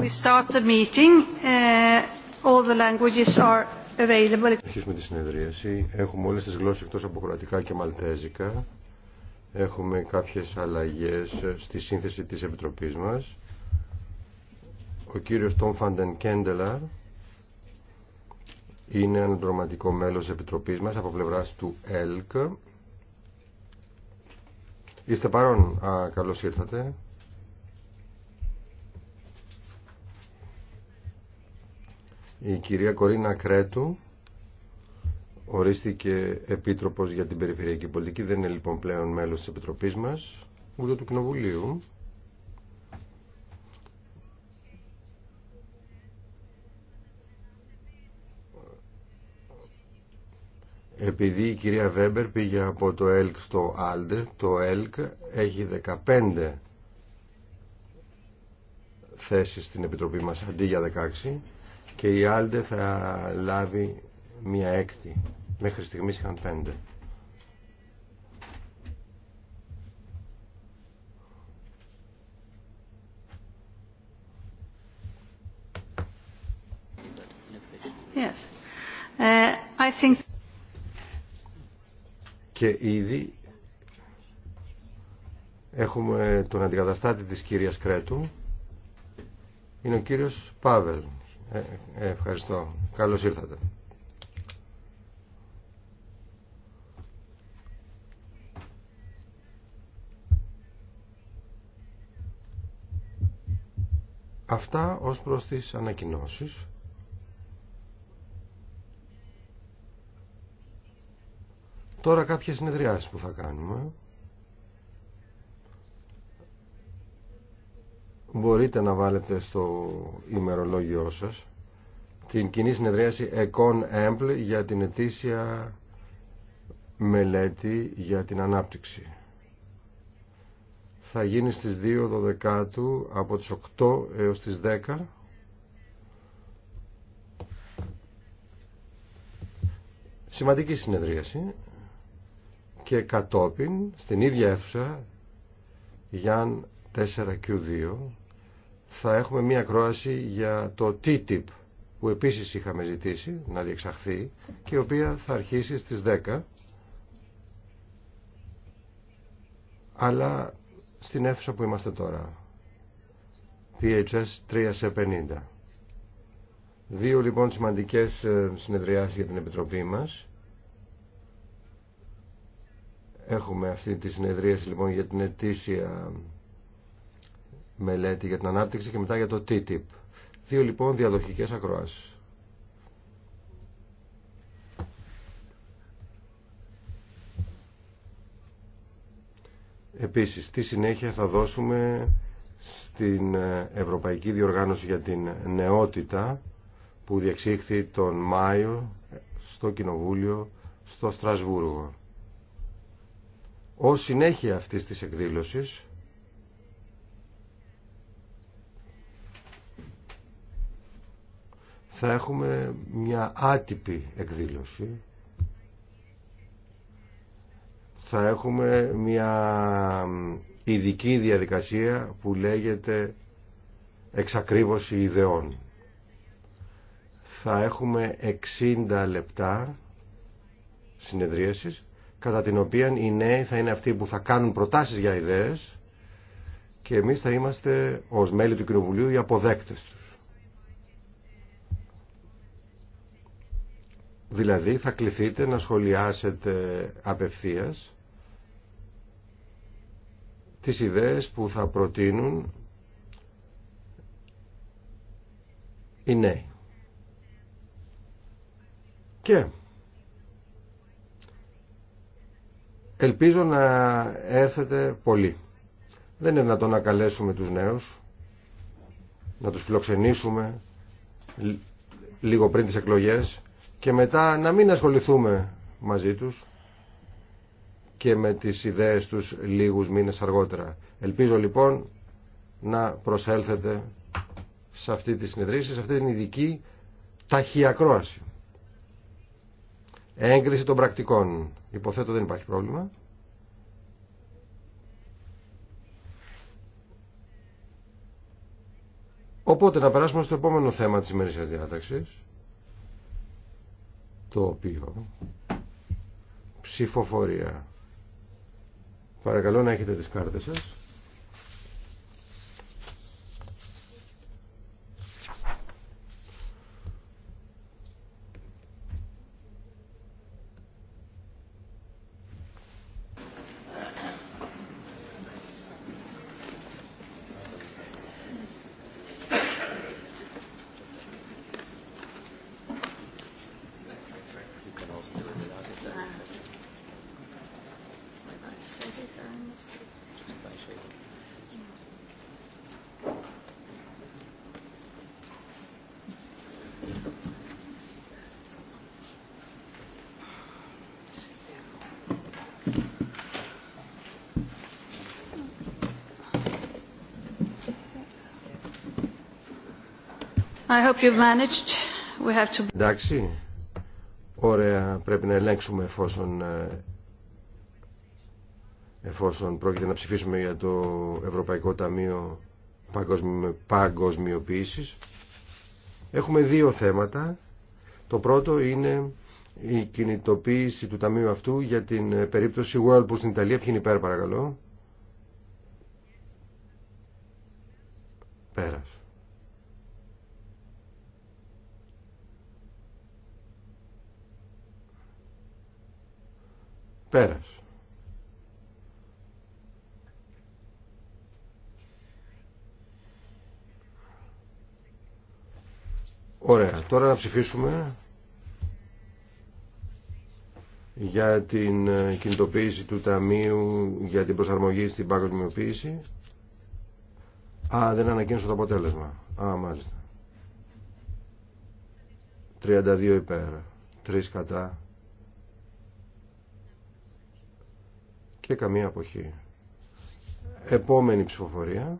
We start meeting. Uh, all the languages are available. Αρχίσουμε τη συνεδρίαση. Έχουμε όλες τις γλώσσες εκτός από κροατικά και μαλτέζικα. Έχουμε κάποιες αλλαγές στη σύνθεση της Επιτροπής μας. Ο κύριος Τόμ Φαντεν Κέντελα είναι αναδροματικό μέλος της Επιτροπής μας από πλευράς του ΕΛΚ. Είστε παρόν. Α, καλώς ήρθατε. Η κυρία Κορίνα Κρέτου ορίστηκε επίτροπος για την περιφερειακή πολιτική. Δεν είναι λοιπόν πλέον μέλος της Επιτροπής μας, ούτε του Κοινοβουλίου. Επειδή η κυρία Βέμπερ πήγε από το ΕΛΚ στο ΑΛΔΕ, το ΕΛΚ έχει 15 θέσεις στην Επιτροπή μας αντί για 16 και η Άλντε θα λάβει μία έκτη. Μέχρι στιγμής είχαν πέντε. Yes. Uh, I think... Και ήδη έχουμε τον αντικαταστάτη της κυρίας Κρέτου, είναι ο κύριος Πάβελ. Ε, ε, ευχαριστώ. Καλώς ήρθατε. Αυτά ως προς τις ανακοινώσεις. Τώρα κάποιες συνεδριάσεις που θα κάνουμε. μπορείτε να βάλετε στο ημερολόγιο σας την κοινή συνεδρίαση Econ ΕΜΠΛ για την ετήσια μελέτη για την ανάπτυξη. Θα γίνει στις 2 12 από τις 8 έως τις 10 σημαντική συνεδρίαση και κατόπιν στην ίδια αίθουσα Γιάν 4Q2 θα έχουμε μία ακρόαση για το TTIP που επίσης είχαμε ζητήσει να διεξαχθεί και η οποία θα αρχίσει στις 10 αλλά στην αίθουσα που είμαστε τώρα PHS 3 σε 50 Δύο λοιπόν σημαντικές ε, συνεδριάσεις για την Επιτροπή μας Έχουμε αυτή τη συνεδρίαση λοιπόν για την ετήσια μελέτη για την ανάπτυξη και μετά για το TTIP. Δύο λοιπόν διαδοχικές ακροάσεις. Επίσης, στη συνέχεια θα δώσουμε στην ε, Ευρωπαϊκή Διοργάνωση για την Νεότητα που διεξήχθη τον Μάιο στο Κοινοβούλιο στο Στρασβούργο. Ως συνέχεια αυτής της εκδήλωσης θα έχουμε μια άτυπη εκδήλωση θα έχουμε μια ειδική διαδικασία που λέγεται εξακρίβωση ιδεών θα έχουμε 60 λεπτά συνεδρίασης κατά την οποία οι νέοι θα είναι αυτοί που θα κάνουν προτάσεις για ιδέες και εμείς θα είμαστε ως μέλη του Κοινοβουλίου οι αποδέκτες του. Δηλαδή θα κληθείτε να σχολιάσετε απευθείας τις ιδέες που θα προτείνουν οι νέοι. Και ελπίζω να έρθετε πολύ. Δεν είναι δυνατόν να καλέσουμε τους νέους, να τους φιλοξενήσουμε λίγο πριν τις εκλογές και μετά να μην ασχοληθούμε μαζί τους και με τις ιδέες τους λίγους μήνες αργότερα. Ελπίζω λοιπόν να προσέλθετε σε αυτή τη συνεδρία σε αυτή την ειδική ταχυακρόαση. Έγκριση των πρακτικών. Υποθέτω δεν υπάρχει πρόβλημα. Οπότε να περάσουμε στο επόμενο θέμα της ημερήσιας διάταξης το οποίο ψηφοφορία. Παρακαλώ να έχετε τις κάρτες σας. I hope managed. We have to... Εντάξει. Ωραία. Πρέπει να ελέγξουμε εφόσον, ε, εφόσον πρόκειται να ψηφίσουμε για το Ευρωπαϊκό Ταμείο Παγκοσμιοποίησης. Έχουμε δύο θέματα. Το πρώτο είναι η κινητοποίηση του ταμείου αυτού για την ε, περίπτωση Whirlpool στην Ιταλία. Ποιοι είναι υπέρ παρακαλώ. Πέρας. Πέρας. Ωραία. Τώρα να ψηφίσουμε για την ε, κινητοποίηση του Ταμείου για την προσαρμογή στην παγκοσμιοποίηση. Α, δεν ανακοίνωσα το αποτέλεσμα. Α, μάλιστα. 32 υπέρ. 3 κατά. και καμία αποχή. Επόμενη ψηφοφορία.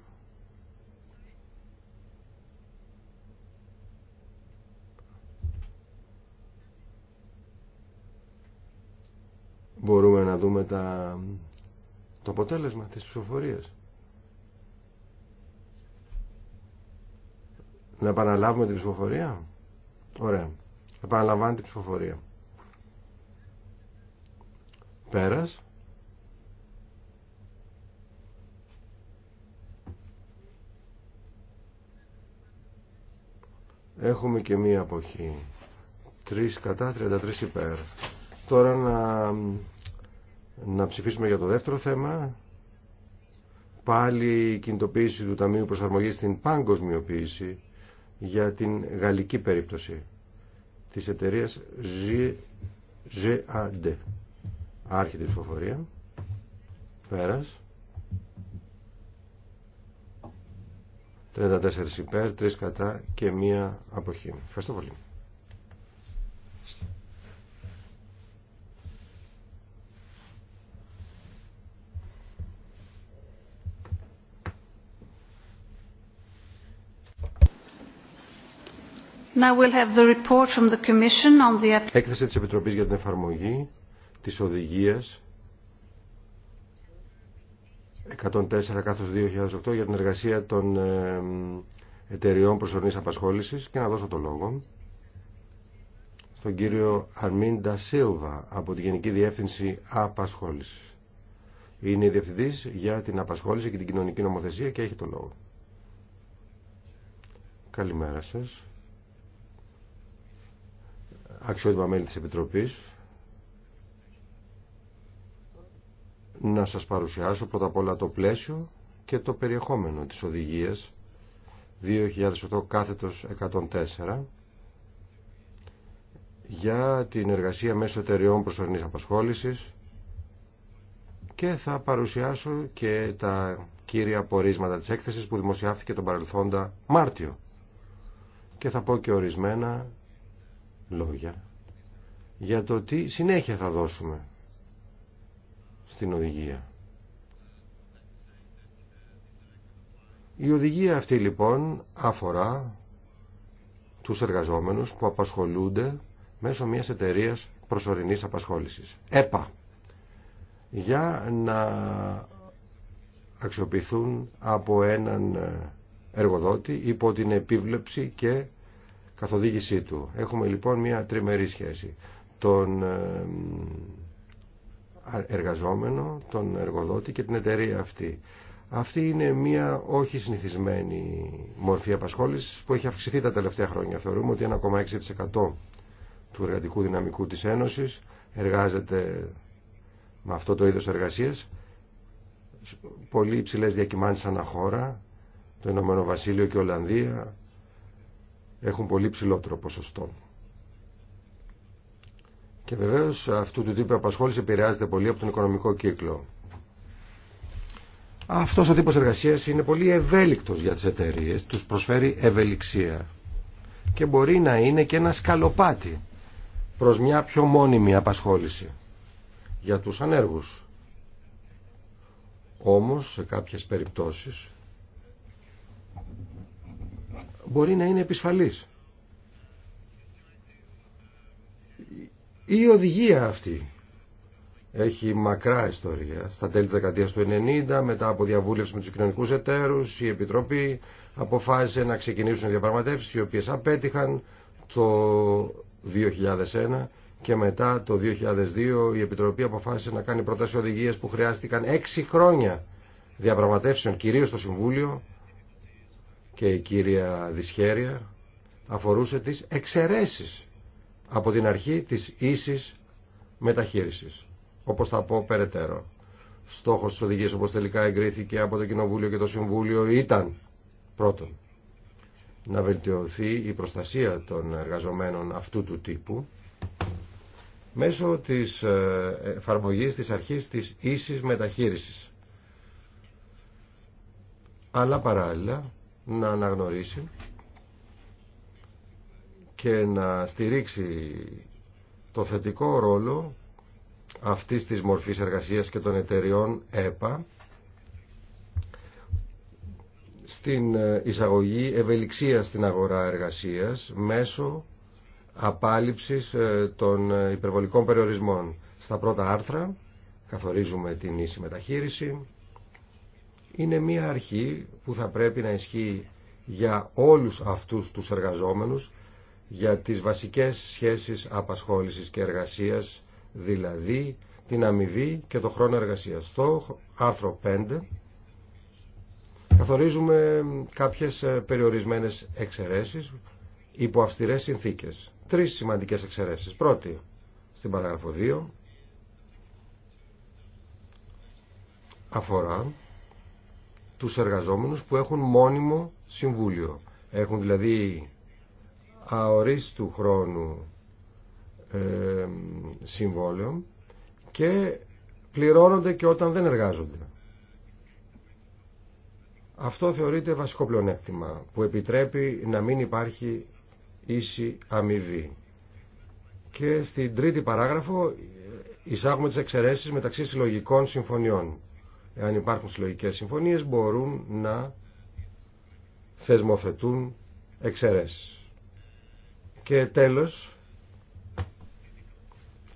Μπορούμε να δούμε τα... το αποτέλεσμα της ψηφοφορίας. Να επαναλάβουμε την ψηφοφορία. Ωραία. Επαναλαμβάνει την ψηφοφορία. Πέρας. Έχουμε και μία αποχή. 3 κατά, 33 υπέρ. Τώρα να, να ψηφίσουμε για το δεύτερο θέμα. Πάλι η κινητοποίηση του Ταμείου Προσαρμογής στην παγκοσμιοποίηση για την γαλλική περίπτωση της εταιρείας GAD. Άρχεται η ψηφοφορία. Πέρας. 34 υπέρ, 3 κατά και 1 αποχή. Ευχαριστώ πολύ. Now we'll have the report from the Commission on the... Έκθεση της Επιτροπής για την εφαρμογή της οδηγίας 104 2008 για την εργασία των ε, εταιριών προσωρινής απασχόλησης και να δώσω το λόγο στον κύριο Αρμίντα Σίλβα από τη Γενική Διεύθυνση Απασχόλησης. Είναι η Διευθυντής για την Απασχόληση και την Κοινωνική Νομοθεσία και έχει το λόγο. Καλημέρα σας. Αξιότιμα μέλη της Επιτροπής. να σας παρουσιάσω πρώτα απ' όλα το πλαίσιο και το περιεχόμενο της οδηγίας 2008 κάθετος 104 για την εργασία μέσω εταιρεών προσωρινής απασχόλησης και θα παρουσιάσω και τα κύρια πορίσματα της έκθεσης που δημοσιεύθηκε τον παρελθόντα Μάρτιο και θα πω και ορισμένα λόγια για το τι συνέχεια θα δώσουμε στην οδηγία. Η οδηγία αυτή λοιπόν αφορά τους εργαζόμενους που απασχολούνται μέσω μιας εταιρείας προσωρινής απασχόλησης. ΕΠΑ. Για να αξιοποιηθούν από έναν εργοδότη υπό την επίβλεψη και καθοδήγησή του. Έχουμε λοιπόν μια τριμερή σχέση. Τον ε, εργαζόμενο, τον εργοδότη και την εταιρεία αυτή. Αυτή είναι μια όχι συνηθισμένη μορφή απασχόληση που έχει αυξηθεί τα τελευταία χρόνια. Θεωρούμε ότι 1,6% του εργατικού δυναμικού της Ένωσης εργάζεται με αυτό το είδος εργασίας. Πολύ υψηλέ διακυμάνσεις ανά χώρα, το Ηνωμένο Βασίλειο και η Ολλανδία έχουν πολύ ψηλότερο ποσοστό. Και βεβαίως αυτού του τύπου απασχόληση επηρεάζεται πολύ από τον οικονομικό κύκλο. Αυτός ο τύπος εργασίας είναι πολύ ευέλικτος για τις εταιρείε, τους προσφέρει ευελιξία και μπορεί να είναι και ένα σκαλοπάτι προς μια πιο μόνιμη απασχόληση για τους ανέργους. Όμως σε κάποιες περιπτώσεις μπορεί να είναι επισφαλής. Η οδηγία αυτή έχει μακρά ιστορία. Στα τέλη της δεκαετίας του 90, μετά από διαβούλευση με τους κοινωνικούς εταίρους, η Επιτροπή αποφάσισε να ξεκινήσουν διαπραγματεύσεις, οι οποίες απέτυχαν το 2001 και μετά το 2002 η Επιτροπή αποφάσισε να κάνει προτάσεις οδηγίες που χρειάστηκαν 6 χρόνια διαπραγματεύσεων, κυρίως στο Συμβούλιο και η κύρια δυσχέρεια αφορούσε τις εξαιρέσεις από την αρχή της ίσης μεταχείρισης. Όπως θα πω περαιτέρω. Στόχος της οδηγίας όπως τελικά εγκρίθηκε από το Κοινοβούλιο και το Συμβούλιο ήταν πρώτον να βελτιωθεί η προστασία των εργαζομένων αυτού του τύπου μέσω της ε, εφαρμογής της αρχής της ίσης μεταχείρισης. Αλλά παράλληλα να αναγνωρίσει και να στηρίξει το θετικό ρόλο αυτής της μορφής εργασίας και των εταιριών ΕΠΑ στην ε, εισαγωγή ευελιξίας στην αγορά εργασίας μέσω απάλληψης ε, των ε, υπερβολικών περιορισμών. Στα πρώτα άρθρα καθορίζουμε την ίση μεταχείριση. Είναι μία αρχή που θα πρέπει να ισχύει για όλους αυτούς τους εργαζόμενους για τις βασικές σχέσεις απασχόλησης και εργασίας, δηλαδή την αμοιβή και το χρόνο εργασίας. Στο άρθρο 5 καθορίζουμε κάποιες ε, περιορισμένες εξαιρέσεις υπό αυστηρές συνθήκες. Τρεις σημαντικές εξαιρέσεις. Πρώτη, στην παράγραφο 2, αφορά τους εργαζόμενους που έχουν μόνιμο συμβούλιο. Έχουν δηλαδή αορίστου χρόνου ε, και πληρώνονται και όταν δεν εργάζονται. Αυτό θεωρείται βασικό πλεονέκτημα που επιτρέπει να μην υπάρχει ίση αμοιβή. Και στην τρίτη παράγραφο εισάγουμε τις εξαιρέσεις μεταξύ συλλογικών συμφωνιών. Εάν υπάρχουν συλλογικές συμφωνίες μπορούν να θεσμοθετούν εξαιρέσεις. Και τέλος,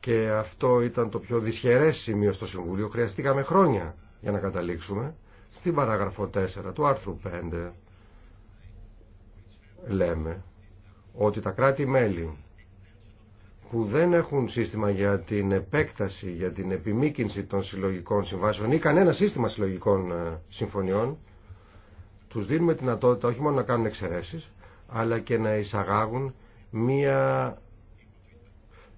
και αυτό ήταν το πιο δυσχερές σημείο στο Συμβούλιο, χρειαστήκαμε χρόνια για να καταλήξουμε, στην παράγραφο 4 του άρθρου 5 λέμε ότι τα κράτη-μέλη που δεν έχουν σύστημα για την επέκταση, για την επιμήκυνση των συλλογικών συμβάσεων ή κανένα σύστημα συλλογικών ε, συμφωνιών, τους δίνουμε δυνατότητα όχι μόνο να κάνουν εξαιρέσεις, αλλά και να εισαγάγουν μία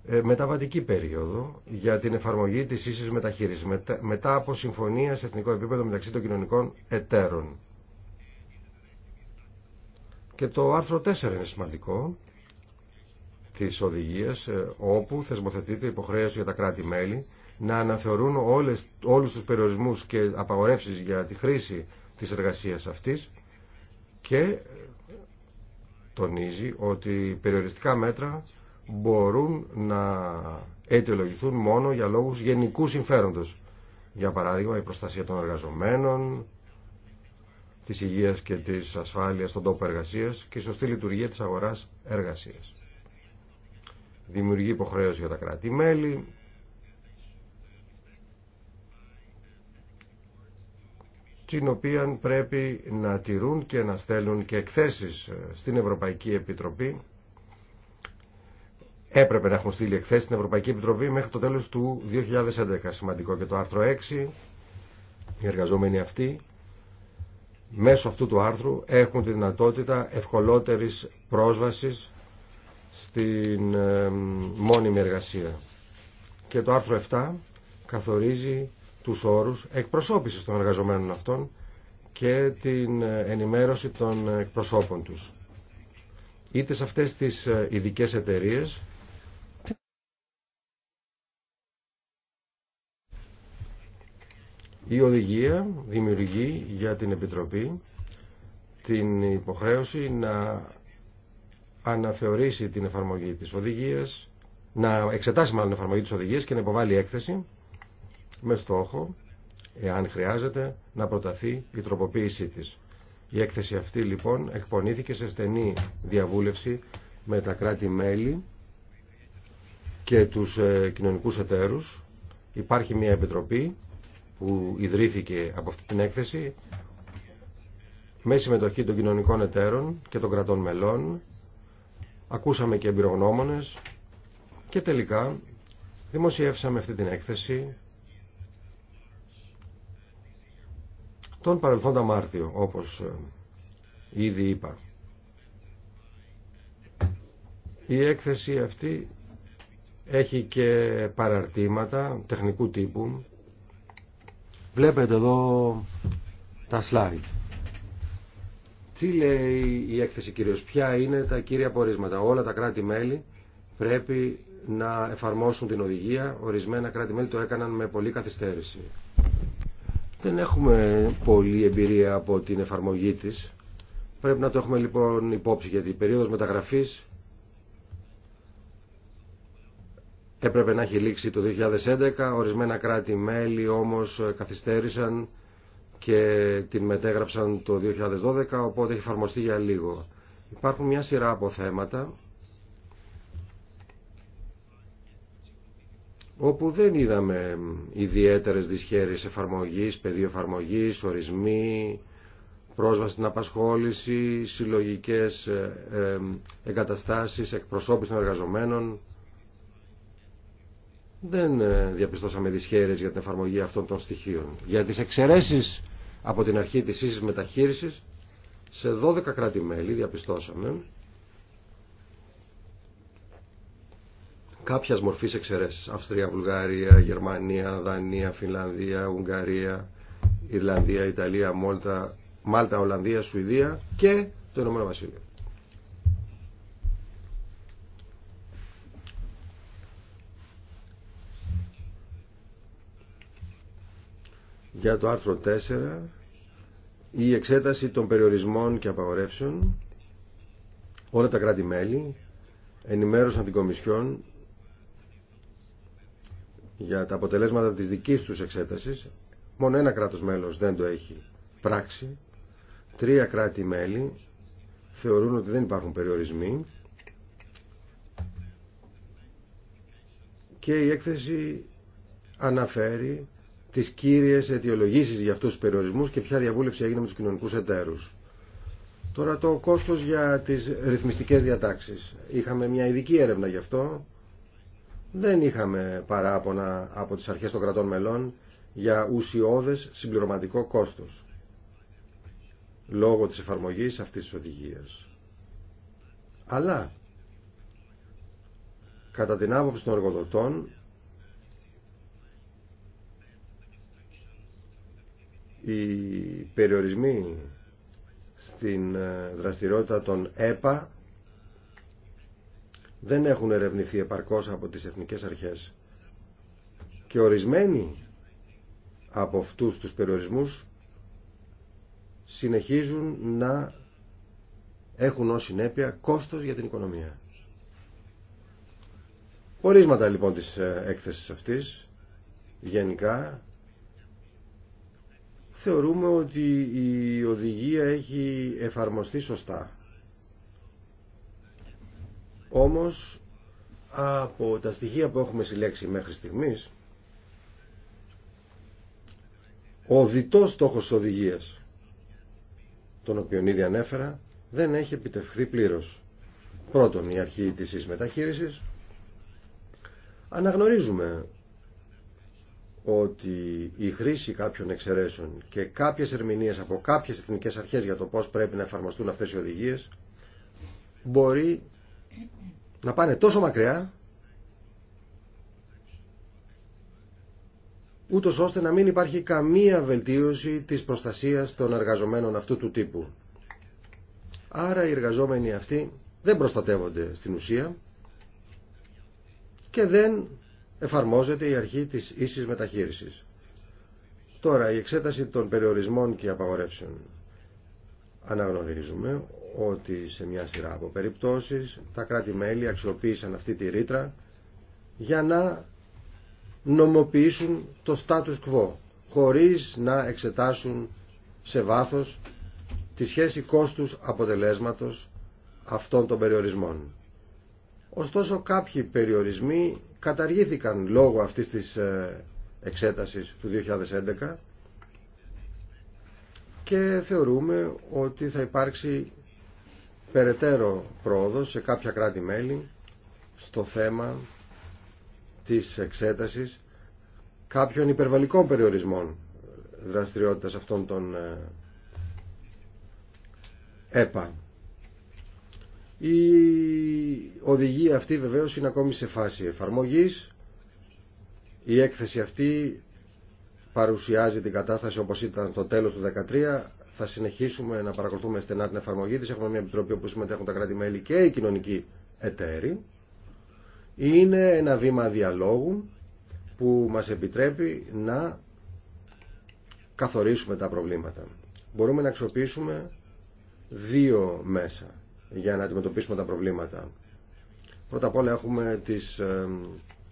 ε, μεταβατική περίοδο για την εφαρμογή της ίσης μεταχείρισης μετά από συμφωνία σε εθνικό επίπεδο μεταξύ των κοινωνικών εταίρων. Και το άρθρο 4 είναι σημαντικό της οδηγίας ε, όπου θεσμοθετείται υποχρέωση για τα κράτη-μέλη να αναθεωρούν όλες, όλους τους περιορισμούς και απαγορεύσεις για τη χρήση της εργασίας αυτής και τονίζει ότι περιοριστικά μέτρα μπορούν να αιτιολογηθούν μόνο για λόγους γενικού συμφέροντος. Για παράδειγμα, η προστασία των εργαζομένων, της υγείας και της ασφάλειας στον τόπο εργασίας και η σωστή λειτουργία της αγοράς εργασίας. Δημιουργεί υποχρέωση για τα κράτη-μέλη την οποία πρέπει να τηρούν και να στέλνουν και εκθέσεις ε, στην Ευρωπαϊκή Επιτροπή. Έπρεπε να έχουν στείλει εκθέσεις στην Ευρωπαϊκή Επιτροπή μέχρι το τέλος του 2011. Σημαντικό και το άρθρο 6, οι εργαζόμενοι αυτοί, μέσω αυτού του άρθρου έχουν τη δυνατότητα ευκολότερης πρόσβασης στην ε, μόνιμη εργασία. Και το άρθρο 7 καθορίζει τους όρους εκπροσώπησης των εργαζομένων αυτών και την ενημέρωση των εκπροσώπων τους. Είτε σε αυτές τις ε, ειδικέ εταιρείες Η οδηγία δημιουργεί για την Επιτροπή την υποχρέωση να αναθεωρήσει την εφαρμογή της οδηγίας, να εξετάσει μάλλον την εφαρμογή της οδηγίας και να υποβάλει έκθεση με στόχο, εάν χρειάζεται, να προταθεί η τροποποίησή της. Η έκθεση αυτή λοιπόν εκπονήθηκε σε στενή διαβούλευση με τα κράτη-μέλη και τους ε, κοινωνικούς εταίρους. Υπάρχει μια επιτροπή που ιδρύθηκε από αυτή την έκθεση με συμμετοχή των κοινωνικών εταίρων και των κρατών μελών. Ακούσαμε και εμπειρογνώμονες και τελικά δημοσιεύσαμε αυτή την έκθεση τον παρελθόντα Μάρτιο, όπως ε, ήδη είπα. Η έκθεση αυτή έχει και παραρτήματα τεχνικού τύπου. Βλέπετε εδώ τα slide. Τι λέει η έκθεση κυρίως, ποια είναι τα κύρια πορίσματα. Όλα τα κράτη-μέλη πρέπει να εφαρμόσουν την οδηγία. Ορισμένα κράτη-μέλη το έκαναν με πολύ καθυστέρηση. Δεν έχουμε πολλή εμπειρία από την εφαρμογή της. Πρέπει να το έχουμε λοιπόν υπόψη γιατί η περίοδος μεταγραφής έπρεπε να έχει λήξει το 2011. Ορισμένα κράτη-μέλη όμως καθυστέρησαν και την μετέγραψαν το 2012 οπότε έχει εφαρμοστεί για λίγο. Υπάρχουν μια σειρά από θέματα όπου δεν είδαμε ιδιαίτερες δυσχέρειες εφαρμογής, πεδίο εφαρμογής, ορισμοί, πρόσβαση στην απασχόληση, συλλογικές ε, ε, εγκαταστάσεις, εκπροσώπηση των εργαζομένων. Δεν ε, διαπιστώσαμε δυσχέρειες για την εφαρμογή αυτών των στοιχείων. Για τις εξαιρέσεις από την αρχή της ίσης μεταχείρισης, σε 12 κράτη-μέλη διαπιστώσαμε κάποια μορφής εξαιρέσεις. Αυστρία, Βουλγαρία, Γερμανία, Δανία, Φινλανδία, Ουγγαρία, Ιρλανδία, Ιταλία, Μόλτα, Μάλτα, Ολλανδία, Σουηδία και το Ηνωμένο Βασίλειο. Για το άρθρο 4, η εξέταση των περιορισμών και απαγορεύσεων, όλα τα κράτη-μέλη ενημέρωσαν την Κομισιόν για τα αποτελέσματα της δικής τους εξέτασης. Μόνο ένα κράτος μέλος δεν το έχει πράξει. Τρία κράτη-μέλη θεωρούν ότι δεν υπάρχουν περιορισμοί. Και η έκθεση αναφέρει τις κύριες αιτιολογήσεις για αυτούς τους περιορισμούς και ποια διαβούλευση έγινε με τους κοινωνικούς εταίρους. Τώρα το κόστος για τις ρυθμιστικές διατάξεις. Είχαμε μια ειδική έρευνα γι' αυτό δεν είχαμε παράπονα από τις αρχές των κρατών μελών για ουσιώδες συμπληρωματικό κόστος λόγω της εφαρμογής αυτής της οδηγίας. Αλλά, κατά την άποψη των εργοδοτών, οι περιορισμοί στην ε, δραστηριότητα των ΕΠΑ δεν έχουν ερευνηθεί επαρκώς από τις εθνικές αρχές. Και ορισμένοι από αυτούς τους περιορισμούς συνεχίζουν να έχουν ως συνέπεια κόστος για την οικονομία. Ορίσματα λοιπόν της ε, έκθεσης αυτής, γενικά, θεωρούμε ότι η οδηγία έχει εφαρμοστεί σωστά. Όμως από τα στοιχεία που έχουμε συλλέξει μέχρι στιγμής ο διτός στόχος οδηγίας τον οποίον ήδη ανέφερα δεν έχει επιτευχθεί πλήρως. Πρώτον, η αρχή της εις Αναγνωρίζουμε ότι η χρήση κάποιων εξαιρέσεων και κάποιες ερμηνείες από κάποιες εθνικές αρχές για το πώς πρέπει να εφαρμοστούν αυτές οι οδηγίες μπορεί να πάνε τόσο μακριά ούτω ώστε να μην υπάρχει καμία βελτίωση της προστασίας των εργαζομένων αυτού του τύπου. Άρα οι εργαζόμενοι αυτοί δεν προστατεύονται στην ουσία και δεν εφαρμόζεται η αρχή της ίσης μεταχείρισης. Τώρα η εξέταση των περιορισμών και απαγορεύσεων αναγνωρίζουμε ότι σε μια σειρά από περιπτώσεις τα κράτη-μέλη αξιοποίησαν αυτή τη ρήτρα για να νομοποιήσουν το status quo χωρίς να εξετάσουν σε βάθος τη σχέση κόστους αποτελέσματος αυτών των περιορισμών. Ωστόσο κάποιοι περιορισμοί καταργήθηκαν λόγω αυτής της ε, εξέτασης του 2011 και θεωρούμε ότι θα υπάρξει περαιτέρω πρόοδος σε κάποια κράτη-μέλη στο θέμα της εξέτασης κάποιων υπερβαλλικών περιορισμών δραστηριότητας αυτών των ε, ΕΠΑ. Η οδηγία αυτή βεβαίως είναι ακόμη σε φάση εφαρμογής. Η έκθεση αυτή παρουσιάζει την κατάσταση όπως ήταν το τέλος του 2013. Θα συνεχίσουμε να παρακολουθούμε στενά την εφαρμογή της. Έχουμε μια επιτροπή όπου συμμετέχουν τα κράτη-μέλη και οι κοινωνικοί εταίροι. Είναι ένα βήμα διαλόγου που μας επιτρέπει να καθορίσουμε τα προβλήματα. Μπορούμε να αξιοποιήσουμε δύο μέσα για να αντιμετωπίσουμε τα προβλήματα. Πρώτα απ' όλα έχουμε τις ε,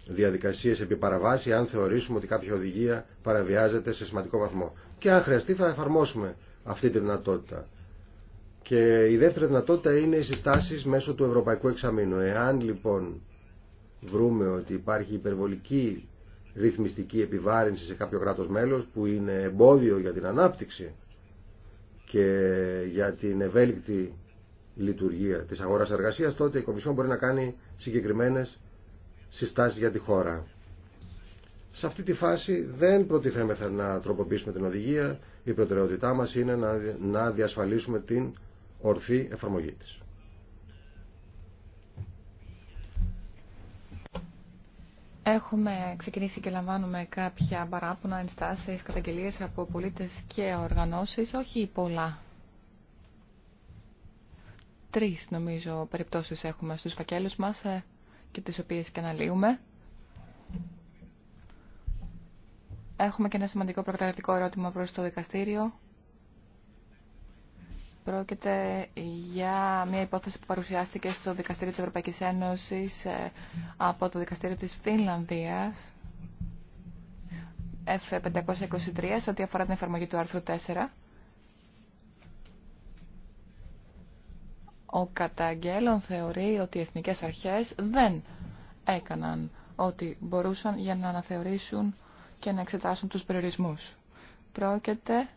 διαδικασίες επί παραβάση αν θεωρήσουμε ότι κάποια οδηγία παραβιάζεται σε σημαντικό βαθμό. Και αν χρειαστεί θα εφαρμόσουμε αυτή τη δυνατότητα. Και η δεύτερη δυνατότητα είναι οι συστάσεις μέσω του Ευρωπαϊκού Εξαμήνου. Εάν λοιπόν βρούμε ότι υπάρχει υπερβολική ρυθμιστική επιβάρυνση σε κάποιο κράτος μέλος που είναι εμπόδιο για την ανάπτυξη και για την ευέλικτη λειτουργία της αγοράς εργασίας, τότε η Κομισιόν μπορεί να κάνει συγκεκριμένες συστάσεις για τη χώρα. Σε αυτή τη φάση δεν προτιθέμεθα να τροποποιήσουμε την οδηγία. Η προτεραιότητά μας είναι να διασφαλίσουμε την ορθή εφαρμογή της. Έχουμε ξεκινήσει και λαμβάνουμε κάποια παράπονα, ενστάσεις, καταγγελίες από πολίτες και οργανώσεις, όχι πολλά. Τρεις νομίζω περιπτώσεις έχουμε στους φακέλους μας ε, και τις οποίες και αναλύουμε. Έχουμε και ένα σημαντικό προκαταρκτικό ερώτημα προς το δικαστήριο. Πρόκειται για μια υπόθεση που παρουσιάστηκε στο Δικαστήριο της Ευρωπαϊκής Ένωσης ε, από το Δικαστήριο της Φινλανδίας F523 σε ό,τι αφορά την εφαρμογή του άρθρου 4 Ο καταγγέλων θεωρεί ότι οι εθνικές αρχές δεν έκαναν ό,τι μπορούσαν για να αναθεωρήσουν και να εξετάσουν τους περιορισμούς. Πρόκειται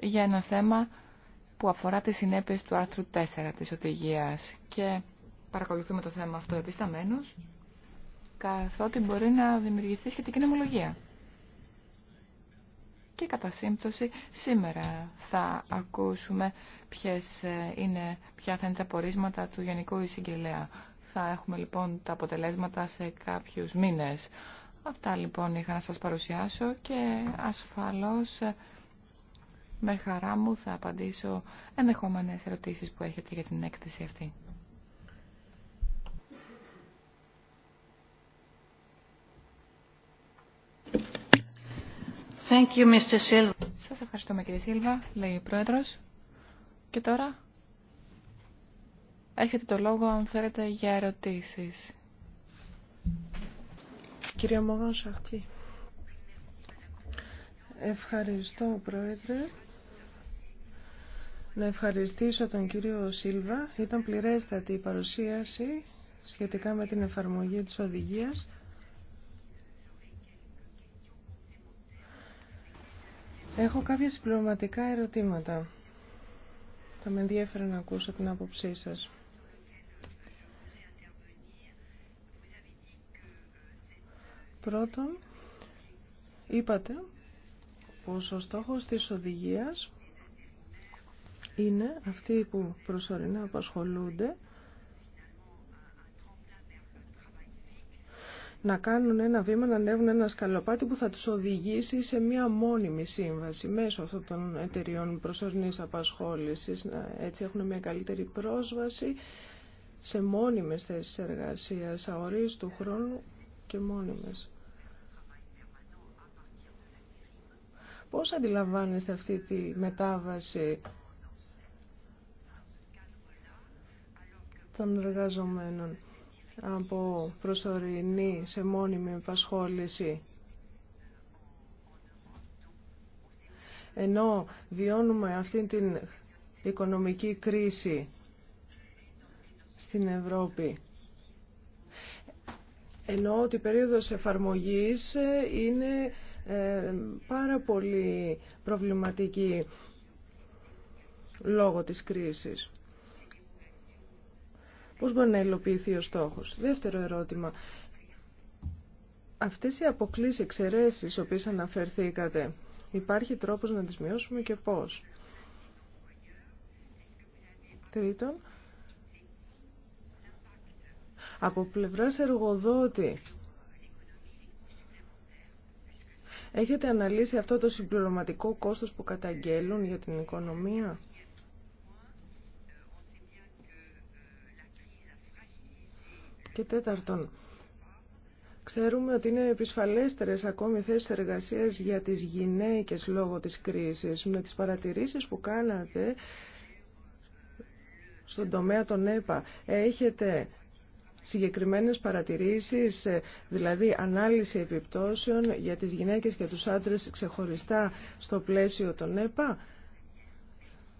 για ένα θέμα που αφορά τις συνέπειες του άρθρου 4 της οδηγίας και παρακολουθούμε το θέμα αυτό επισταμένως καθότι μπορεί να δημιουργηθεί σχετική νομολογία και κατά σύμπτωση σήμερα θα ακούσουμε ποιες ε, είναι, ποια θα είναι τα πορίσματα του Γενικού Εισαγγελέα. Θα έχουμε λοιπόν τα αποτελέσματα σε κάποιους μήνες. Αυτά λοιπόν είχα να σας παρουσιάσω και ασφαλώς ε, με χαρά μου θα απαντήσω ενδεχόμενες ερωτήσεις που έχετε για την έκθεση αυτή. Thank Σας ευχαριστούμε κύριε Σίλβα, λέει ο Πρόεδρος. Και τώρα έχετε το λόγο αν θέλετε για ερωτήσεις. Κύριε Μόγαν Σαχτή. Ευχαριστώ Πρόεδρε. Να ευχαριστήσω τον κύριο Σίλβα. Ήταν πληρέστατη η παρουσίαση σχετικά με την εφαρμογή της οδηγίας. Έχω κάποια συμπληρωματικά ερωτήματα. Θα με ενδιαφέρει να ακούσω την άποψή σας. Πρώτον, είπατε πως ο στόχος της οδηγίας είναι αυτοί που προσωρινά απασχολούνται να κάνουν ένα βήμα, να ανέβουν ένα σκαλοπάτι που θα τους οδηγήσει σε μία μόνιμη σύμβαση μέσω αυτών των εταιριών προσωρινής απασχόλησης. Έτσι έχουν μία καλύτερη πρόσβαση σε μόνιμες θέσεις εργασίας, αορίες του χρόνου και μόνιμες. Πώς αντιλαμβάνεστε αυτή τη μετάβαση των εργαζομένων από προσωρινή σε μόνιμη επασχόληση. Ενώ βιώνουμε αυτή την οικονομική κρίση στην Ευρώπη. Ενώ ότι η περίοδος εφαρμογής είναι ε, πάρα πολύ προβληματική λόγω της κρίσης. Πώς μπορεί να υλοποιηθεί ο στόχος. Δεύτερο ερώτημα. Αυτές οι αποκλείς εξαιρέσεις, οποίες αναφερθήκατε, υπάρχει τρόπος να τις μειώσουμε και πώς. Τρίτον, από πλευράς εργοδότη, έχετε αναλύσει αυτό το συμπληρωματικό κόστος που καταγγέλουν για την οικονομία. Και τέταρτον, Ξέρουμε ότι είναι επισφαλέστερες ακόμη θέσεις εργασίας για τις γυναίκες λόγω της κρίσης. Με τις παρατηρήσεις που κάνατε στον τομέα των ΕΠΑ, έχετε συγκεκριμένες παρατηρήσεις, δηλαδή ανάλυση επιπτώσεων για τις γυναίκες και τους άντρες ξεχωριστά στο πλαίσιο των ΕΠΑ.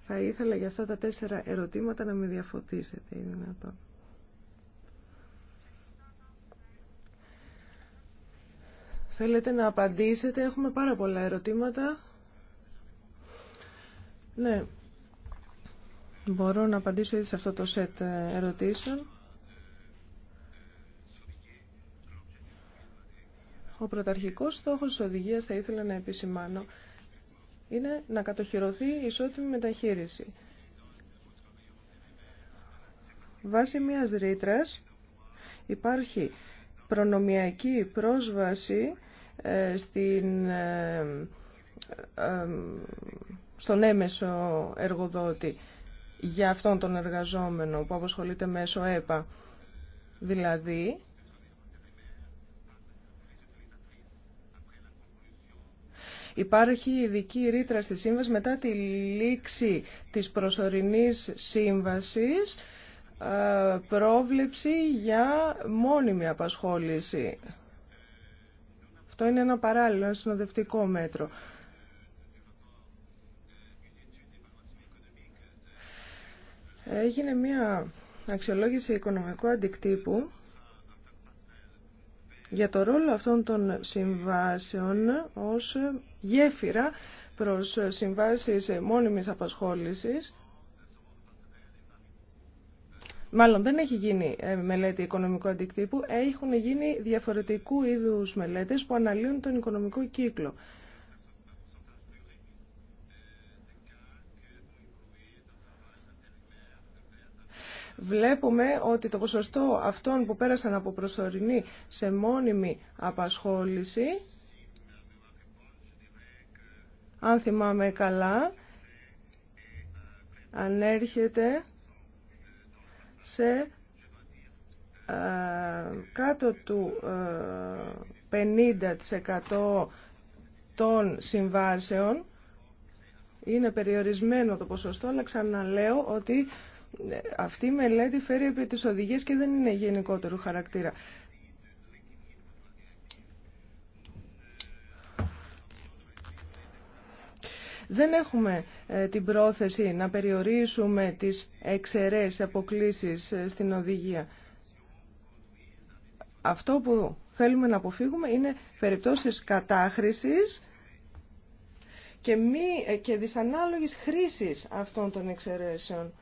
Θα ήθελα για αυτά τα τέσσερα ερωτήματα να με διαφωτίσετε, είναι Θέλετε να απαντήσετε, έχουμε πάρα πολλά ερωτήματα. Ναι, μπορώ να απαντήσω ήδη σε αυτό το σετ ε, ερωτήσεων. Ο πρωταρχικός στόχος της οδηγίας, θα ήθελα να επισημάνω, είναι να κατοχυρωθεί η ισότιμη μεταχείριση. Βάσει μιας ρήτρας υπάρχει προνομιακή πρόσβαση ε, στην, ε, ε, στον έμεσο εργοδότη για αυτόν τον εργαζόμενο που αποσχολείται μέσω ΕΠΑ. Δηλαδή, Υπάρχει ειδική ρήτρα στη σύμβαση μετά τη λήξη της προσωρινής σύμβασης πρόβλεψη για μόνιμη απασχόληση. Αυτό είναι ένα παράλληλο, ένα συνοδευτικό μέτρο. Έγινε μια αξιολόγηση οικονομικού αντικτύπου για το ρόλο αυτών των συμβάσεων ως γέφυρα προς συμβάσεις μόνιμης απασχόλησης Μάλλον δεν έχει γίνει ε, μελέτη οικονομικού αντικτύπου, έχουν γίνει διαφορετικού είδους μελέτες που αναλύουν τον οικονομικό κύκλο. Βλέπουμε ότι το ποσοστό αυτών που πέρασαν από προσωρινή σε μόνιμη απασχόληση, αν θυμάμαι καλά, ανέρχεται σε ε, κάτω του 50% ε, των συμβάσεων. Είναι περιορισμένο το ποσοστό, αλλά ξαναλέω ότι ε, αυτή η μελέτη φέρει επί τις οδηγίες και δεν είναι γενικότερου χαρακτήρα. Δεν έχουμε ε, την πρόθεση να περιορίσουμε τις εξαιρέσεις αποκλήσεις ε, στην οδηγία. Αυτό που θέλουμε να αποφύγουμε είναι περιπτώσεις κατάχρησης και, μη, ε, και δυσανάλογης χρήσης αυτών των εξαιρέσεων.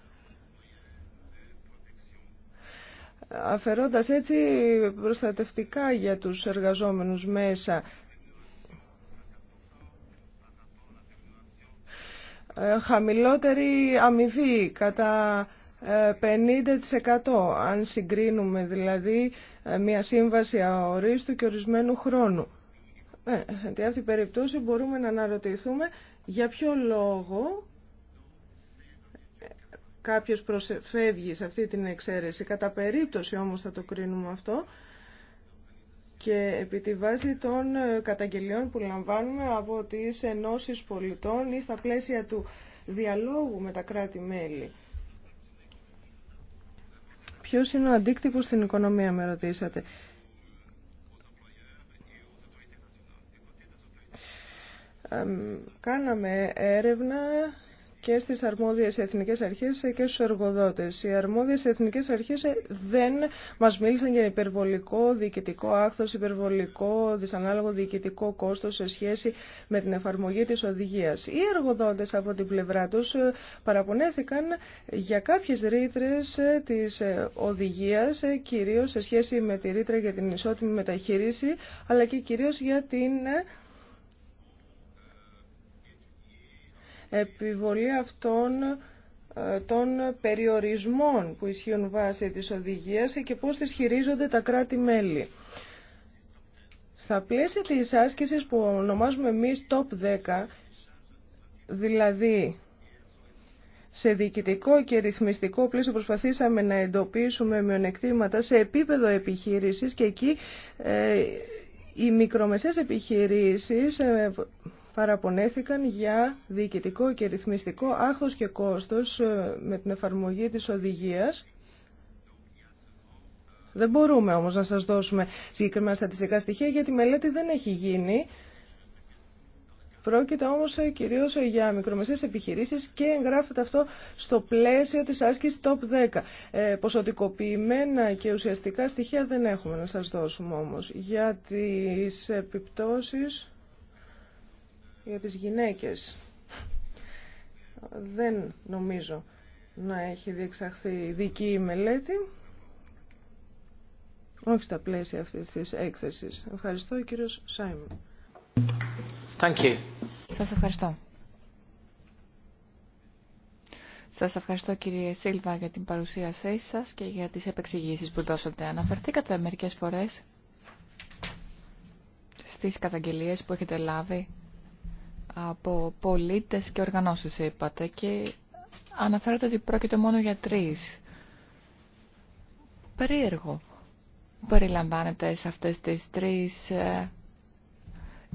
αφαιρώντας έτσι προστατευτικά για τους εργαζόμενους μέσα Ε, χαμηλότερη αμοιβή κατά 50% ε, αν συγκρίνουμε δηλαδή ε, μια σύμβαση αορίστου και ορισμένου χρόνου. Ε, αυτή περίπτωση μπορούμε να αναρωτηθούμε για ποιο λόγο κάποιος προσφεύγει σε αυτή την εξαίρεση. Κατά περίπτωση όμως θα το κρίνουμε αυτό και επί τη βάση των ε, καταγγελιών που λαμβάνουμε από τις ενώσεις πολιτών ή στα πλαίσια του διαλόγου με τα κράτη-μέλη. Ποιος είναι ο αντίκτυπος στην οικονομία, με ρωτήσατε. Κάναμε έρευνα και στις αρμόδιες εθνικές αρχές και στους εργοδότες. Οι αρμόδιες εθνικές αρχές δεν μας μίλησαν για υπερβολικό διοικητικό άκθος, υπερβολικό δυσανάλογο διοικητικό κόστος σε σχέση με την εφαρμογή της οδηγίας. Οι εργοδότες από την πλευρά τους παραπονέθηκαν για κάποιες ρήτρε της οδηγίας, κυρίως σε σχέση με τη ρήτρα για την ισότιμη μεταχείριση, αλλά και κυρίως για την επιβολή αυτών ε, των περιορισμών που ισχύουν βάσει της οδηγίας και πώς τις χειρίζονται τα κράτη-μέλη. Στα πλαίσια της άσκησης που ονομάζουμε εμείς top 10, δηλαδή σε διοικητικό και ρυθμιστικό πλαίσιο προσπαθήσαμε να εντοπίσουμε μειονεκτήματα σε επίπεδο επιχείρησης και εκεί ε, οι μικρομεσαίες επιχειρήσεις ε, παραπονέθηκαν για διοικητικό και ρυθμιστικό άχθος και κόστος ε, με την εφαρμογή της οδηγίας. Δεν μπορούμε όμως να σας δώσουμε συγκεκριμένα στατιστικά στοιχεία γιατί η μελέτη δεν έχει γίνει. Πρόκειται όμως ε, κυρίως για μικρομεσαίες επιχειρήσεις και εγγράφεται αυτό στο πλαίσιο της άσκησης top 10. Ε, ποσοτικοποιημένα και ουσιαστικά στοιχεία δεν έχουμε να σας δώσουμε όμως. Για τις επιπτώσεις για τις γυναίκες. Δεν νομίζω να έχει διεξαχθεί δική μελέτη. Όχι στα πλαίσια αυτής της έκθεσης. Ευχαριστώ, κύριος Σάιμον. Thank you. Σας ευχαριστώ. Σας ευχαριστώ κύριε Σίλβα για την παρουσίασή σας και για τις επεξηγήσεις που δώσατε. Αναφερθήκατε μερικές φορές στις καταγγελίες που έχετε λάβει από πολίτες και οργανώσεις είπατε και αναφέρατε ότι πρόκειται μόνο για τρεις. Περίεργο περιλαμβάνεται σε αυτές τις τρεις ε,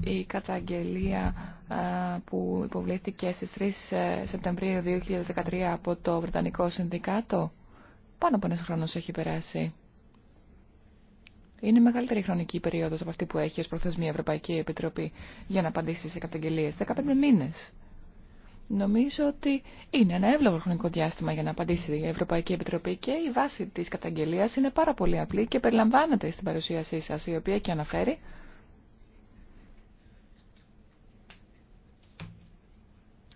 η καταγγελία ε, που υποβλήθηκε στις 3 ε, Σεπτεμβρίου 2013 από το Βρετανικό Συνδικάτο. Πάνω από ένας χρόνος έχει περάσει. Είναι μεγαλύτερη χρονική περίοδο από αυτή που έχει ω προθεσμία Ευρωπαϊκή Επιτροπή για να απαντήσει σε καταγγελίε. 15 μήνε. Νομίζω ότι είναι ένα εύλογο χρονικό διάστημα για να απαντήσει η Ευρωπαϊκή Επιτροπή και η βάση τη καταγγελία είναι πάρα πολύ απλή και περιλαμβάνεται στην παρουσίασή σα, η οποία και αναφέρει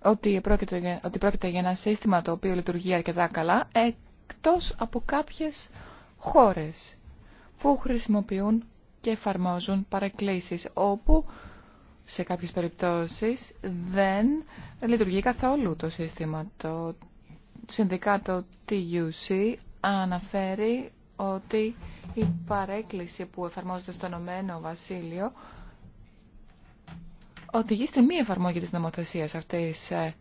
ότι πρόκειται, ότι πρόκειται για ένα σύστημα το οποίο λειτουργεί αρκετά καλά, εκτός από κάποιες χώρες που χρησιμοποιούν και εφαρμόζουν παρακλήσεις, όπου σε κάποιες περιπτώσεις δεν λειτουργεί καθόλου το σύστημα. Το συνδικάτο TUC αναφέρει ότι η παρέκκληση που εφαρμόζεται στον Ομένο Βασίλειο οδηγεί στη μη εφαρμόγη της νομοθεσίας αυτής ε,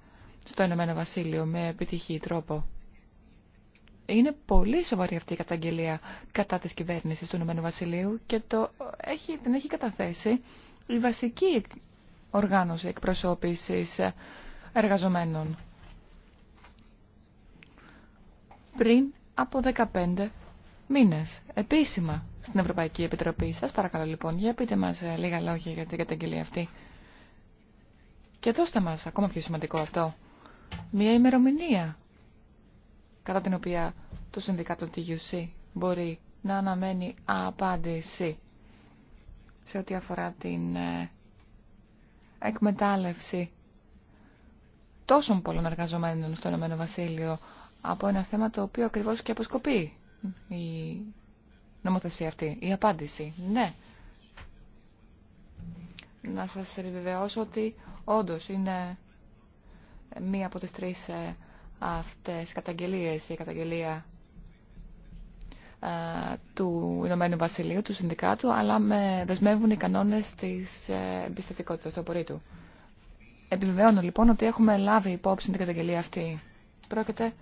στο Ηνωμένο Βασίλειο με επιτυχή τρόπο. Είναι πολύ σοβαρή αυτή η καταγγελία κατά της κυβέρνησης του Ηνωμένου Βασιλείου και το έχει, την έχει καταθέσει η βασική οργάνωση εκπροσώπησης εργαζομένων. Πριν από 15 μήνες, επίσημα στην Ευρωπαϊκή Επιτροπή. Σας παρακαλώ λοιπόν, για πείτε μας ε, λίγα λόγια για την καταγγελία αυτή. Και δώστε μας, ακόμα πιο σημαντικό αυτό, μια ημερομηνία κατά την οποία το Συνδικάτο TUC μπορεί να αναμένει απάντηση σε ό,τι αφορά την ε, εκμετάλλευση τόσων πολλών εργαζομένων στο Ηνωμένο Βασίλειο από ένα θέμα το οποίο ακριβώς και αποσκοπεί η νομοθεσία αυτή, η απάντηση. Ναι. Να σας επιβεβαιώσω ότι όντως είναι μία από τις τρεις ε, αυτές οι καταγγελίες, η καταγγελία ε, του Ηνωμένου Βασιλείου, του Συνδικάτου, αλλά με δεσμεύουν οι κανόνες της ε, εμπιστευτικότητας του απορρίτου. Επιβεβαιώνω λοιπόν ότι έχουμε λάβει υπόψη την καταγγελία αυτή. Πρόκειται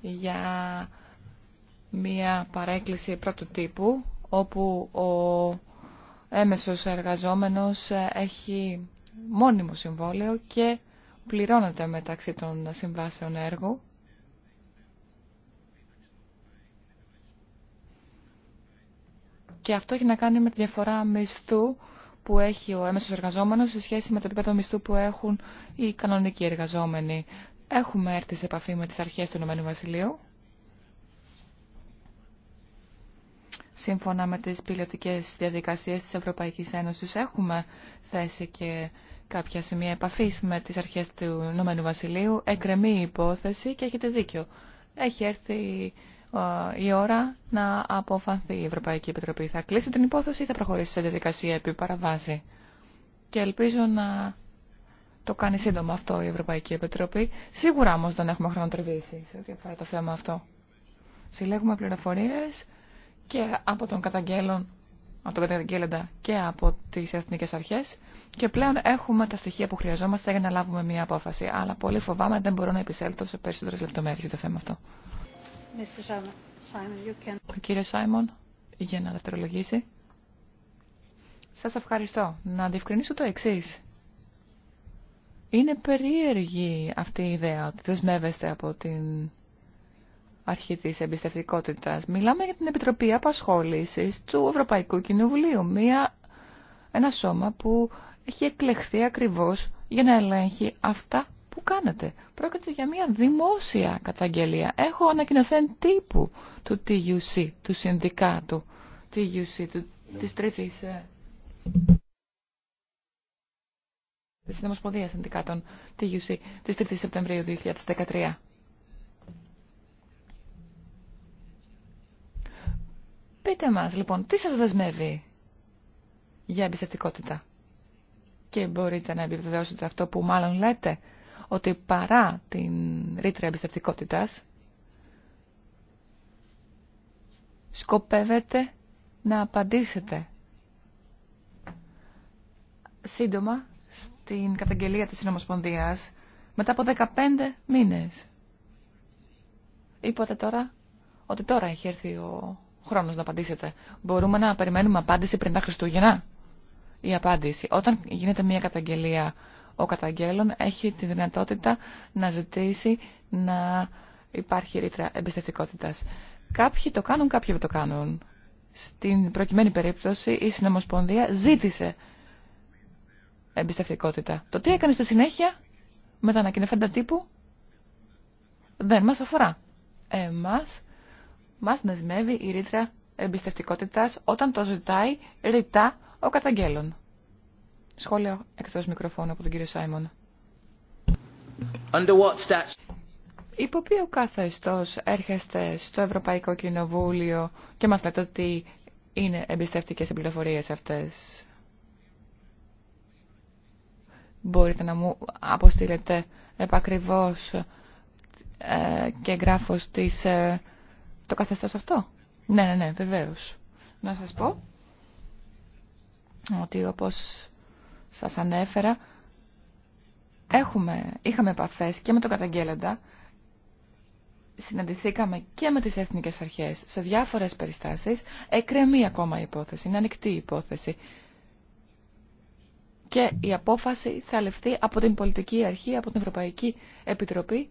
για μία παρέκκληση πρώτου τύπου, όπου ο έμεσος εργαζόμενος ε, έχει μόνιμο συμβόλαιο και πληρώνεται μεταξύ των συμβάσεων έργου. Και αυτό έχει να κάνει με τη διαφορά μισθού που έχει ο έμεσος εργαζόμενος σε σχέση με το επίπεδο μισθού που έχουν οι κανονικοί εργαζόμενοι. Έχουμε έρθει σε επαφή με τις αρχές του Ηνωμένου Βασιλείου σύμφωνα με τις πιλωτικές διαδικασίες της Ευρωπαϊκής Ένωσης έχουμε θέσει και κάποια σημεία επαφής με τις αρχές του Ηνωμένου Βασιλείου. Εγκρεμεί η υπόθεση και έχετε δίκιο. Έχει έρθει η ώρα να αποφανθεί η Ευρωπαϊκή Επιτροπή. Θα κλείσει την υπόθεση ή θα προχωρήσει σε διαδικασία επί παραβάση. Και ελπίζω να το κάνει σύντομα αυτό η Ευρωπαϊκή Επιτροπή. Σίγουρα όμως δεν έχουμε χρονοτριβήσει σε ό,τι αφορά το θέμα αυτό. Συλλέγουμε πληροφορίες και από τον καταγγελων, από τον καταγγέλλοντα και από τις εθνικές αρχές και πλέον έχουμε τα στοιχεία που χρειαζόμαστε για να λάβουμε μια απόφαση. Αλλά πολύ φοβάμαι δεν μπορώ να επισέλθω σε περισσότερες λεπτομέρειες για το θέμα αυτό. Ο κύριο Σάιμον, για να δευτερολογήσει. Σας ευχαριστώ. Να διευκρινίσω το εξή. Είναι περίεργη αυτή η ιδέα ότι δεσμεύεστε από την αρχή τη Εμπιστευτικότητα. Μιλάμε για την Επιτροπή απασχόληση του Ευρωπαϊκού Κοινοβουλίου, μια, ένα σώμα που έχει εκλεχθεί ακριβώ για να ελέγχει αυτά που κάνετε. Πρόκειται για μια δημόσια καταγγελία. Έχω ανακοινωθέν τύπου του TUC, του συνδικάτου, TUC, του, της τρίτης... Ε, της Συνομοσπονδία Συνδικάτων TUC τη 3η Σεπτεμβρίου 2013. Πείτε μας λοιπόν, τι σας δεσμεύει για εμπιστευτικότητα. Και μπορείτε να επιβεβαιώσετε αυτό που μάλλον λέτε, ότι παρά την ρήτρα εμπιστευτικότητας, σκοπεύετε να απαντήσετε σύντομα στην καταγγελία της Συνομοσπονδίας μετά από 15 μήνες. Είπατε τώρα ότι τώρα έχει έρθει ο χρόνος να απαντήσετε. Μπορούμε να περιμένουμε απάντηση πριν τα Χριστούγεννα. Η απάντηση. Όταν γίνεται μια καταγγελία, ο καταγγέλων έχει τη δυνατότητα να ζητήσει να υπάρχει ρήτρα εμπιστευτικότητα. Κάποιοι το κάνουν, κάποιοι δεν το κάνουν. Στην προκειμένη περίπτωση η Συνομοσπονδία ζήτησε εμπιστευτικότητα. Το τι έκανε στη συνέχεια με τα ανακοινωθέντα τύπου δεν μας αφορά. Εμάς μας δεσμεύει η ρήτρα εμπιστευτικότητας όταν το ζητάει ρητά ο καταγγέλων. Σχόλιο εκτός μικροφώνου από τον κύριο Σάιμον. Under what Υπό ποιο καθεστώ έρχεστε στο Ευρωπαϊκό Κοινοβούλιο και μας λέτε ότι είναι εμπιστευτικές οι πληροφορίες αυτές. Μπορείτε να μου αποστείλετε επακριβώς ε, και γράφος της ε, το καθεστώς αυτό. Ναι, ναι, ναι, βεβαίως. Να σας πω ότι όπως σας ανέφερα, έχουμε, είχαμε επαφές και με τον καταγγέλλοντα, συναντηθήκαμε και με τις εθνικές αρχές σε διάφορες περιστάσεις, εκρεμεί ακόμα η υπόθεση, είναι ανοιχτή η υπόθεση. Και η απόφαση θα ληφθεί από την πολιτική αρχή, από την Ευρωπαϊκή Επιτροπή,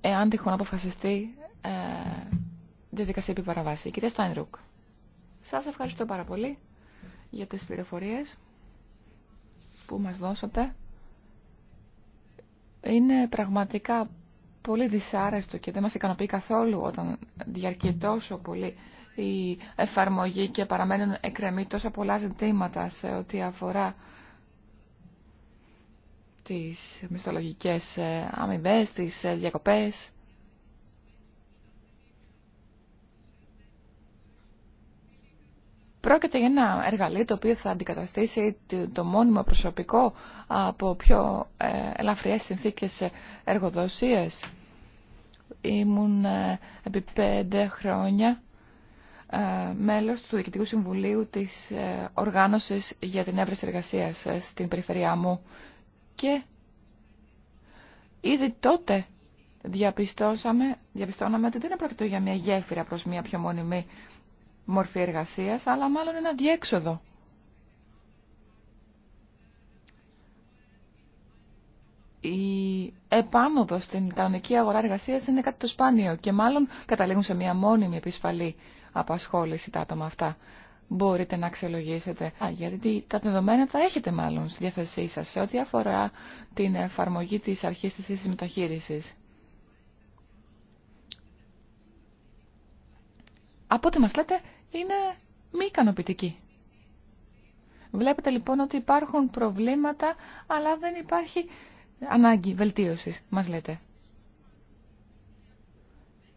εάν τυχόν αποφασιστεί ε, διαδικασία επί παραβάση. Κυρία Στάινρουκ, σας ευχαριστώ πάρα πολύ για τις πληροφορίες που μας δώσατε. Είναι πραγματικά πολύ δυσάρεστο και δεν μας ικανοποιεί καθόλου όταν διαρκεί τόσο πολύ η εφαρμογή και παραμένουν εκκρεμή τόσα πολλά ζητήματα σε ό,τι αφορά τις μισθολογικές ε, αμοιβέ, τις ε, διακοπές. Πρόκειται για ένα εργαλείο το οποίο θα αντικαταστήσει το μόνιμο προσωπικό από πιο ε, ελαφριές συνθήκες εργοδοσίας. Ήμουν ε, επί πέντε χρόνια ε, μέλος του Διοικητικού Συμβουλίου της Οργάνωσης για την Εύρεση Εργασίας στην περιφερειά μου και ήδη τότε διαπιστώσαμε, διαπιστώναμε ότι δεν πρόκειται για μια γέφυρα προς μια πιο μόνιμη μορφή εργασίας, αλλά μάλλον ένα διέξοδο. η επάνωδο στην κανονική αγορά εργασία είναι κάτι το σπάνιο και μάλλον καταλήγουν σε μια μόνιμη επισφαλή απασχόληση τα άτομα αυτά. Μπορείτε να αξιολογήσετε, γιατί τα δεδομένα τα έχετε μάλλον στη διάθεσή σας σε ό,τι αφορά την εφαρμογή της αρχής της ίσης μεταχείρισης. Από ό,τι μας λέτε, είναι μη ικανοποιητική. Βλέπετε λοιπόν ότι υπάρχουν προβλήματα, αλλά δεν υπάρχει ανάγκη βελτίωσης, μας λέτε.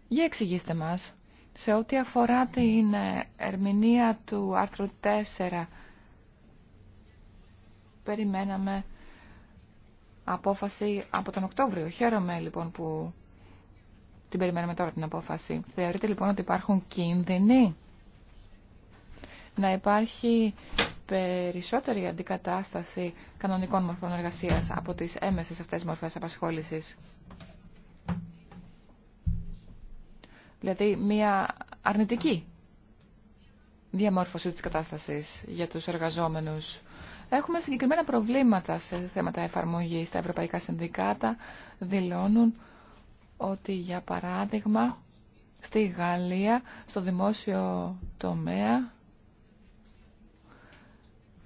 Για εξηγήστε μας, σε ό,τι αφορά την ερμηνεία του άρθρου 4, περιμέναμε απόφαση από τον Οκτώβριο. Χαίρομαι λοιπόν που την περιμέναμε τώρα την απόφαση. Θεωρείτε λοιπόν ότι υπάρχουν κίνδυνοι να υπάρχει περισσότερη αντικατάσταση κανονικών μορφών εργασίας από τις έμεσες αυτές μορφές απασχόλησης. Δηλαδή μια αρνητική διαμόρφωση της κατάστασης για τους εργαζόμενους. Έχουμε συγκεκριμένα προβλήματα σε θέματα εφαρμογής. Τα ευρωπαϊκά συνδικάτα δηλώνουν ότι για παράδειγμα στη Γαλλία, στο δημόσιο τομέα,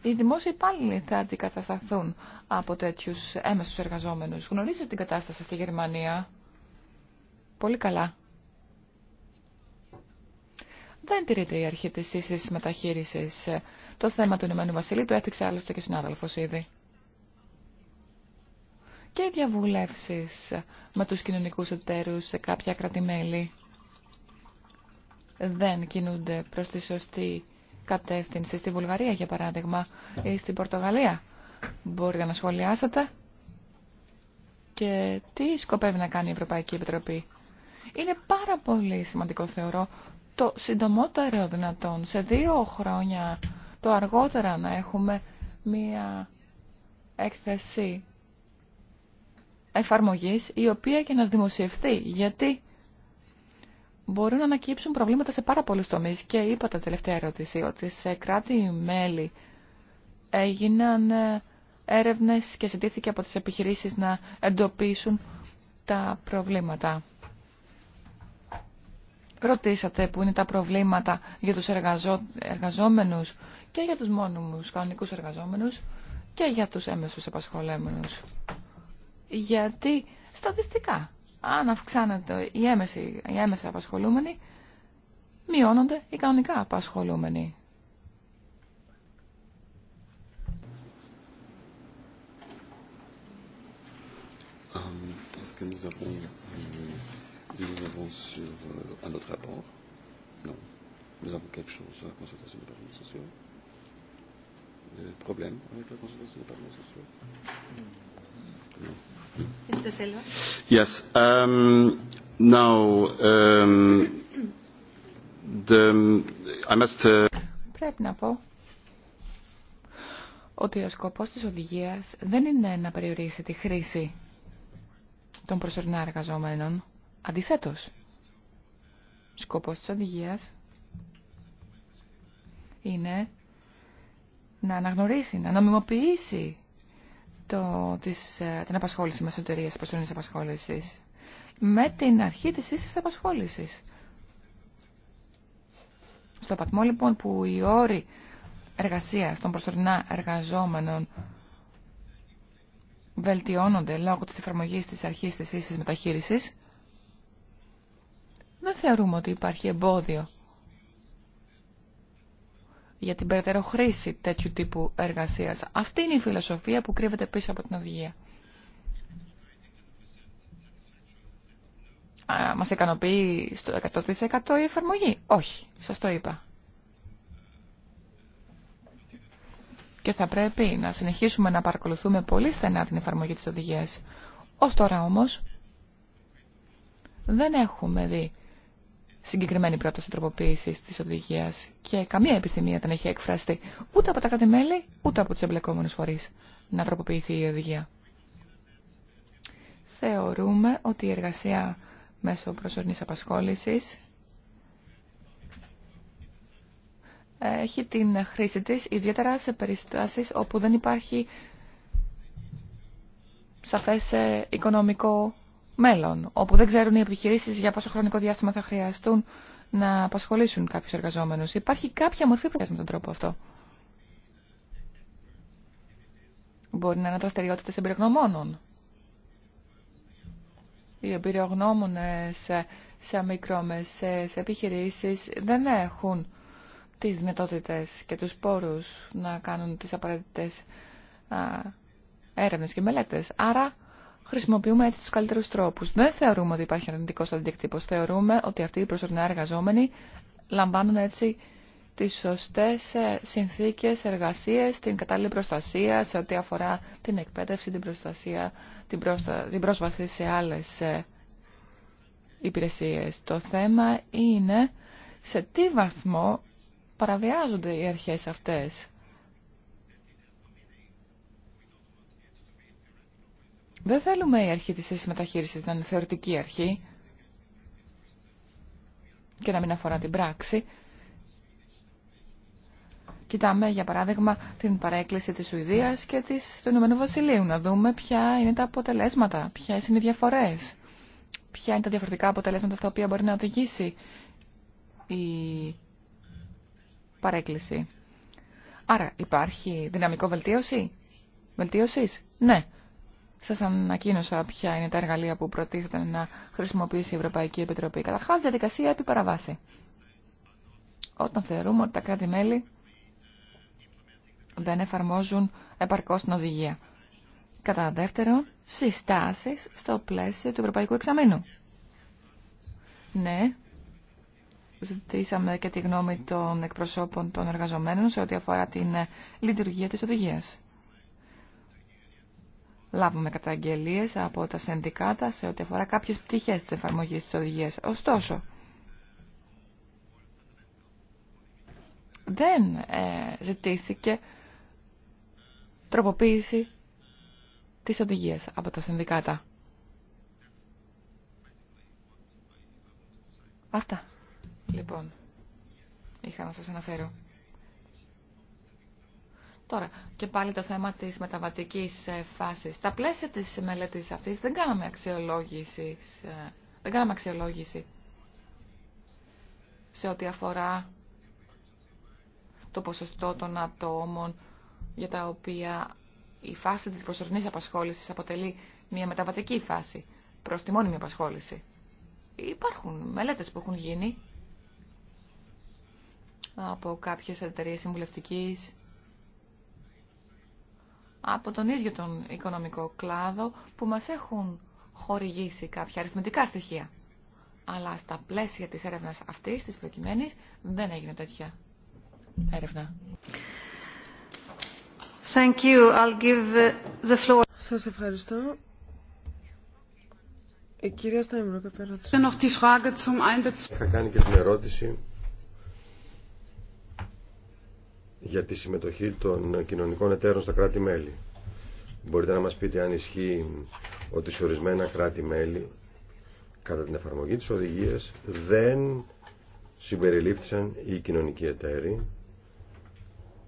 οι δημόσιοι υπάλληλοι θα αντικατασταθούν από τέτοιου έμεσου εργαζόμενου. Γνωρίζετε την κατάσταση στη Γερμανία. Πολύ καλά. Δεν τηρείται η αρχή τη ίση μεταχείρισης. Το θέμα του Ηνωμένου Βασιλείου το έθιξε άλλωστε και συνάδελφο ήδη. Και διαβουλευσει με τους κοινωνικού εταίρου σε κάποια κρατημέλη δεν κινούνται προ τη σωστή κατεύθυνση, στη Βουλγαρία για παράδειγμα ή στην Πορτογαλία. Μπορείτε να σχολιάσετε και τι σκοπεύει να κάνει η Ευρωπαϊκή Επιτροπή. Είναι πάρα πολύ σημαντικό θεωρώ το συντομότερο δυνατόν σε δύο χρόνια το αργότερα να έχουμε μία έκθεση εφαρμογής η οποία και να δημοσιευθεί. Γιατί μπορούν να ανακύψουν προβλήματα σε πάρα πολλούς τομείς. Και είπα τα τελευταία ερώτηση ότι σε κράτη-μέλη έγιναν ε, έρευνες και ζητήθηκε από τις επιχειρήσεις να εντοπίσουν τα προβλήματα. Ρωτήσατε που είναι τα προβλήματα για τους εργαζό... εργαζόμενους και για τους μόνιμους κανονικούς εργαζόμενους και για τους έμεσους επασχολέμενους. Γιατί στατιστικά αν αυξάνεται η έμεση, η έμεσα απασχολούμενη, μειώνονται οι κανονικά απασχολούμενοι. avec la consultation Um, um, uh, Πρέπει να πω ότι ο σκοπός της οδηγίας δεν είναι να περιορίσει τη χρήση των προσωρινά εργαζόμενων. Αντιθέτως, σκοπός της οδηγίας είναι να αναγνωρίσει, να νομιμοποιήσει το, της, ε, την απασχόληση μας προς προσωρινή απασχόλησης; Με την αρχή της ίσης απασχόλησης. Στο βαθμό λοιπόν που οι όροι εργασία των προσωρινά εργαζόμενων βελτιώνονται λόγω της εφαρμογής της αρχής της ίσης μεταχείρισης, δεν θεωρούμε ότι υπάρχει εμπόδιο για την περαιτέρω χρήση τέτοιου τύπου εργασίας. Αυτή είναι η φιλοσοφία που κρύβεται πίσω από την οδηγία. Μα μας ικανοποιεί στο 100% η εφαρμογή. Όχι, σας το είπα. Και θα πρέπει να συνεχίσουμε να παρακολουθούμε πολύ στενά την εφαρμογή της οδηγίας. Ως τώρα όμως δεν έχουμε δει συγκεκριμένη πρόταση τροποποίηση της οδηγίας και καμία επιθυμία δεν έχει εκφραστεί ούτε από τα κράτη-μέλη ούτε από τους εμπλεκόμενου φορείς να τροποποιηθεί η οδηγία. Θεωρούμε ότι η εργασία μέσω προσωρινής απασχόλησης έχει την χρήση της ιδιαίτερα σε περιστάσεις όπου δεν υπάρχει σαφές ε, οικονομικό μέλλον, όπου δεν ξέρουν οι επιχειρήσεις για πόσο χρονικό διάστημα θα χρειαστούν να απασχολήσουν κάποιους εργαζόμενους. Υπάρχει κάποια μορφή προκειμένου με τον τρόπο αυτό. Μπορεί να είναι δραστηριότητε εμπειρογνωμόνων. Οι εμπειρογνώμονε σε, σε μικρόμεσες επιχειρήσεις δεν έχουν τις δυνατότητε και τους πόρου να κάνουν τι απαραίτητε έρευνε και μελέτε. Άρα χρησιμοποιούμε έτσι τους καλύτερους τρόπους. Δεν θεωρούμε ότι υπάρχει αρνητικό αντίκτυπος. Θεωρούμε ότι αυτοί οι προσωρινά εργαζόμενοι λαμβάνουν έτσι τις σωστές ε, συνθήκες εργασίας, την κατάλληλη προστασία σε ό,τι αφορά την εκπαίδευση, την προστασία, την, προστα... την πρόσβαση σε άλλες ε, υπηρεσίες. Το θέμα είναι σε τι βαθμό παραβιάζονται οι αρχές αυτές. Δεν θέλουμε η αρχή της συμμεταχείρισης να είναι θεωρητική αρχή και να μην αφορά την πράξη. Κοιτάμε, για παράδειγμα, την παρέκκληση της Σουηδίας και της, του Ηνωμένου Βασιλείου, να δούμε ποια είναι τα αποτελέσματα, ποια είναι οι διαφορές, ποια είναι τα διαφορετικά αποτελέσματα στα οποία μπορεί να οδηγήσει η παρέκκληση. Άρα, υπάρχει δυναμικό βελτίωση, βελτίωσης, ναι. Σας ανακοίνωσα ποια είναι τα εργαλεία που προτίθεται να χρησιμοποιήσει η Ευρωπαϊκή Επιτροπή. Καταρχά, διαδικασία επί παραβάση. Όταν θεωρούμε ότι τα κράτη-μέλη δεν εφαρμόζουν επαρκώς την οδηγία. Κατά δεύτερο, συστάσεις στο πλαίσιο του Ευρωπαϊκού Εξαμήνου. Ναι, ζητήσαμε και τη γνώμη των εκπροσώπων των εργαζομένων σε ό,τι αφορά την λειτουργία τη οδηγία λάβουμε καταγγελίες από τα συνδικάτα σε ό,τι αφορά κάποιες πτυχέ τη εφαρμογή τη οδηγία. Ωστόσο, δεν ε, ζητήθηκε τροποποίηση τη οδηγία από τα συνδικάτα. Αυτά, λοιπόν, είχα να σας αναφέρω. Τώρα, και πάλι το θέμα της μεταβατικής ε, φάσης. Τα πλαίσια της μελέτης αυτής δεν κάναμε αξιολόγηση, ε, δεν κάναμε σε ό,τι αφορά το ποσοστό των ατόμων για τα οποία η φάση της προσωρινής απασχόλησης αποτελεί μια μεταβατική φάση προς τη μόνιμη απασχόληση. Υπάρχουν μελέτες που έχουν γίνει από κάποιες εταιρείες συμβουλευτικής από τον ίδιο τον οικονομικό κλάδο που μας έχουν χορηγήσει κάποια αριθμητικά στοιχεία. Αλλά στα πλαίσια της έρευνας αυτής, της προκειμένης, δεν έγινε τέτοια έρευνα. Thank you. I'll give the floor. Σας ευχαριστώ. κυρία κάνει και την ερώτηση για τη συμμετοχή των κοινωνικών εταίρων στα κράτη-μέλη. Μπορείτε να μας πείτε αν ισχύει ότι σε ορισμένα κράτη-μέλη κατά την εφαρμογή της οδηγίας δεν συμπεριλήφθησαν οι κοινωνικοί εταίροι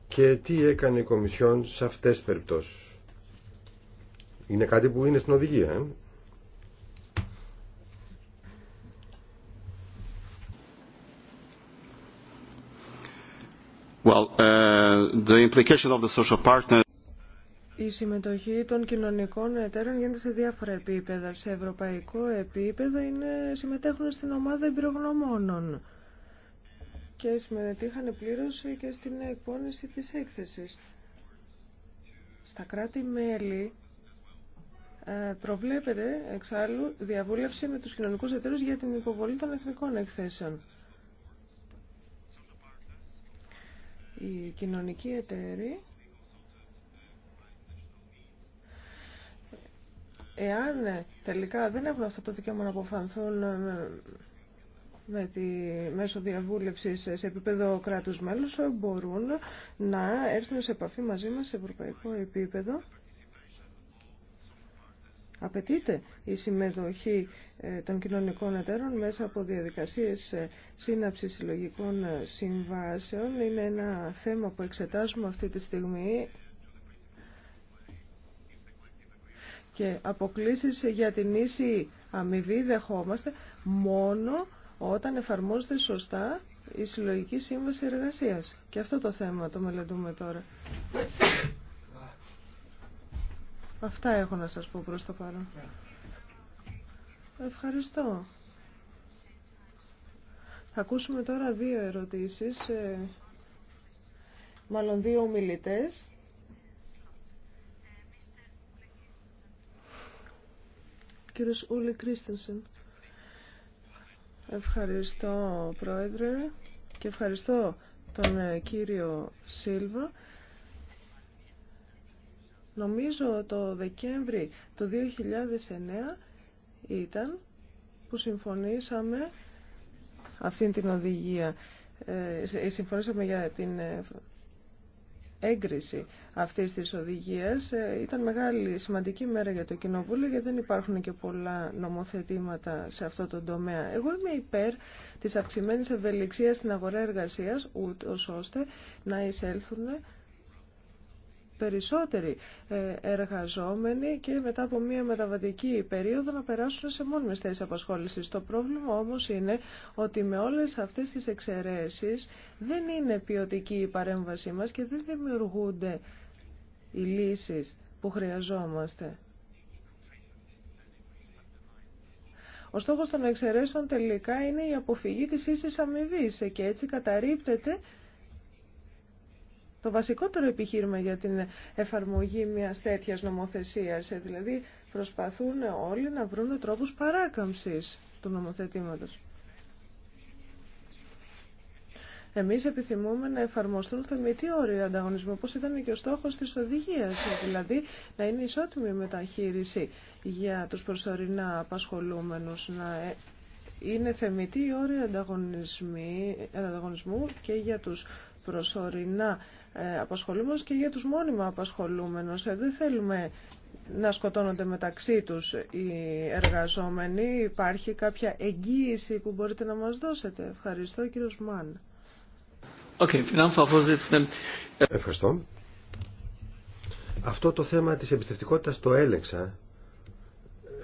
και τι έκανε η Κομισιόν σε αυτές τις περιπτώσεις. Είναι κάτι που είναι στην οδηγία. Ε? the implication Η συμμετοχή των κοινωνικών εταίρων γίνεται σε διάφορα επίπεδα. Σε ευρωπαϊκό επίπεδο είναι, συμμετέχουν στην ομάδα εμπειρογνωμόνων και συμμετείχαν πλήρω και στην εκπόνηση της έκθεσης. Στα κράτη-μέλη ε, προβλέπεται εξάλλου διαβούλευση με τους κοινωνικούς εταίρους για την υποβολή των εθνικών εκθέσεων. Οι κοινωνικοί εταίροι, εάν τελικά δεν έχουν αυτό το δικαίωμα να αποφανθούν με τη μέσω διαβούλευση σε επίπεδο κράτους μέλους μπορούν να έρθουν σε επαφή μαζί μας σε ευρωπαϊκό επίπεδο Απαιτείται η συμμετοχή ε, των κοινωνικών εταίρων μέσα από διαδικασίες ε, σύναψης συλλογικών ε, συμβάσεων. Είναι ένα θέμα που εξετάζουμε αυτή τη στιγμή και αποκλήσεις για την ίση αμοιβή δεχόμαστε μόνο όταν εφαρμόζεται σωστά η συλλογική σύμβαση εργασίας. Και αυτό το θέμα το μελετούμε τώρα. Αυτά έχω να σας πω προς το παρόν. Ευχαριστώ. Θα ακούσουμε τώρα δύο ερωτήσεις, ε, μάλλον δύο ομιλητές. Κύριος Ούλη Κρίστενσεν. Ευχαριστώ, Πρόεδρε, και ευχαριστώ τον ε, κύριο Σίλβα. Νομίζω το Δεκέμβρη του 2009 ήταν που συμφωνήσαμε αυτήν την οδηγία. Ε, ε, συμφωνήσαμε για την ε, έγκριση αυτής της οδηγίας. Ήταν μεγάλη σημαντική μέρα για το Κοινοβούλιο γιατί δεν υπάρχουν και πολλά νομοθετήματα σε αυτό το τομέα. Εγώ είμαι υπέρ της αυξημένης ευελιξίας στην αγορά εργασίας ούτως ώστε να εισέλθουν περισσότεροι ε, εργαζόμενοι και μετά από μία μεταβατική περίοδο να περάσουν σε μόνιμες θέσεις απασχόλησης. Το πρόβλημα όμως είναι ότι με όλες αυτές τις εξαιρέσεις δεν είναι ποιοτική η παρέμβασή μας και δεν δημιουργούνται οι λύσεις που χρειαζόμαστε. Ο στόχος των εξαιρέσεων τελικά είναι η αποφυγή της ίσης αμοιβή και έτσι καταρρύπτεται το βασικότερο επιχείρημα για την εφαρμογή μιας τέτοιας νομοθεσίας. Ε, δηλαδή προσπαθούν όλοι να βρουν τρόπους παράκαμψης του νομοθετήματος. Εμείς επιθυμούμε να εφαρμοστούν θεμητοί όροι ανταγωνισμού, όπως ήταν και ο στόχος της οδηγίας, δηλαδή να είναι ισότιμη μεταχείριση για τους προσωρινά απασχολούμενους, να ε, είναι θεμητοί όροι ανταγωνισμού και για τους προσωρινά ε, απασχολούμενος και για τους μόνιμα απασχολούμενους. Ε, δεν θέλουμε να σκοτώνονται μεταξύ τους οι εργαζόμενοι. Υπάρχει κάποια εγγύηση που μπορείτε να μας δώσετε. Ευχαριστώ κύριο Μάν. Okay. Ευχαριστώ. Αυτό το θέμα της εμπιστευτικότητας το έλεξα.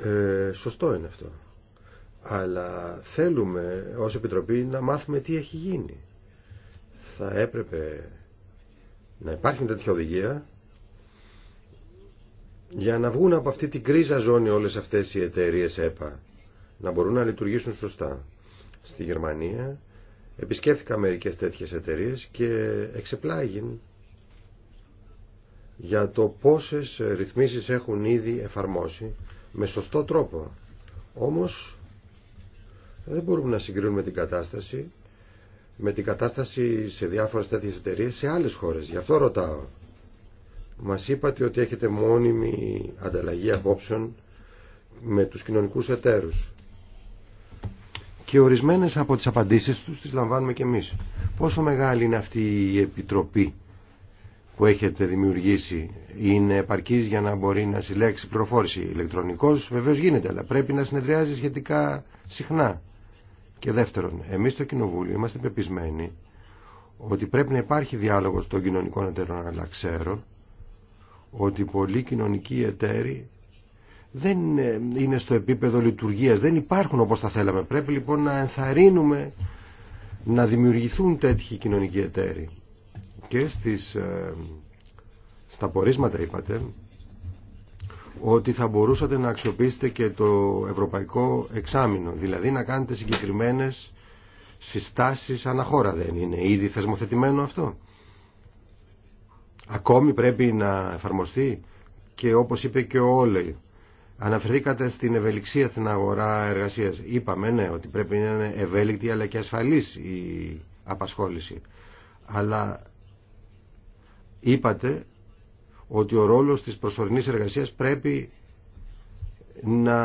Ε, σωστό είναι αυτό. Αλλά θέλουμε ως Επιτροπή να μάθουμε τι έχει γίνει θα έπρεπε να υπάρχει τέτοια οδηγία για να βγουν από αυτή την κρίζα ζώνη όλες αυτές οι εταιρείες ΕΠΑ να μπορούν να λειτουργήσουν σωστά. Στη Γερμανία επισκέφθηκα μερικές τέτοιες εταιρείες και εξεπλάγει για το πόσες ρυθμίσεις έχουν ήδη εφαρμόσει με σωστό τρόπο. Όμως δεν μπορούμε να συγκρίνουμε την κατάσταση με την κατάσταση σε διάφορες τέτοιες εταιρείε σε άλλες χώρες. Γι' αυτό ρωτάω. Μας είπατε ότι έχετε μόνιμη ανταλλαγή απόψεων με τους κοινωνικούς εταίρους. Και ορισμένες από τις απαντήσεις τους τις λαμβάνουμε και εμείς. Πόσο μεγάλη είναι αυτή η επιτροπή που έχετε δημιουργήσει είναι επαρκής για να μπορεί να συλλέξει πληροφόρηση ηλεκτρονικός. Βεβαίως γίνεται, αλλά πρέπει να συνεδριάζει σχετικά συχνά. Και δεύτερον, εμείς στο Κοινοβούλιο είμαστε πεπισμένοι ότι πρέπει να υπάρχει διάλογος των κοινωνικών εταίρων, αλλά ξέρω ότι πολλοί κοινωνικοί εταίροι δεν είναι στο επίπεδο λειτουργίας, δεν υπάρχουν όπως θα θέλαμε. Πρέπει λοιπόν να ενθαρρύνουμε να δημιουργηθούν τέτοιοι κοινωνικοί εταίροι. Και στις, ε, στα πορίσματα είπατε ότι θα μπορούσατε να αξιοποιήσετε και το ευρωπαϊκό εξάμεινο, δηλαδή να κάνετε συγκεκριμένες συστάσεις αναχώρα δεν είναι ήδη θεσμοθετημένο αυτό. Ακόμη πρέπει να εφαρμοστεί και όπως είπε και ο Όλεϊ, Αναφερθήκατε στην ευελιξία στην αγορά εργασία. Είπαμε ναι ότι πρέπει να είναι ευέλικτη αλλά και ασφαλή η απασχόληση. Αλλά είπατε ότι ο ρόλος της προσωρινής εργασίας πρέπει να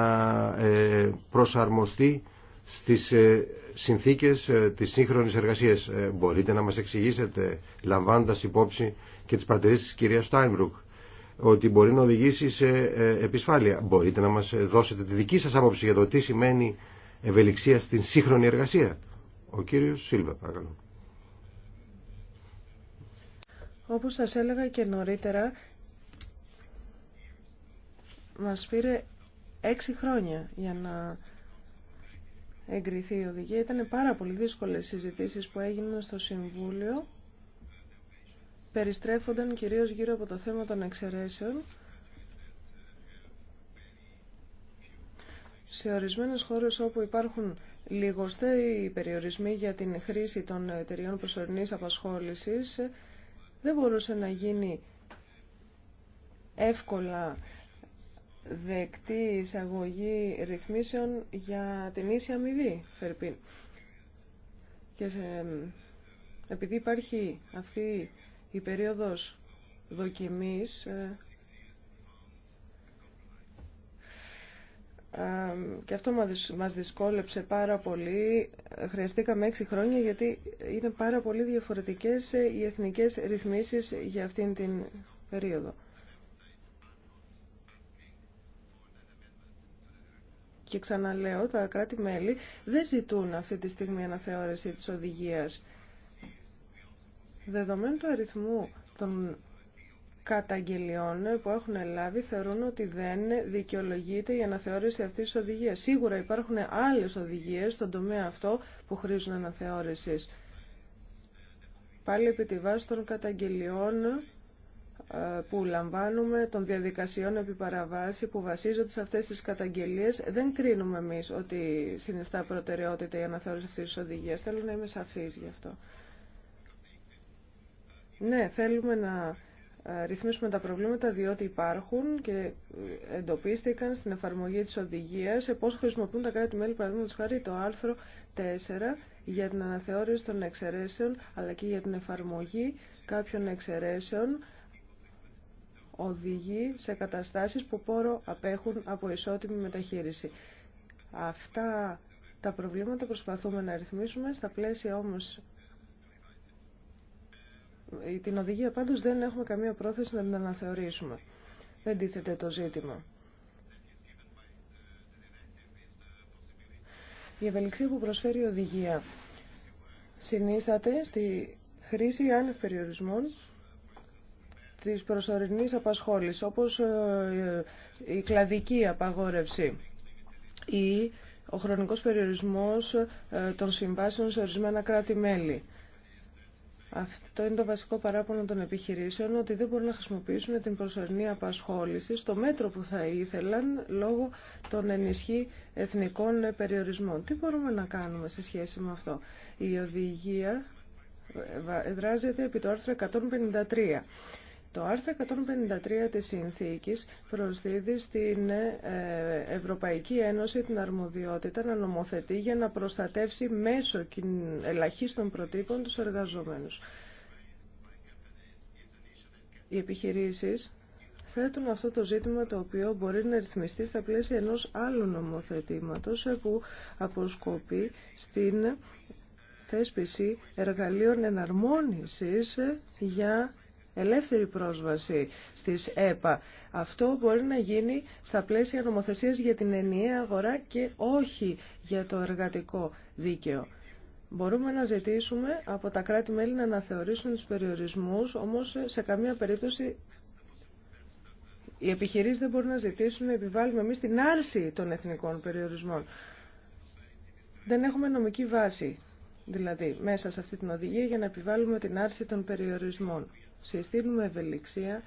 ε, προσαρμοστεί στις ε, συνθήκες ε, της σύγχρονης εργασίας. Μπορείτε να μας εξηγήσετε, λαμβάνοντας υπόψη και τις παρατηρήσεις της κυρίας Στάιμπρουκ, ότι μπορεί να οδηγήσει σε επισφάλεια. Μπορείτε να μας δώσετε τη δική σας άποψη για το τι σημαίνει ευελιξία στην σύγχρονη εργασία. Ο κύριος Σίλβα, παρακαλώ. Όπως σας έλεγα και νωρίτερα, μας πήρε έξι χρόνια για να εγκριθεί η οδηγία. Ήταν πάρα πολύ δύσκολες συζητήσεις που έγιναν στο Συμβούλιο. Περιστρέφονταν κυρίως γύρω από το θέμα των εξαιρέσεων. Σε ορισμένες χώρες όπου υπάρχουν λιγοστέοι περιορισμοί για την χρήση των εταιριών προσωρινής απασχόλησης, δεν μπορούσε να γίνει εύκολα δεκτή εισαγωγή ρυθμίσεων για την ίση αμοιβή, Φερπίν. Και επειδή υπάρχει αυτή η περίοδος δοκιμής, ε, ε, και αυτό μας δυσκόλεψε πάρα πολύ. Ε, χρειαστήκαμε έξι χρόνια γιατί είναι πάρα πολύ διαφορετικές οι εθνικές ρυθμίσεις για αυτήν την περίοδο. Και ξαναλέω, τα κράτη-μέλη δεν ζητούν αυτή τη στιγμή αναθεώρηση της οδηγίας. Δεδομένου του αριθμού των καταγγελιών που έχουν λάβει θεωρούν ότι δεν δικαιολογείται η αναθεώρηση αυτής της οδηγίας. Σίγουρα υπάρχουν άλλες οδηγίες στον τομέα αυτό που χρήζουν αναθεώρησης. Πάλι επί τη βάση των καταγγελιών ε, που λαμβάνουμε των διαδικασιών επί παραβάση που βασίζονται σε αυτές τις καταγγελίες δεν κρίνουμε εμείς ότι συνιστά προτεραιότητα η αναθεώρηση αυτής της οδηγίας. Θέλω να είμαι σαφής γι' αυτό. Ναι, θέλουμε να ε, ρυθμίσουμε τα προβλήματα διότι υπάρχουν και εντοπίστηκαν στην εφαρμογή της οδηγίας σε πώς χρησιμοποιούν τα κράτη-μέλη παραδείγματος χάρη το άρθρο 4 για την αναθεώρηση των εξαιρέσεων αλλά και για την εφαρμογή κάποιων εξαιρέσεων οδηγεί σε καταστάσεις που πόρο απέχουν από ισότιμη μεταχείριση. Αυτά τα προβλήματα προσπαθούμε να ρυθμίσουμε, στα πλαίσια όμως την οδηγία πάντως δεν έχουμε καμία πρόθεση να την αναθεωρήσουμε. Δεν τίθεται το ζήτημα. Η ευελιξία που προσφέρει η οδηγία συνίσταται στη χρήση άνευ περιορισμών της προσωρινής απασχόλησης, όπως ε, η κλαδική απαγόρευση ή ο χρονικός περιορισμός ε, των συμβάσεων σε ορισμένα κράτη-μέλη. Αυτό είναι το βασικό παράπονο των επιχειρήσεων, ότι δεν μπορούν να χρησιμοποιήσουν την προσωρινή απασχόληση στο μέτρο που θα ήθελαν λόγω των ενισχύ εθνικών περιορισμών. Τι μπορούμε να κάνουμε σε σχέση με αυτό. Η οδηγία ε, δράζεται επί το άρθρο 153 το άρθρο 153 της Συνθήκης προσδίδει στην ε, Ευρωπαϊκή Ένωση την αρμοδιότητα να νομοθετεί για να προστατεύσει μέσω ελαχίστων προτύπων τους εργαζομένους. Οι επιχειρήσεις θέτουν αυτό το ζήτημα το οποίο μπορεί να ρυθμιστεί στα πλαίσια ενός άλλου νομοθετήματος ε, που αποσκοπεί στην θέσπιση εργαλείων εναρμόνισης ε, για ελεύθερη πρόσβαση στις ΕΠΑ. Αυτό μπορεί να γίνει στα πλαίσια νομοθεσίας για την ενιαία αγορά και όχι για το εργατικό δίκαιο. Μπορούμε να ζητήσουμε από τα κράτη-μέλη να αναθεωρήσουν τους περιορισμούς, όμως σε καμία περίπτωση οι επιχειρήσεις δεν μπορούν να ζητήσουν να επιβάλλουμε εμείς την άρση των εθνικών περιορισμών. Δεν έχουμε νομική βάση, δηλαδή, μέσα σε αυτή την οδηγία για να επιβάλλουμε την άρση των περιορισμών. Συστήνουμε ευελιξία,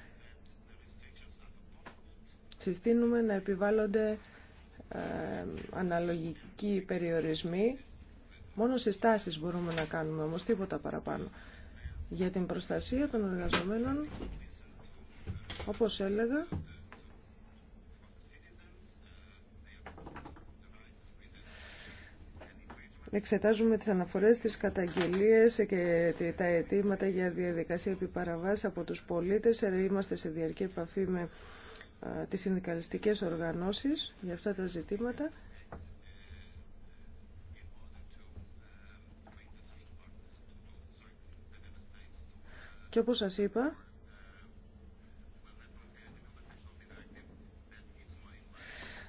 συστήνουμε να επιβάλλονται αναλογικοί περιορισμοί. Μόνο συστάσεις μπορούμε να κάνουμε, όμως τίποτα παραπάνω. Για την προστασία των εργαζομένων, όπως έλεγα, Εξετάζουμε τις αναφορές, τις καταγγελίες και τα αιτήματα για διαδικασία επιπαραβάση από τους πολίτες. Ε, είμαστε σε διαρκή επαφή με τις συνδικαλιστικές οργανώσεις για αυτά τα ζητήματα. Και όπως σας είπα,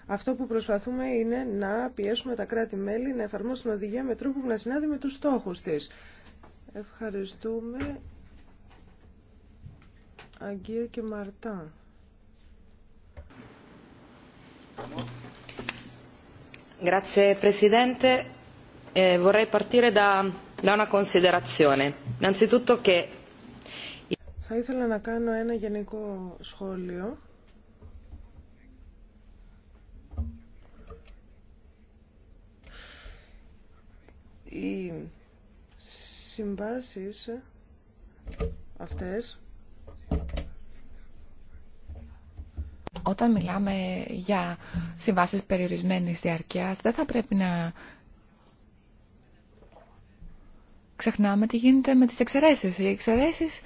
Αυτό που προσπαθούμε είναι να πιέσουμε τα κράτη-μέλη να εφαρμόσουν οδηγία με τρόπο που να συνάδει με τους στόχους της. Ευχαριστούμε. Αγκύρ και Μαρτά. Grazie Presidente, eh, vorrei partire da, da una considerazione. Innanzitutto che... Θα ήθελα να κάνω ένα γενικό σχόλιο. οι συμβάσεις αυτές όταν μιλάμε για συμβάσεις περιορισμένης διαρκείας δεν θα πρέπει να ξεχνάμε τι γίνεται με τις εξαιρέσεις. Οι εξαιρέσεις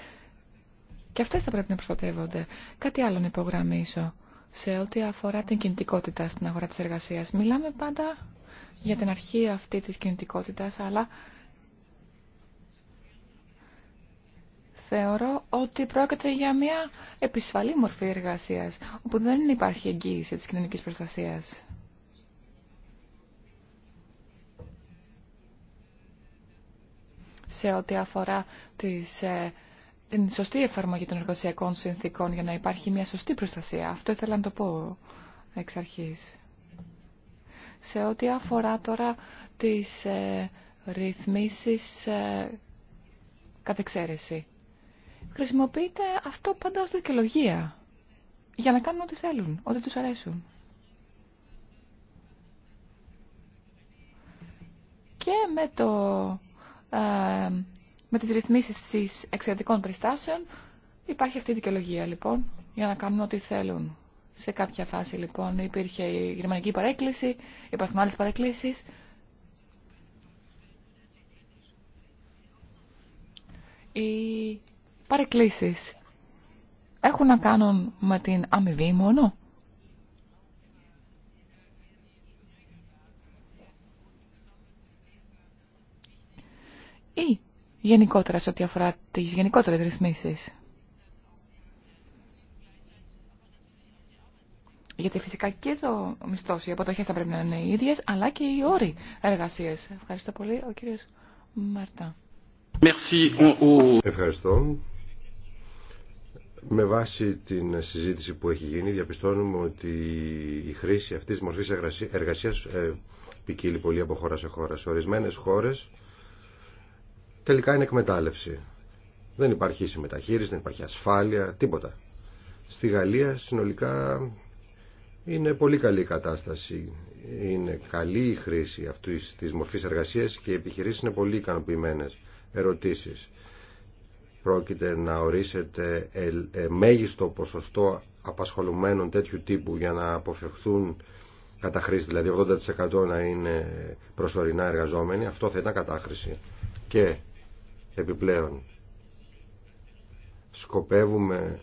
και αυτές θα πρέπει να προστατεύονται. Κάτι άλλο να υπογραμμίσω σε ό,τι αφορά την κινητικότητα στην αγορά της εργασίας. Μιλάμε πάντα για την αρχή αυτή της κινητικότητας, αλλά θεωρώ ότι πρόκειται για μια επισφαλή μορφή εργασίας, όπου δεν υπάρχει εγγύηση της κοινωνικής προστασίας. Σε ό,τι αφορά τις, ε, την σωστή εφαρμογή των εργασιακών συνθήκων για να υπάρχει μια σωστή προστασία. Αυτό ήθελα να το πω εξ αρχής. Σε ό,τι αφορά τώρα τις ε, ρυθμίσεις ε, κατεξαίρεση. Χρησιμοποιείται αυτό πάντα ως δικαιολογία για να κάνουν ό,τι θέλουν, ό,τι τους αρέσουν. Και με, το, ε, με τις ρυθμίσεις της εξαιρετικών περιστάσεων υπάρχει αυτή η δικαιολογία λοιπόν για να κάνουν ό,τι θέλουν. Σε κάποια φάση λοιπόν υπήρχε η γερμανική παρέκκληση, υπάρχουν άλλες παρεκκλήσεις. Οι παρεκκλήσεις έχουν να κάνουν με την αμοιβή μόνο. Ή γενικότερα σε ό,τι αφορά τις γενικότερες ρυθμίσεις. Γιατί φυσικά και το μισθό, οι αποδοχέ θα πρέπει να είναι οι ίδιε, αλλά και οι όροι εργασία. Ευχαριστώ πολύ, ο κύριο Μαρτά. Ευχαριστώ. Με βάση την συζήτηση που έχει γίνει, διαπιστώνουμε ότι η χρήση αυτής της μορφής εργασίας ε, ποικίλει πολύ από χώρα σε χώρα. Σε ορισμένες χώρες τελικά είναι εκμετάλλευση. Δεν υπάρχει συμμεταχείριση, δεν υπάρχει ασφάλεια, τίποτα. Στη Γαλλία συνολικά είναι πολύ καλή η κατάσταση. Είναι καλή η χρήση αυτή τη μορφή εργασία και οι επιχειρήσει είναι πολύ ικανοποιημένε. Ερωτήσει. Πρόκειται να ορίσετε ε, ε, μέγιστο ποσοστό απασχολουμένων τέτοιου τύπου για να αποφευχθούν κατά χρήση, δηλαδή 80% να είναι προσωρινά εργαζόμενοι. Αυτό θα ήταν κατάχρηση. Και επιπλέον σκοπεύουμε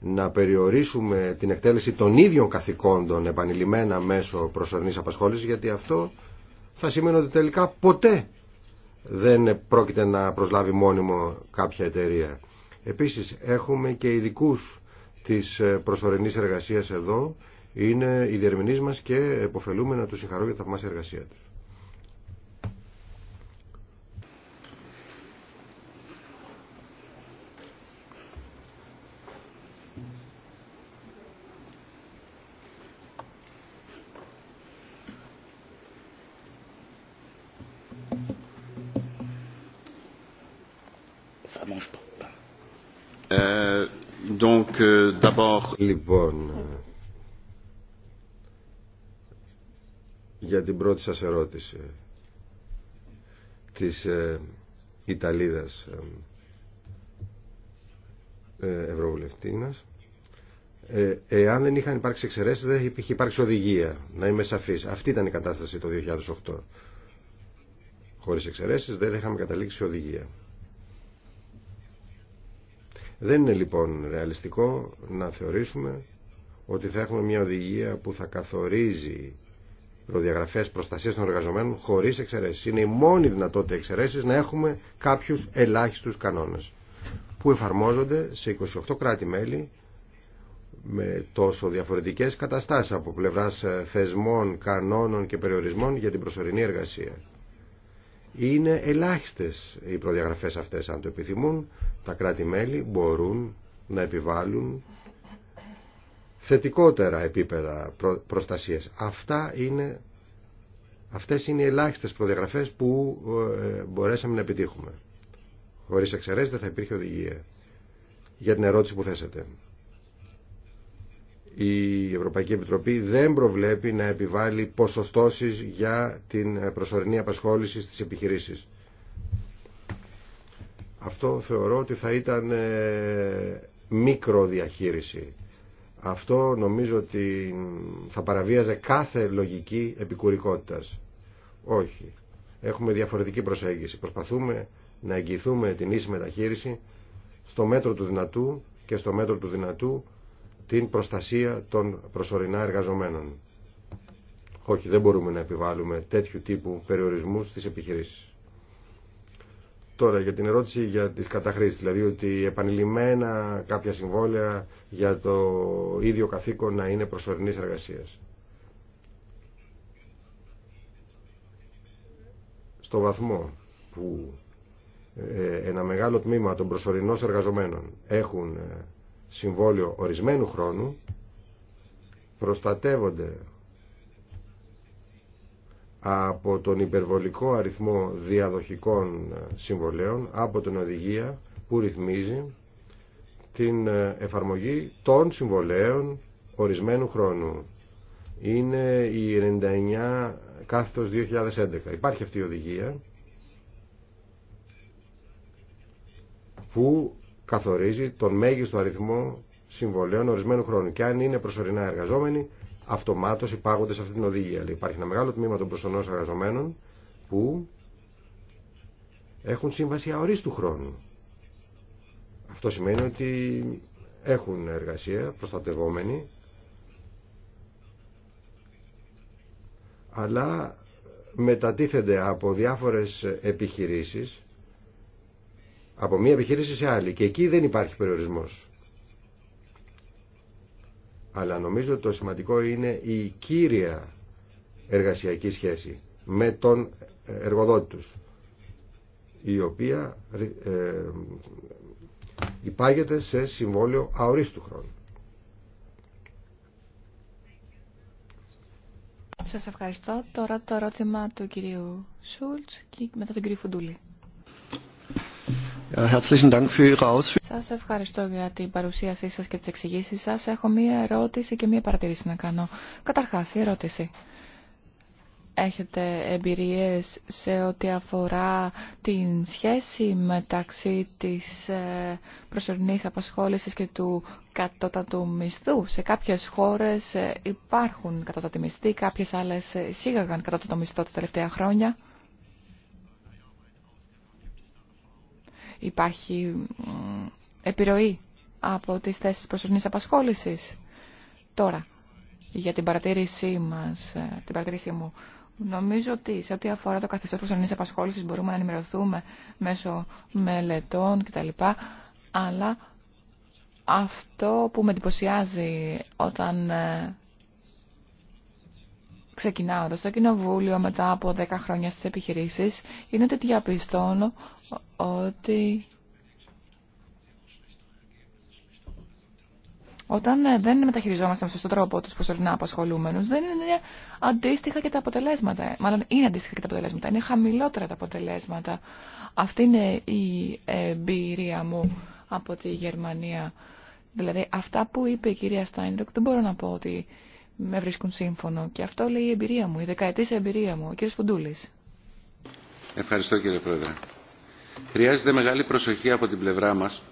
να περιορίσουμε την εκτέλεση των ίδιων καθηκόντων επανειλημμένα μέσω προσωρινής απασχόλησης γιατί αυτό θα σημαίνει ότι τελικά ποτέ δεν πρόκειται να προσλάβει μόνιμο κάποια εταιρεία. Επίσης έχουμε και ειδικού της προσωρινής εργασίας εδώ είναι οι διερμηνείς μας και εποφελούμε να τους συγχαρώ για τα θαυμάσια εργασία τους. Λοιπόν, για την πρώτη σας ερώτηση της ε, Ιταλίδας ε, ε, ε εάν δεν είχαν υπάρξει εξαιρέσεις δεν υπήρχε υπάρξει οδηγία να είμαι σαφής αυτή ήταν η κατάσταση το 2008 χωρίς εξαιρέσεις δεν είχαμε καταλήξει οδηγία δεν είναι λοιπόν ρεαλιστικό να θεωρήσουμε ότι θα έχουμε μια οδηγία που θα καθορίζει προδιαγραφέ προστασία των εργαζομένων χωρί εξαιρέσει. Είναι η μόνη δυνατότητα εξαιρέσει να έχουμε κάποιου ελάχιστου κανόνε που εφαρμόζονται σε 28 κράτη-μέλη με τόσο διαφορετικές καταστάσεις από πλευράς ε, θεσμών, κανόνων και περιορισμών για την προσωρινή εργασία. Είναι ελάχιστες οι προδιαγραφές αυτές αν το επιθυμούν. Τα κράτη-μέλη μπορούν να επιβάλλουν θετικότερα επίπεδα προστασίας. Αυτά είναι, αυτές είναι οι ελάχιστες προδιαγραφές που ε, μπορέσαμε να επιτύχουμε. Χωρίς εξαιρέσεις δεν θα υπήρχε οδηγία για την ερώτηση που θέσατε η Ευρωπαϊκή Επιτροπή δεν προβλέπει να επιβάλλει ποσοστώσεις για την προσωρινή απασχόληση στις επιχειρήσεις. Αυτό θεωρώ ότι θα ήταν ε, μικροδιαχείριση. Αυτό νομίζω ότι θα παραβίαζε κάθε λογική επικουρικότητας. Όχι. Έχουμε διαφορετική προσέγγιση. Προσπαθούμε να εγγυηθούμε την ίση μεταχείριση στο μέτρο του δυνατού και στο μέτρο του δυνατού την προστασία των προσωρινά εργαζομένων. Όχι, δεν μπορούμε να επιβάλλουμε τέτοιου τύπου περιορισμούς στις επιχειρήσεις. Τώρα για την ερώτηση για τις καταχρήσεις, δηλαδή ότι επανειλημμένα κάποια συμβόλαια για το ίδιο καθήκον να είναι προσωρινής εργασίας. Στο βαθμό που ε, ένα μεγάλο τμήμα των προσωρινών εργαζομένων έχουν ε, συμβόλαιο ορισμένου χρόνου προστατεύονται από τον υπερβολικό αριθμό διαδοχικών ε, συμβολέων από την οδηγία που ρυθμίζει την ε, εφαρμογή των συμβολέων ορισμένου χρόνου. Είναι η 99 κάθετος 2011. Υπάρχει αυτή η οδηγία που καθορίζει τον μέγιστο αριθμό συμβολέων ορισμένου χρόνου. Και αν είναι προσωρινά εργαζόμενοι, αυτομάτω υπάγονται σε αυτή την οδηγία. Δηλαδή, υπάρχει ένα μεγάλο τμήμα των προσωρινών εργαζομένων που έχουν σύμβαση αορίστου χρόνου. Αυτό σημαίνει ότι έχουν εργασία προστατευόμενη, αλλά μετατίθενται από διάφορες επιχειρήσεις από μία επιχείρηση σε άλλη και εκεί δεν υπάρχει περιορισμός. Αλλά νομίζω ότι το σημαντικό είναι η κύρια εργασιακή σχέση με τον εργοδότη τους, η οποία ε, υπάγεται σε συμβόλαιο αορίστου χρόνου. Σας ευχαριστώ. Τώρα το ερώτημα του κυρίου Σούλτς και μετά τον κύριο Φουντούλη. Ε, σας ευχαριστώ για την παρουσίασή σας και τις εξηγήσεις σας. Έχω μία ερώτηση και μία παρατηρήση να κάνω. Καταρχάς, η ερώτηση. Έχετε εμπειρίες σε ό,τι αφορά την σχέση μεταξύ της ε, προσωρινής απασχόλησης και του κατώτατου μισθού. Σε κάποιες χώρες ε, υπάρχουν κατώτατοι μισθοί, κάποιες άλλες εισήγαγαν κατώτατο μισθό τα τελευταία χρόνια. Υπάρχει επιρροή από τις θέσεις προσωρινής απασχόλησης. Τώρα, για την παρατήρησή μας, ε, την παρατήρησή μου, νομίζω ότι σε ό,τι αφορά το καθεστώς προσωρινής απασχόλησης μπορούμε να ενημερωθούμε μέσω μελετών κτλ. Αλλά αυτό που με εντυπωσιάζει όταν ε, ξεκινάω εδώ στο κοινοβούλιο μετά από 10 χρόνια στις επιχειρήσεις είναι ότι διαπιστώνω ότι όταν ε, δεν μεταχειριζόμαστε με σωστό τρόπο τους προσωρινά απασχολούμενους δεν είναι αντίστοιχα και τα αποτελέσματα. Μάλλον είναι αντίστοιχα και τα αποτελέσματα. Είναι χαμηλότερα τα αποτελέσματα. Αυτή είναι η εμπειρία μου από τη Γερμανία. Δηλαδή αυτά που είπε η κυρία Στάινρουκ δεν μπορώ να πω ότι με βρίσκουν σύμφωνο. Και αυτό λέει η εμπειρία μου, η δεκαετής εμπειρία μου, ο κ. Ευχαριστώ κύριε Πρόεδρε. Χρειάζεται μεγάλη προσοχή από την πλευρά μας,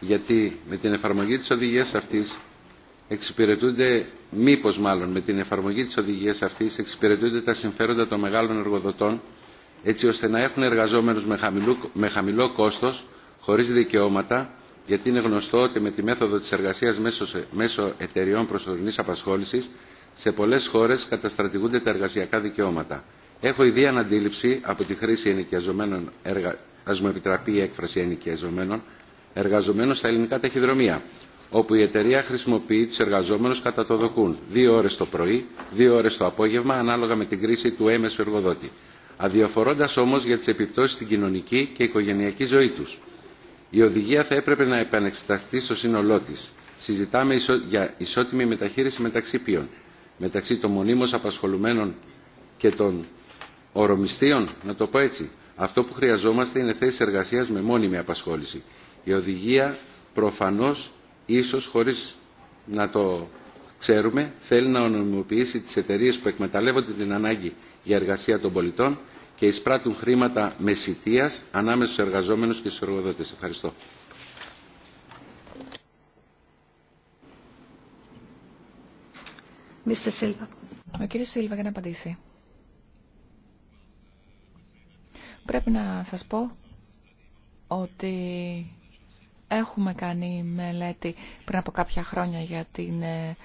γιατί με την εφαρμογή της οδηγίας αυτής εξυπηρετούνται, μήπως μάλλον με την εφαρμογή της οδηγίας αυτής, εξυπηρετούνται τα συμφέροντα των μεγάλων εργοδοτών, έτσι ώστε να έχουν εργαζόμενους με χαμηλό, κόστο, χωρί κόστος, δικαιώματα, γιατί είναι γνωστό ότι με τη μέθοδο της εργασίας μέσω, μέσω εταιριών προσωρινής απασχόλησης σε πολλές χώρες καταστρατηγούνται τα εργασιακά δικαιώματα. Έχω ιδιαίτερη αντίληψη από τη χρήση ενοικιαζομένων εργα... ας μου επιτραπεί η έκφραση ενοικιαζομένων εργαζομένων στα ελληνικά ταχυδρομεία, όπου η εταιρεία χρησιμοποιεί τους εργαζόμενους κατά το δοκούν, δύο ώρες το πρωί, δύο ώρες το απόγευμα, ανάλογα με την κρίση του έμεσου εργοδότη, αδιαφορώντα όμως για τις επιπτώσεις στην κοινωνική και οικογενειακή ζωή τους. Η οδηγία θα έπρεπε να επανεξεταστεί στο σύνολό τη. Συζητάμε για ισότιμη μεταχείριση μεταξύ ποιών, μεταξύ των μονίμω απασχολουμένων και των ορομιστίων, να το πω έτσι. Αυτό που χρειαζόμαστε είναι θέσει εργασία με μόνιμη απασχόληση. Η οδηγία προφανώ, ίσω χωρί να το ξέρουμε, θέλει να ονομιμοποιήσει τι εταιρείε που εκμεταλλεύονται την ανάγκη για εργασία των πολιτών και εισπράττουν χρήματα μεσητείας ανάμεσα στους εργαζόμενους και στους εργοδότες. Ευχαριστώ. Ο κύριος Σίλβα για να απαντήσει. Πρέπει να σας πω ότι έχουμε κάνει μελέτη πριν από κάποια χρόνια για την ε,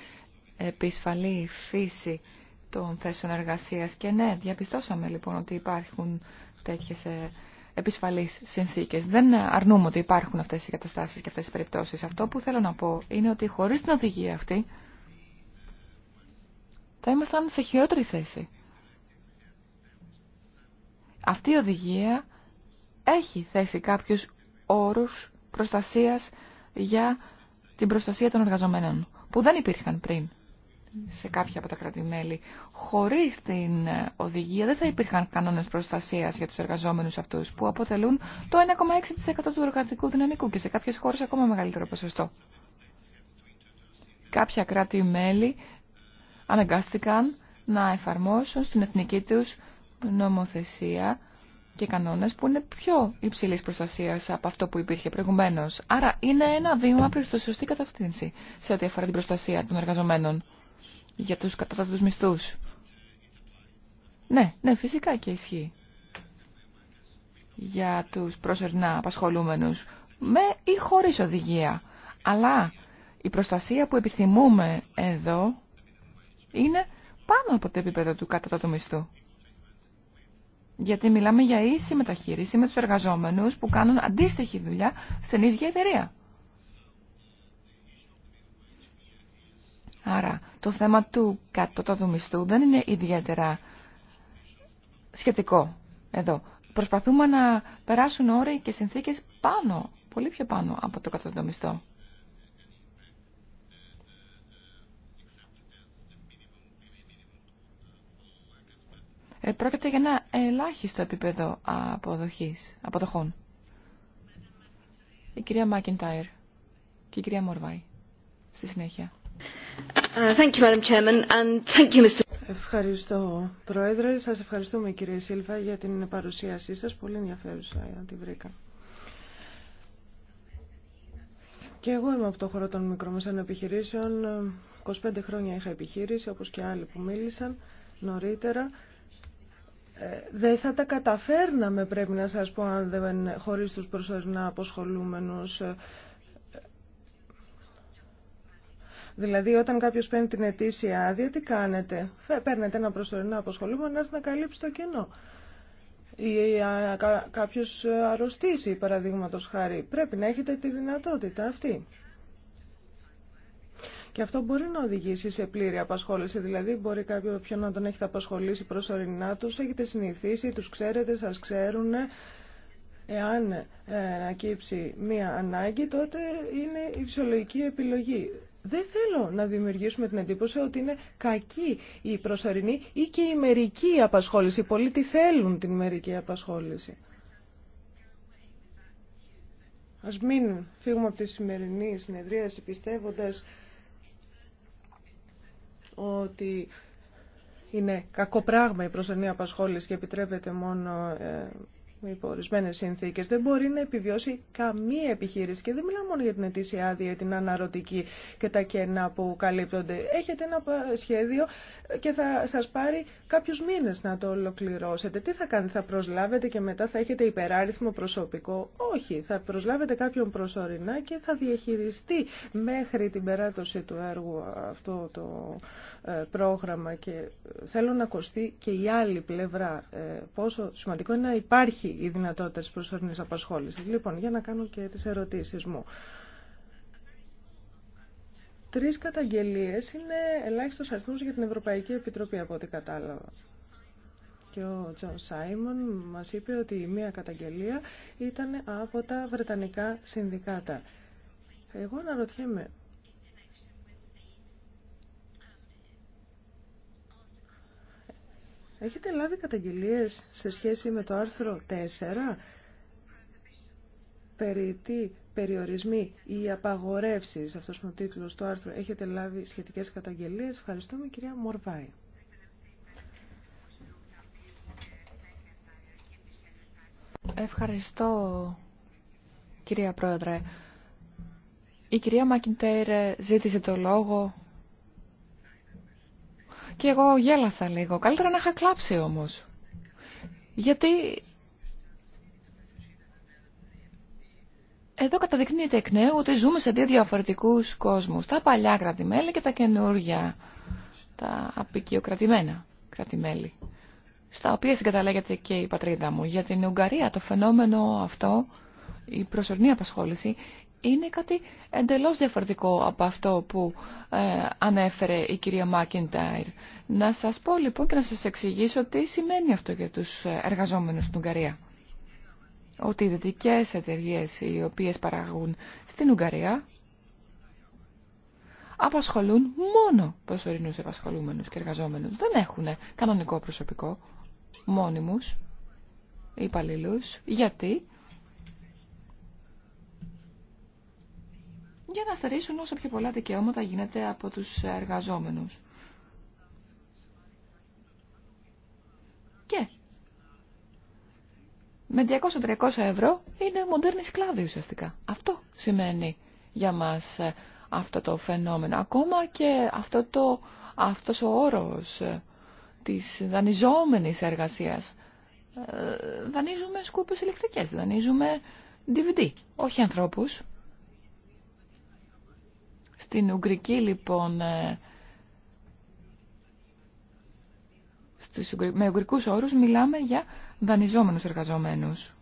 επισφαλή φύση των θέσεων εργασίας. Και ναι, διαπιστώσαμε λοιπόν ότι υπάρχουν τέτοιες ε, επισφαλείς συνθήκες. Δεν αρνούμε ότι υπάρχουν αυτές οι καταστάσεις και αυτές οι περιπτώσεις. Αυτό που θέλω να πω είναι ότι χωρίς την οδηγία αυτή θα ήμασταν σε χειρότερη θέση. Αυτή η οδηγία έχει θέσει κάποιους όρους προστασίας για την προστασία των εργαζομένων που δεν υπήρχαν πριν σε κάποια από τα κρατη Χωρίς την οδηγία δεν θα υπήρχαν κανόνες προστασίας για τους εργαζόμενους αυτούς που αποτελούν το 1,6% του εργατικού δυναμικού και σε κάποιες χώρες ακόμα μεγαλύτερο ποσοστό. Κάποια κράτη-μέλη αναγκάστηκαν να εφαρμόσουν στην εθνική τους νομοθεσία και κανόνες που είναι πιο υψηλής προστασίας από αυτό που υπήρχε προηγουμένως. Άρα είναι ένα βήμα προς τη σωστή κατευθύνση σε ό,τι αφορά την προστασία των εργαζομένων για τους κατώτατους μισθούς. Ναι, ναι, φυσικά και ισχύει. Για τους προσωρινά απασχολούμενους, με ή χωρίς οδηγία. Αλλά η προστασία που επιθυμούμε εδώ είναι πάνω από το επίπεδο του κατώτατου μισθού. Γιατί μιλάμε για ίση μεταχείριση με τους εργαζόμενους που κάνουν αντίστοιχη δουλειά στην ίδια εταιρεία. Άρα το θέμα του κατώτατου μισθού δεν είναι ιδιαίτερα σχετικό εδώ. Προσπαθούμε να περάσουν όροι και συνθήκες πάνω, πολύ πιο πάνω από το κατώτατο μισθό. Ε, πρόκειται για ένα ελάχιστο επίπεδο αποδοχής, αποδοχών. Η κυρία Μάκιντάιρ και η κυρία Μορβάη στη συνέχεια. Uh, Ευχαριστώ, Πρόεδρε. Σας ευχαριστούμε, κύριε Σίλβα, για την παρουσίασή σας. Πολύ ενδιαφέρουσα τη βρήκα. Και εγώ είμαι από το χώρο των μικρομεσαίων επιχειρήσεων. 25 χρόνια είχα επιχείρηση, όπως και άλλοι που μίλησαν νωρίτερα. Ε, δεν θα τα καταφέρναμε, πρέπει να σας πω, αν δεν χωρίς τους προσωρινά αποσχολούμενους Δηλαδή, όταν κάποιο παίρνει την αιτήσια άδεια, τι κάνετε. Παίρνετε ένα προσωρινό αποσχολούμενο να έρθει να καλύψει το κενό. Ή κάποιο αρρωστήσει, παραδείγματο χάρη. Πρέπει να έχετε τη δυνατότητα αυτή. Και αυτό μπορεί να οδηγήσει σε πλήρη απασχόληση. Δηλαδή, μπορεί κάποιον να τον έχετε απασχολήσει προσωρινά, του έχετε συνηθίσει, του ξέρετε, σα ξέρουν. Εάν ε, ανακύψει μία ανάγκη, τότε είναι η φυσιολογική επιλογή. Δεν θέλω να δημιουργήσουμε την εντύπωση ότι είναι κακή η προσωρινή ή και η μερική απασχόληση. Οι τι θέλουν την μερική απασχόληση. Ας μην φύγουμε από τη σημερινή συνεδρίαση πιστεύοντας ότι είναι κακό πράγμα η προσωρινή απασχόληση και επιτρέπεται μόνο ε, υπό ορισμένε συνθήκε. Δεν μπορεί να επιβιώσει καμία επιχείρηση. Και δεν μιλάω μόνο για την ετήσια άδεια, την αναρωτική και τα κενά που καλύπτονται. Έχετε ένα σχέδιο και θα σα πάρει κάποιου μήνε να το ολοκληρώσετε. Τι θα κάνετε, θα προσλάβετε και μετά θα έχετε υπεράριθμο προσωπικό. Όχι, θα προσλάβετε κάποιον προσωρινά και θα διαχειριστεί μέχρι την περάτωση του έργου αυτό το ε, πρόγραμμα. Και θέλω να ακουστεί και η άλλη πλευρά. Ε, πόσο σημαντικό είναι να υπάρχει η δυνατότητα προσωρινή απασχόλησης. Λοιπόν, για να κάνω και τις ερωτήσεις μου. Τρεις καταγγελίες είναι ελάχιστο αριθμό για την Ευρωπαϊκή Επιτροπή, από ό,τι κατάλαβα. Και ο Τζον Σάιμον μας είπε ότι η μία καταγγελία ήταν από τα Βρετανικά Συνδικάτα. Εγώ αναρωτιέμαι, Έχετε λάβει καταγγελίες σε σχέση με το άρθρο 4 περί τι περιορισμοί ή απαγορεύσεις, αυτός είναι ο τίτλος του άρθρου, έχετε λάβει σχετικές καταγγελίες. Ευχαριστούμε κυρία Μορβάη. Ευχαριστώ κυρία Πρόεδρε. Η κυρία Μακιντέιρ ευχαριστω κυρια προεδρε η κυρια μακιντειρε ζητησε το λόγο και εγώ γέλασα λίγο. Καλύτερα να είχα κλάψει όμως. Γιατί Εδώ καταδεικνύεται εκ νέου ότι ζούμε σε δύο διαφορετικούς κόσμους. Τα παλιά κρατημέλη και τα καινούργια, τα απεικιοκρατημένα κρατημέλη, στα οποία συγκαταλέγεται και η πατρίδα μου. Για την Ουγγαρία το φαινόμενο αυτό, η προσωρινή απασχόληση, είναι κάτι εντελώς διαφορετικό από αυτό που ε, ανέφερε η κυρία Μάκιντάιρ. Να σας πω λοιπόν και να σας εξηγήσω τι σημαίνει αυτό για τους εργαζόμενους στην Ουγγαρία. Ότι οι δυτικέ εταιρείε οι οποίες παραγούν στην Ουγγαρία απασχολούν μόνο προσωρινούς επασχολούμενους και εργαζόμενους. Δεν έχουν κανονικό προσωπικό, μόνιμους υπαλλήλους. Γιατί? για να στερήσουν όσο πιο πολλά δικαιώματα γίνεται από τους εργαζόμενους. Και με 200-300 ευρώ είναι μοντέρνη σκλάβη ουσιαστικά. Αυτό σημαίνει για μας ε, αυτό το φαινόμενο. Ακόμα και αυτό το, αυτός ο όρος ε, της δανειζόμενης εργασίας. Ε, δανείζουμε σκούπες ηλεκτρικές, δανείζουμε DVD, όχι ανθρώπους. Στην Ουγγρική λοιπόν, ε, στους, με ουγγρικούς όρους μιλάμε για δανειζόμενους εργαζομένους.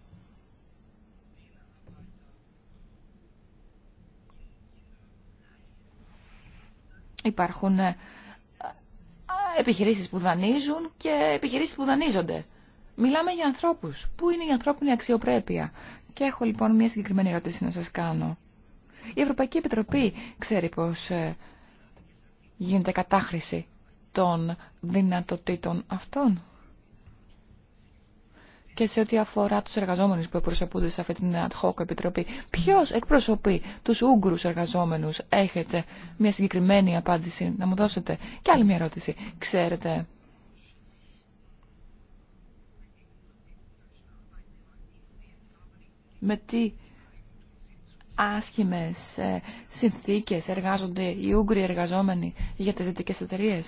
Υπάρχουν ε, επιχειρήσεις που δανείζουν και επιχειρήσεις που δανείζονται. Μιλάμε για ανθρώπους. Πού είναι η ανθρώπινη αξιοπρέπεια. Και έχω λοιπόν μια συγκεκριμένη ερώτηση να σας κάνω. Η Ευρωπαϊκή Επιτροπή ξέρει πως ε, γίνεται κατάχρηση των δυνατοτήτων αυτών. Και σε ό,τι αφορά τους εργαζόμενους που εκπροσωπούνται σε αυτή την ad hoc επιτροπή, ποιος εκπροσωπεί τους Ούγγρους εργαζόμενους, έχετε μια συγκεκριμένη απάντηση να μου δώσετε. Και άλλη μια ερώτηση, ξέρετε με τι άσχημες ε, συνθήκες εργάζονται οι Ούγγροι εργαζόμενοι για τις δυτικές εταιρείε.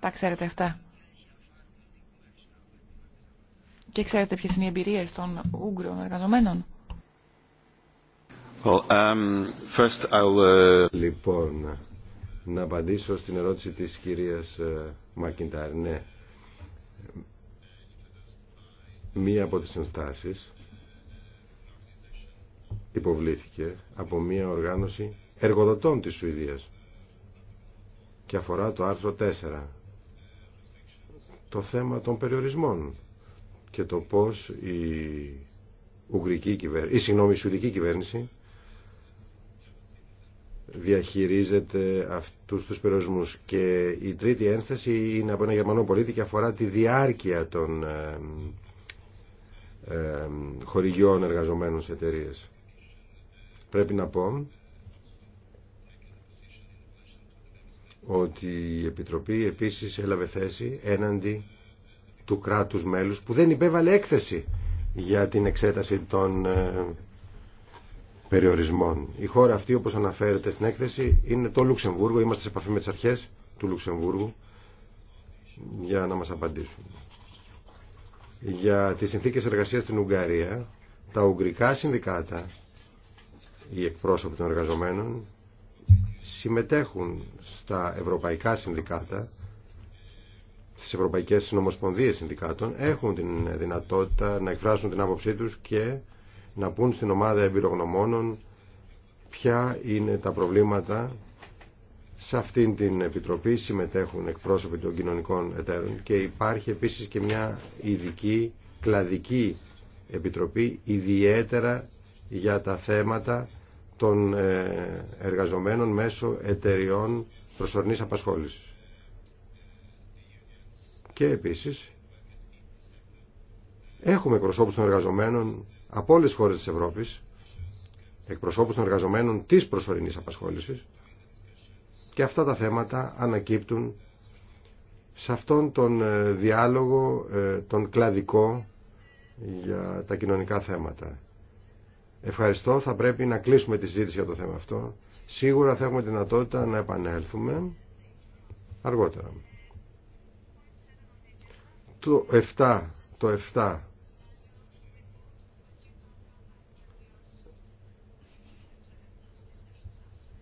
Τα ξέρετε αυτά. Και ξέρετε ποιες είναι οι εμπειρίες των Ούγγρων εργαζομένων. Um, uh, λοιπόν, να απαντήσω στην ερώτηση της κυρίας ε, Μακιντάρ. Ναι, μία από τις ενστάσεις υποβλήθηκε από μια οργάνωση εργοδοτών της Σουηδίας και αφορά το άρθρο 4 το θέμα των περιορισμών και το πώς η κυβέρνηση, η συγγνώμη, η σουηδική κυβέρνηση διαχειρίζεται αυτούς τους περιορισμούς και η τρίτη ένσταση είναι από ένα γερμανό πολίτη και αφορά τη διάρκεια των ε, ε, χορηγιών εργαζομένων σε εταιρείες πρέπει να πω ότι η Επιτροπή επίσης έλαβε θέση έναντι του κράτους μέλους που δεν υπέβαλε έκθεση για την εξέταση των ε, περιορισμών. Η χώρα αυτή όπως αναφέρεται στην έκθεση είναι το Λουξεμβούργο, είμαστε σε επαφή με τις αρχές του Λουξεμβούργου για να μας απαντήσουν. Για τις συνθήκες εργασίας στην Ουγγαρία, τα ουγγρικά συνδικάτα οι εκπρόσωποι των εργαζομένων συμμετέχουν στα ευρωπαϊκά συνδικάτα, στις ευρωπαϊκές συνομοσπονδίες συνδικάτων, έχουν την δυνατότητα να εκφράσουν την άποψή τους και να πούν στην ομάδα εμπειρογνωμόνων ποια είναι τα προβλήματα σε αυτήν την επιτροπή συμμετέχουν εκπρόσωποι των κοινωνικών εταίρων και υπάρχει επίσης και μια ειδική κλαδική επιτροπή ιδιαίτερα για τα θέματα των ε, εργαζομένων μέσω εταιριών προσωρινής απασχόλησης. Και επίσης έχουμε εκπροσώπους των εργαζομένων από όλες τις χώρες της Ευρώπης, εκπροσώπους των εργαζομένων της προσωρινής απασχόλησης και αυτά τα θέματα ανακύπτουν σε αυτόν τον ε, διάλογο, ε, τον κλαδικό για τα κοινωνικά θέματα. Ευχαριστώ. Θα πρέπει να κλείσουμε τη συζήτηση για το θέμα αυτό. Σίγουρα θα έχουμε δυνατότητα να επανέλθουμε αργότερα. Το 7, το 7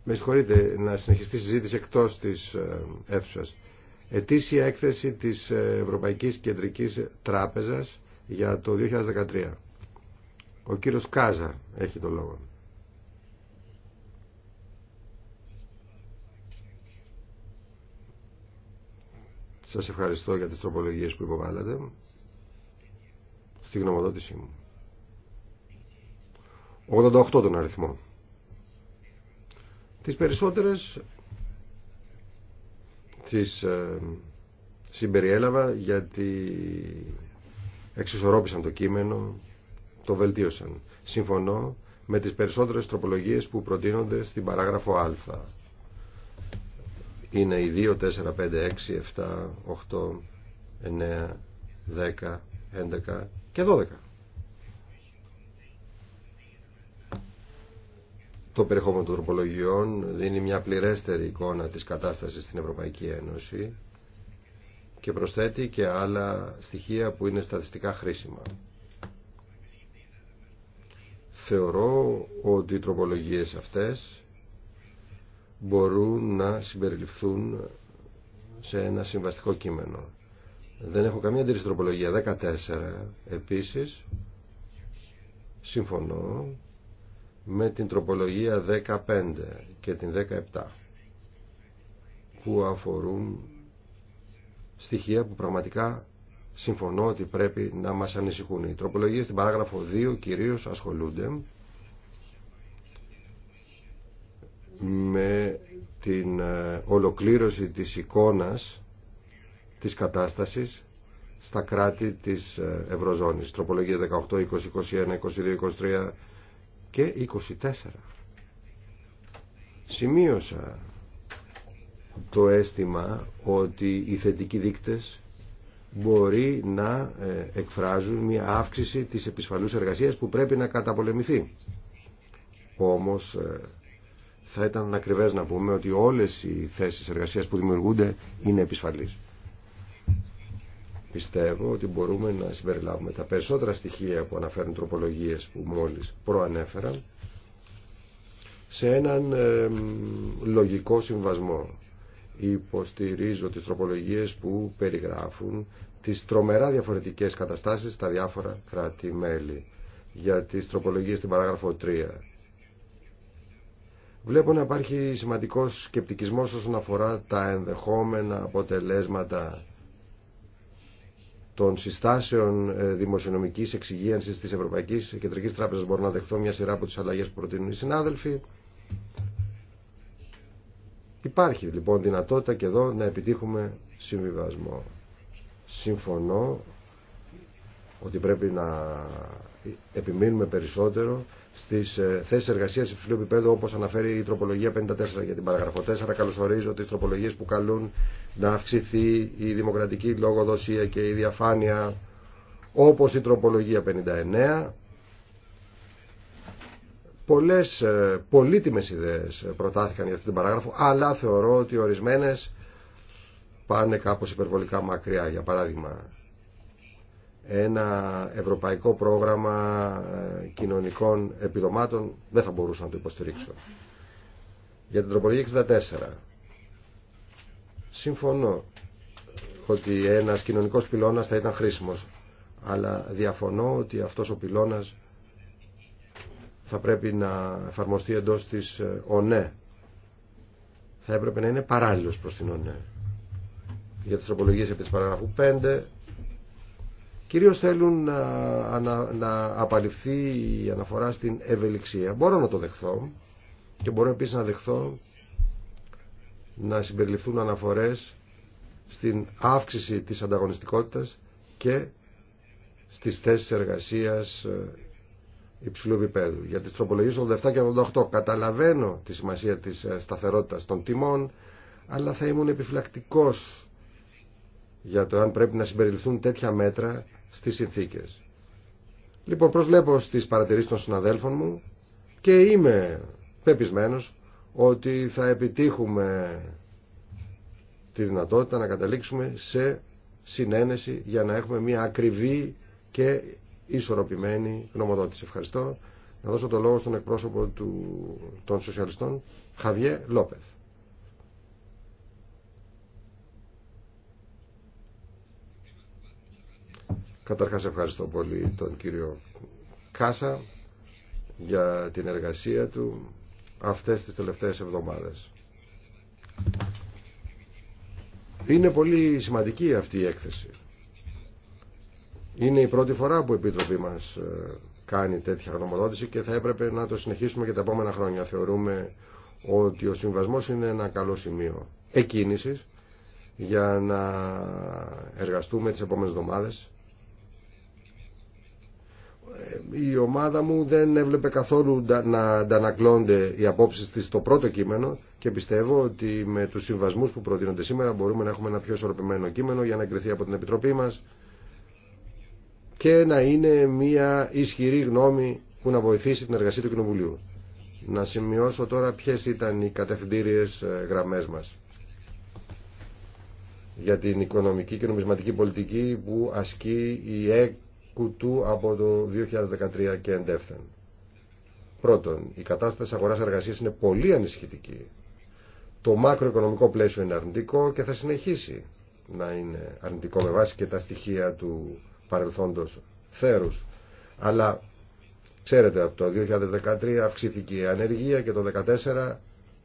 Με συγχωρείτε να συνεχιστεί η συζήτηση εκτός της ε, αίθουσας. Ετήσια έκθεση της Ευρωπαϊκής Κεντρικής Τράπεζας για το 2013. Ο κύριος Κάζα έχει το λόγο. Σας ευχαριστώ για τις τροπολογίες που υποβάλλατε στη γνωμοδότησή μου. 88 τον αριθμό. Τις περισσότερες τις ε, συμπεριέλαβα γιατί εξισορρόπησαν το κείμενο το βελτίωσαν. Συμφωνώ με τις περισσότερες τροπολογίες που προτείνονται στην παράγραφο α. Είναι οι 2, 4, 5, 6, 7, 8, 9, 10, 11 και 12. Το περιεχόμενο των τροπολογιών δίνει μια πληρέστερη εικόνα της κατάστασης στην Ευρωπαϊκή Ένωση και προσθέτει και άλλα στοιχεία που είναι στατιστικά χρήσιμα. Θεωρώ ότι οι τροπολογίες αυτές μπορούν να συμπεριληφθούν σε ένα συμβαστικό κείμενο. Δεν έχω καμία αντίρρηση τροπολογία 14. Επίσης, συμφωνώ με την τροπολογία 15 και την 17 που αφορούν στοιχεία που πραγματικά συμφωνώ ότι πρέπει να μας ανησυχούν. Οι τροπολογίες στην παράγραφο 2 κυρίως ασχολούνται με την ε, ολοκλήρωση της εικόνας της κατάστασης στα κράτη της ε, Ευρωζώνης. Τροπολογίες 18, 20, 21, 22, 23 και 24. Σημείωσα το αίσθημα ότι οι θετικοί δείκτες μπορεί να ε, εκφράζουν μια αύξηση της επισφαλούς εργασίας που πρέπει να καταπολεμηθεί. Όμως ε, θα ήταν ακριβές να πούμε ότι όλες οι θέσεις εργασίας που δημιουργούνται είναι επισφαλείς. Πιστεύω ότι μπορούμε να συμπεριλάβουμε τα περισσότερα στοιχεία που αναφέρουν τροπολογίες που μόλις προανέφεραν σε έναν λογικό συμβασμό υποστηρίζω τις τροπολογίες που περιγράφουν τις τρομερά διαφορετικές καταστάσεις στα διάφορα κράτη-μέλη για τις τροπολογίες στην παράγραφο 3. Βλέπω να υπάρχει σημαντικός σκεπτικισμός όσον αφορά τα ενδεχόμενα αποτελέσματα των συστάσεων ε, δημοσιονομικής εξυγίανσης της Ευρωπαϊκής Κεντρικής Τράπεζας. Μπορώ να δεχθώ μια σειρά από τις αλλαγές που προτείνουν οι συνάδελφοι Υπάρχει λοιπόν δυνατότητα και εδώ να επιτύχουμε συμβιβασμό. Συμφωνώ ότι πρέπει να επιμείνουμε περισσότερο στι ε, θέσει εργασία υψηλού επίπεδου, όπω αναφέρει η τροπολογία 54 για την παραγραφό 4. Καλωσορίζω τι τροπολογίε που καλούν να αυξηθεί η δημοκρατική λογοδοσία και η διαφάνεια, όπως η τροπολογία 59 Πολλές ε, πολύτιμες ιδέες προτάθηκαν για αυτή την παράγραφο, αλλά θεωρώ ότι ορισμένες πάνε κάπως υπερβολικά μακριά. Για παράδειγμα, ένα ευρωπαϊκό πρόγραμμα ε, κοινωνικών επιδομάτων δεν θα μπορούσα να το υποστηρίξω. Για την τροπολογία 64. Συμφωνώ ότι ένας κοινωνικός πυλώνας θα ήταν χρήσιμος, αλλά διαφωνώ ότι αυτός ο πυλώνας θα πρέπει να εφαρμοστεί εντός της ε, ΟΝΕ θα έπρεπε να είναι παράλληλος προς την ΟΝΕ για τις τροπολογίες επί της παραγραφού 5 κυρίως θέλουν να, να, να απαλληφθεί η αναφορά στην ευελιξία μπορώ να το δεχθώ και μπορώ επίσης να δεχθώ να συμπεριληφθούν αναφορές στην αύξηση της ανταγωνιστικότητας και στις θέσεις εργασίας ε, υψηλού επίπεδου. Για τι τροπολογίε 87 και 88 καταλαβαίνω τη σημασία της ε, σταθερότητας των τιμών, αλλά θα ήμουν επιφυλακτικό για το αν πρέπει να συμπεριληφθούν τέτοια μέτρα στις συνθήκε. Λοιπόν, προσβλέπω στι παρατηρήσεις των συναδέλφων μου και είμαι πεπισμένο ότι θα επιτύχουμε τη δυνατότητα να καταλήξουμε σε συνένεση για να έχουμε μια ακριβή και ισορροπημένη γνωμοδότηση. Ευχαριστώ. Να δώσω το λόγο στον εκπρόσωπο του, των σοσιαλιστών, Χαβιέ Λόπεθ. Καταρχάς ευχαριστώ πολύ τον κύριο Κάσα για την εργασία του αυτές τις τελευταίες εβδομάδες. Είναι πολύ σημαντική αυτή η έκθεση. Είναι η πρώτη φορά που η Επίτροπή μας ε, κάνει τέτοια γνωμοδότηση και θα έπρεπε να το συνεχίσουμε και τα επόμενα χρόνια. Θεωρούμε ότι ο συμβασμός είναι ένα καλό σημείο εκκίνησης για να εργαστούμε τις επόμενες εβδομάδες. Ε, η ομάδα μου δεν έβλεπε καθόλου να αντανακλώνται οι απόψεις της στο πρώτο κείμενο και πιστεύω ότι με τους συμβασμούς που προτείνονται σήμερα μπορούμε να έχουμε ένα πιο ισορροπημένο κείμενο για να εγκριθεί από την Επιτροπή μας και να είναι μια ισχυρή γνώμη που να βοηθήσει την εργασία του Κοινοβουλίου. Να σημειώσω τώρα ποιες ήταν οι κατευθυντήριες ε, γραμμές μας για την οικονομική και νομισματική πολιτική που ασκεί η ΕΚΟΥΤΟΥ από το 2013 και εντεύθεν. Πρώτον, η κατάσταση αγοράς εργασίας είναι πολύ ανησυχητική. Το μακροοικονομικό πλαίσιο είναι αρνητικό και θα συνεχίσει να είναι αρνητικό με βάση και τα στοιχεία του παρελθόντος θέρους. Αλλά ξέρετε από το 2013 αυξήθηκε η ανεργία και το 2014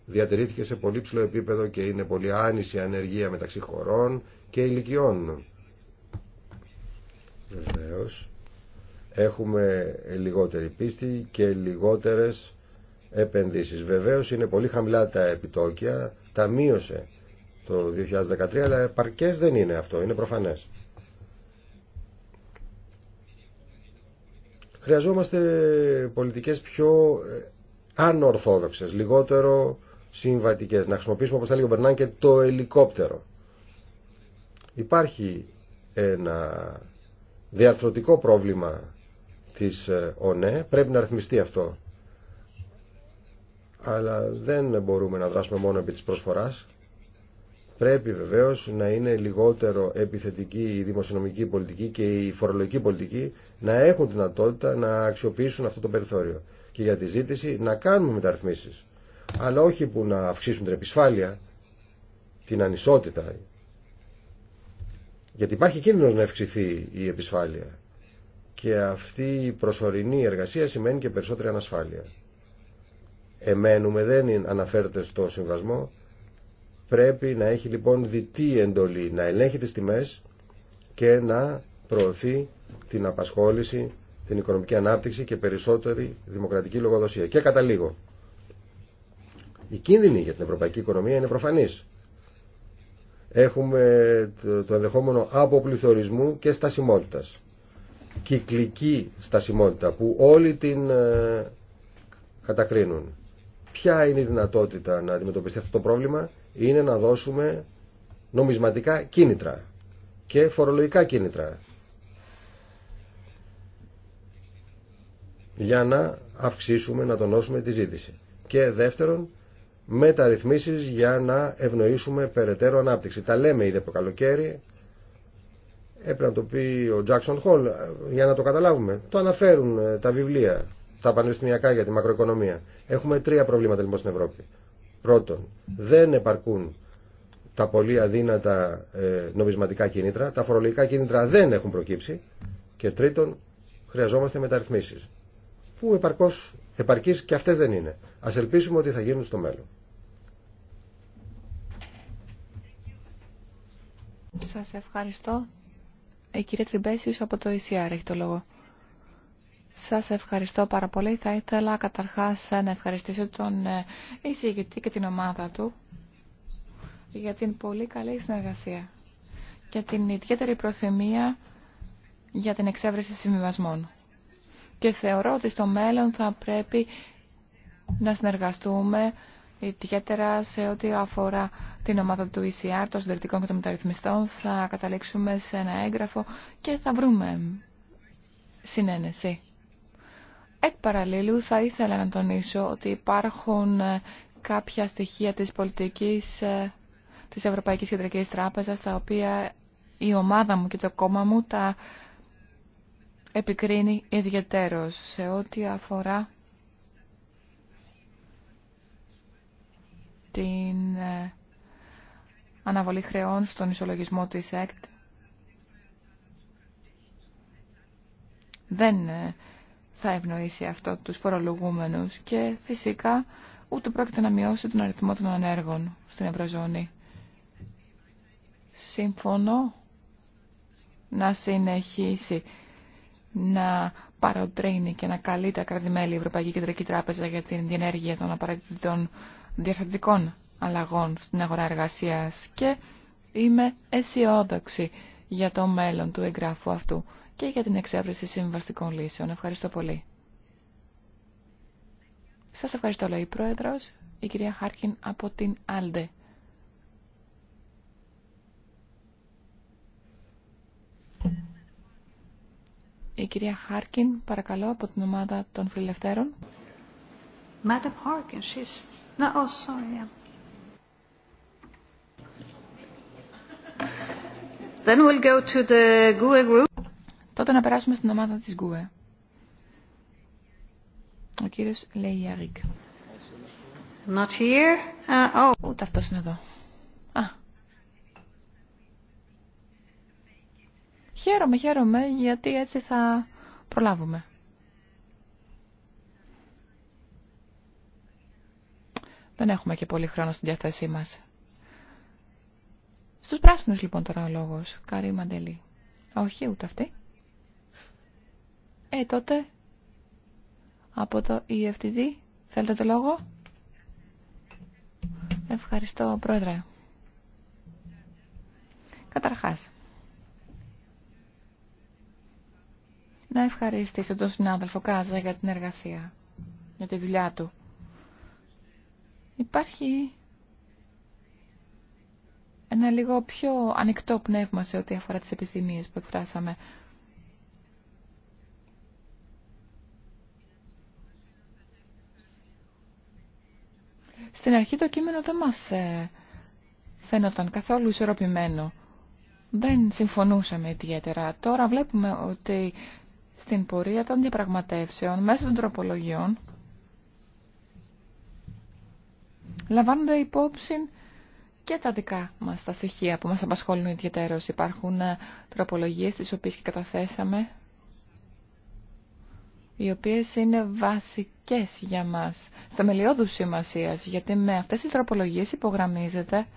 διατηρήθηκε σε πολύ ψηλό επίπεδο και είναι πολύ άνηση ανεργία μεταξύ χωρών και ηλικιών. Βεβαίω. Έχουμε λιγότερη πίστη και λιγότερες επενδύσεις. Βεβαίως είναι πολύ χαμηλά τα επιτόκια, τα μείωσε το 2013, αλλά επαρκές δεν είναι αυτό, είναι προφανές. Χρειαζόμαστε πολιτικές πιο ε, ανορθόδοξες, λιγότερο συμβατικές. Να χρησιμοποιήσουμε, όπως θα ο και το ελικόπτερο. Υπάρχει ένα διαρθρωτικό πρόβλημα της ε, ΟΝΕ, πρέπει να ρυθμιστεί αυτό. Αλλά δεν μπορούμε να δράσουμε μόνο επί της προσφοράς. Πρέπει βεβαίω να είναι λιγότερο επιθετική η δημοσιονομική πολιτική και η φορολογική πολιτική να έχουν δυνατότητα να αξιοποιήσουν αυτό το περιθώριο. Και για τη ζήτηση να κάνουμε μεταρρυθμίσεις. Αλλά όχι που να αυξήσουν την επισφάλεια, την ανισότητα. Γιατί υπάρχει κίνδυνο να αυξηθεί η επισφάλεια. Και αυτή η προσωρινή εργασία σημαίνει και περισσότερη ανασφάλεια. Εμένουμε δεν αναφέρεται στο συμβασμό Πρέπει να έχει λοιπόν διτή εντολή, να ελέγχει τις τιμές και να προωθεί την απασχόληση, την οικονομική ανάπτυξη και περισσότερη δημοκρατική λογοδοσία. Και κατά λίγο. η κίνδυνη για την ευρωπαϊκή οικονομία είναι προφανής. Έχουμε το ενδεχόμενο αποπληθωρισμού και στασιμότητας. Κυκλική στασιμότητα που όλοι την ε, κατακρίνουν. Ποια είναι η δυνατότητα να αντιμετωπιστεί αυτό το πρόβλημα είναι να δώσουμε νομισματικά κίνητρα και φορολογικά κίνητρα για να αυξήσουμε, να τονώσουμε τη ζήτηση. Και δεύτερον, μεταρρυθμίσεις για να ευνοήσουμε περαιτέρω ανάπτυξη. Τα λέμε ήδη από καλοκαίρι, έπρεπε να το πει ο Τζάκσον Χολ για να το καταλάβουμε. Το αναφέρουν ε, τα βιβλία, τα πανεπιστημιακά για τη μακροοικονομία. Έχουμε τρία προβλήματα λοιπόν στην Ευρώπη. Πρώτον, δεν επαρκούν τα πολύ αδύνατα ε, νομισματικά κίνητρα, τα φορολογικά κίνητρα δεν έχουν προκύψει και τρίτον, χρειαζόμαστε μεταρρυθμίσεις που επαρκώς, επαρκείς και αυτές δεν είναι. Ας ελπίσουμε ότι θα γίνουν στο μέλλον. Σας ευχαριστώ. Η ε, κυρία Τριμπέσιος από το ECR έχει το λόγο. Σας ευχαριστώ πάρα πολύ. Θα ήθελα καταρχάς να ευχαριστήσω τον ε, εισηγητή και την ομάδα του για την πολύ καλή συνεργασία και την ιδιαίτερη προθυμία για την εξέβρεση συμβιβασμών. Και θεωρώ ότι στο μέλλον θα πρέπει να συνεργαστούμε ιδιαίτερα σε ό,τι αφορά την ομάδα του ECR, των συντηρητικών και των μεταρρυθμιστών. Θα καταλήξουμε σε ένα έγγραφο και θα βρούμε συνένεση. Εκ παραλλήλου θα ήθελα να τονίσω ότι υπάρχουν ε, κάποια στοιχεία της πολιτικής ε, της Ευρωπαϊκής Κεντρικής Τράπεζας τα οποία η ομάδα μου και το κόμμα μου τα επικρίνει ιδιαιτέρως σε ό,τι αφορά την ε, αναβολή χρεών στον ισολογισμό της ΕΚΤ. Δεν θα ευνοήσει αυτό τους φορολογούμενους και φυσικά ούτε πρόκειται να μειώσει τον αριθμό των ανέργων στην Ευρωζώνη. Σύμφωνο να συνεχίσει να παροτρύνει και να καλεί τα κρατημέλη η Ευρωπαϊκή Κεντρική Τράπεζα για την διενέργεια των απαραίτητων διαθετικών αλλαγών στην αγορά εργασίας και είμαι αισιόδοξη για το μέλλον του εγγράφου αυτού και για την εξέβριση συμβαστικών λύσεων. Ευχαριστώ πολύ. Σας ευχαριστώ, λέει η Πρόεδρος, η κυρία Χάρκιν από την Άλντε. Η κυρία Χάρκιν, παρακαλώ, από την ομάδα των φιλελευθέρων. Madam Harkin, she's... Oh, Then we'll go to the GUE group να περάσουμε στην ομάδα της ΓΚΟΕ. Ο κύριος Λέι Not uh, oh. Ούτε αυτός είναι εδώ. Α. Χαίρομαι, χαίρομαι, γιατί έτσι θα προλάβουμε. Δεν έχουμε και πολύ χρόνο στην διάθεσή μας. Στους πράσινους λοιπόν τώρα ο λόγος. Καρή Μαντελή. Όχι, ούτε αυτή. Ε, τότε, από το EFTD, θέλετε το λόγο. Ευχαριστώ, Πρόεδρε. Καταρχάς, να ευχαριστήσω τον συνάδελφο Κάζα για την εργασία, για τη δουλειά του. Υπάρχει ένα λίγο πιο ανοιχτό πνεύμα σε ό,τι αφορά τις επιθυμίες που εκφράσαμε Στην αρχή το κείμενο δεν μας ε, φαίνονταν καθόλου ισορροπημένο. Δεν συμφωνούσαμε ιδιαίτερα. Τώρα βλέπουμε ότι στην πορεία των διαπραγματεύσεων, μέσω των τροπολογιών, λαμβάνονται υπόψη και τα δικά μας τα στοιχεία που μας απασχολούν ιδιαίτερως. Υπάρχουν ε, τροπολογίες τις οποίες και καταθέσαμε οι οποίες είναι βασικές για μας, θεμελιώδους σημασία, γιατί με αυτές τις τροπολογίες υπογραμμίζεται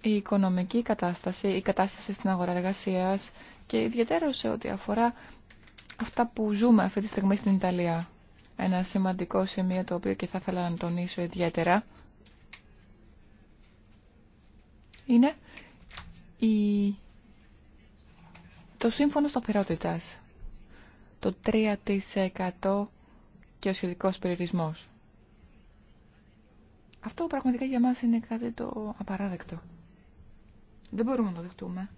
η οικονομική κατάσταση, η κατάσταση στην αγορά εργασίας και ιδιαίτερο σε ό,τι αφορά αυτά που ζούμε αυτή τη στιγμή στην Ιταλία. Ένα σημαντικό σημείο το οποίο και θα ήθελα να τονίσω ιδιαίτερα είναι το σύμφωνο σταθερότητας το 3% και ο σχετικός περιορισμός. Αυτό πραγματικά για μας είναι κάτι το απαράδεκτο. Δεν μπορούμε να το δεχτούμε.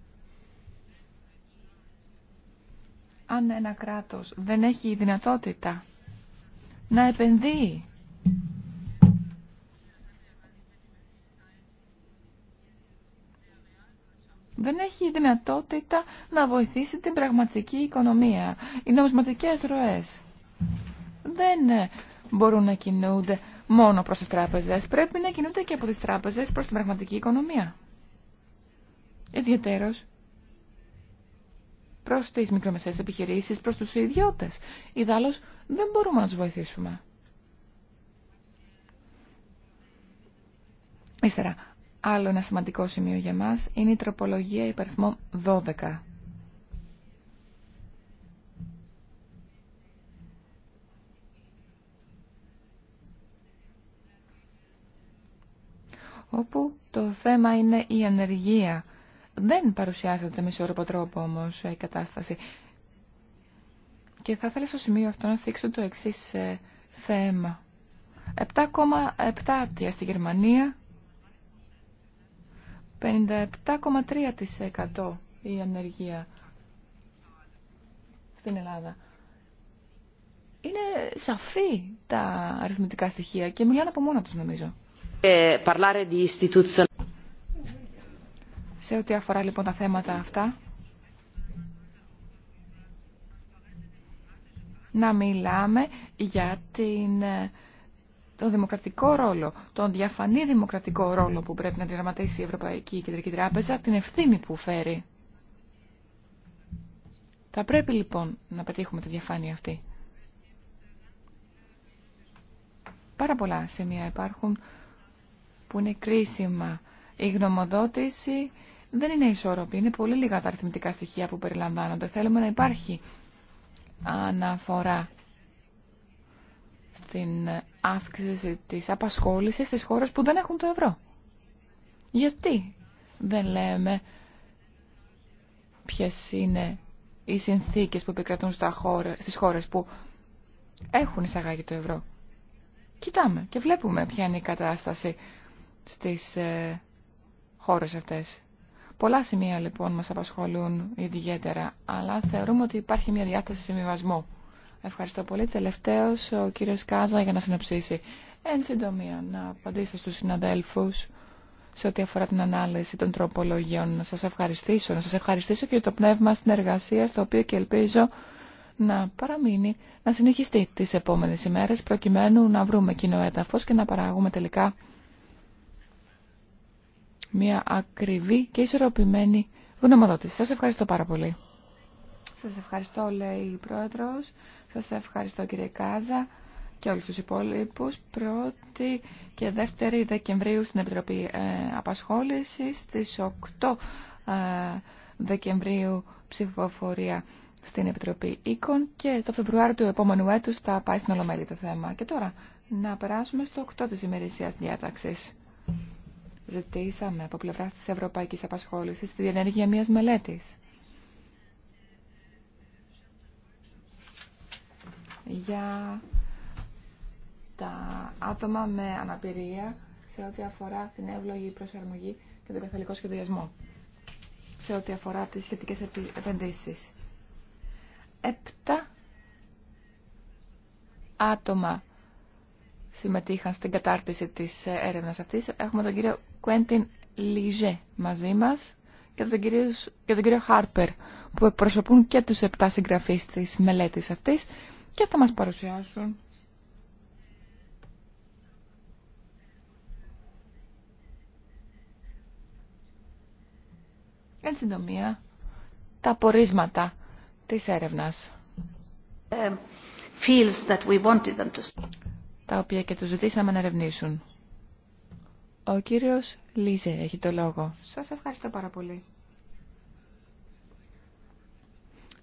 Αν ένα κράτος δεν έχει δυνατότητα να επενδύει δεν έχει δυνατότητα να βοηθήσει την πραγματική οικονομία. Οι νομισματικές ροές δεν μπορούν να κινούνται μόνο προς τις τράπεζες. Πρέπει να κινούνται και από τις τράπεζες προς την πραγματική οικονομία. Ιδιαίτερος προς τις μικρομεσαίες επιχειρήσεις, προς τους ιδιώτες. Ιδάλλως δεν μπορούμε να τους βοηθήσουμε. Ύστερα, Άλλο ένα σημαντικό σημείο για μας είναι η τροπολογία υπαριθμών 12. όπου το θέμα είναι η ανεργία. Δεν παρουσιάζεται με ισόρροπο τρόπο όμως η κατάσταση. Και θα ήθελα στο σημείο αυτό να θίξω το εξής ε, θέμα. 7,7 άπτια στη Γερμανία 57,3% η ανεργία στην Ελλάδα. Είναι σαφή τα αριθμητικά στοιχεία και μιλάνε από μόνα τους νομίζω. Ε, Σε ό,τι αφορά λοιπόν τα θέματα αυτά, να μιλάμε για την ε, το δημοκρατικό ρόλο, τον διαφανή δημοκρατικό ρόλο που πρέπει να διαδραματίσει η Ευρωπαϊκή Κεντρική Τράπεζα, την ευθύνη που φέρει. Θα πρέπει λοιπόν να πετύχουμε τη διαφάνεια αυτή. Πάρα πολλά σημεία υπάρχουν που είναι κρίσιμα. Η γνωμοδότηση δεν είναι ισόρροπη. Είναι πολύ λίγα τα αριθμητικά στοιχεία που περιλαμβάνονται. Θέλουμε να υπάρχει αναφορά στην αύξηση της απασχόλησης στις χώρες που δεν έχουν το ευρώ. Γιατί δεν λέμε ποιες είναι οι συνθήκες που επικρατούν στα χώρα, στις χώρες που έχουν εισαγάγει το ευρώ. Κοιτάμε και βλέπουμε ποια είναι η κατάσταση στις ε, χώρες αυτές. Πολλά σημεία λοιπόν μας απασχολούν ιδιαίτερα, αλλά θεωρούμε ότι υπάρχει μια διάθεση συμβιβασμού. Ευχαριστώ πολύ. Τελευταίο, ο κύριο Κάζα για να συνοψίσει. Εν συντομία να απαντήσω στου συναδέλφους σε ό,τι αφορά την ανάλυση των τροπολογιών. Να σα ευχαριστήσω. Να σα ευχαριστήσω και για το πνεύμα συνεργασία, το οποίο και ελπίζω να παραμείνει, να συνεχιστεί τι επόμενε ημέρε, προκειμένου να βρούμε κοινό έδαφο και να παράγουμε τελικά μια ακριβή και ισορροπημένη γνωμοδότηση. Σας ευχαριστώ πάρα πολύ. Σας ευχαριστώ, λέει η Πρόεδρος. Σας ευχαριστώ κύριε Κάζα και όλους τους υπόλοιπους. Πρώτη και δεύτερη Δεκεμβρίου στην Επιτροπή ε, Απασχόλησης. Στις 8 ε, Δεκεμβρίου ψηφοφορία στην Επιτροπή Οίκων και το Φεβρουάριο του επόμενου έτους θα πάει στην Ολομέλη το θέμα. Και τώρα να περάσουμε στο 8 της ημερησίας διάταξης. Ζητήσαμε από πλευρά της Ευρωπαϊκής Απασχόλησης τη διενέργεια μιας μελέτης για τα άτομα με αναπηρία σε ό,τι αφορά την εύλογη προσαρμογή και τον καθολικό σχεδιασμό, σε ό,τι αφορά τις σχετικές επενδύσεις. Επτά άτομα συμμετείχαν στην κατάρτιση της έρευνας αυτής. Έχουμε τον κύριο Κουέντιν Λιζέ μαζί μας και τον κύριο, και Χάρπερ που εκπροσωπούν και τους επτά συγγραφείς της μελέτης αυτής και θα μας παρουσιάσουν εν συντομία τα πορίσματα της έρευνας ε, τα οποία και τους ζητήσαμε να ερευνήσουν. Ο κύριος Λίζε έχει το λόγο. Σας ευχαριστώ πάρα πολύ.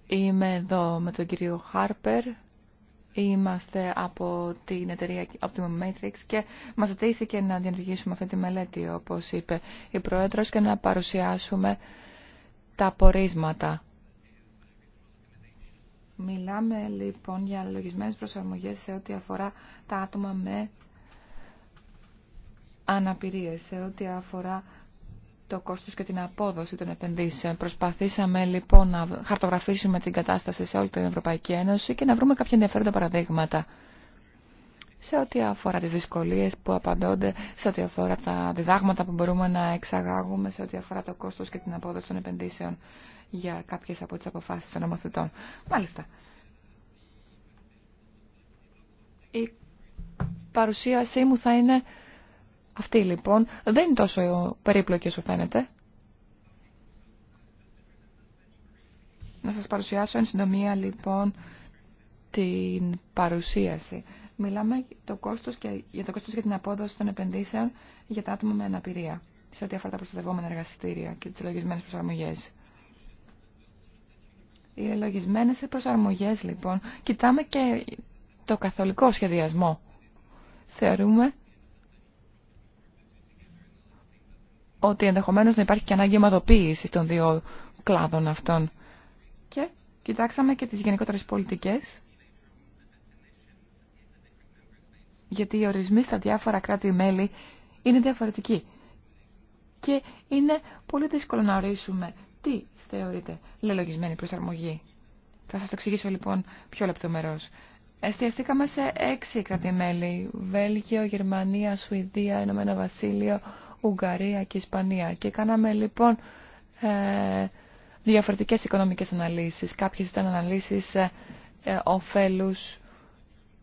Είμαι εδώ με τον κύριο Χάρπερ Είμαστε από την εταιρεία Optimum Matrix και μας ζητήθηκε να διενεργήσουμε αυτή τη μελέτη, όπως είπε η Πρόεδρος, και να παρουσιάσουμε τα πορίσματα. Μιλάμε λοιπόν για λογισμένες προσαρμογές σε ό,τι αφορά τα άτομα με αναπηρίες, σε ό,τι αφορά το κόστος και την απόδοση των επενδύσεων. Προσπαθήσαμε λοιπόν να χαρτογραφήσουμε την κατάσταση σε όλη την Ευρωπαϊκή Ένωση και να βρούμε κάποια ενδιαφέροντα παραδείγματα σε ό,τι αφορά τις δυσκολίες που απαντώνται, σε ό,τι αφορά τα διδάγματα που μπορούμε να εξαγάγουμε, σε ό,τι αφορά το κόστος και την απόδοση των επενδύσεων για κάποιες από τις αποφάσεις των νομοθετών. Μάλιστα. Η παρουσίασή μου θα είναι αυτή λοιπόν δεν είναι τόσο περίπλοκη όσο φαίνεται. Να σας παρουσιάσω εν συντομία λοιπόν την παρουσίαση. Μιλάμε το κόστος και, για το κόστος και την απόδοση των επενδύσεων για τα άτομα με αναπηρία σε ό,τι αφορά τα προστατευόμενα εργαστήρια και τις λογισμένες προσαρμογές. Οι λογισμένες προσαρμογές λοιπόν κοιτάμε και το καθολικό σχεδιασμό. Θεωρούμε ότι ενδεχομένως να υπάρχει και ανάγκη ομαδοποίηση των δύο κλάδων αυτών. Και κοιτάξαμε και τις γενικότερες πολιτικές, γιατί οι ορισμοί στα διάφορα κράτη-μέλη είναι διαφορετικοί. Και είναι πολύ δύσκολο να ορίσουμε τι θεωρείται λελογισμένη προσαρμογή. Θα σας το εξηγήσω λοιπόν πιο λεπτομερώς. Εστιαστήκαμε σε έξι κράτη-μέλη. Βέλγιο, Γερμανία, Σουηδία, Ηνωμένο Βασίλειο, Ουγγαρία και Ισπανία. Και κάναμε λοιπόν ε, διαφορετικές οικονομικές αναλύσεις. Κάποιες ήταν αναλύσεις ε, ε,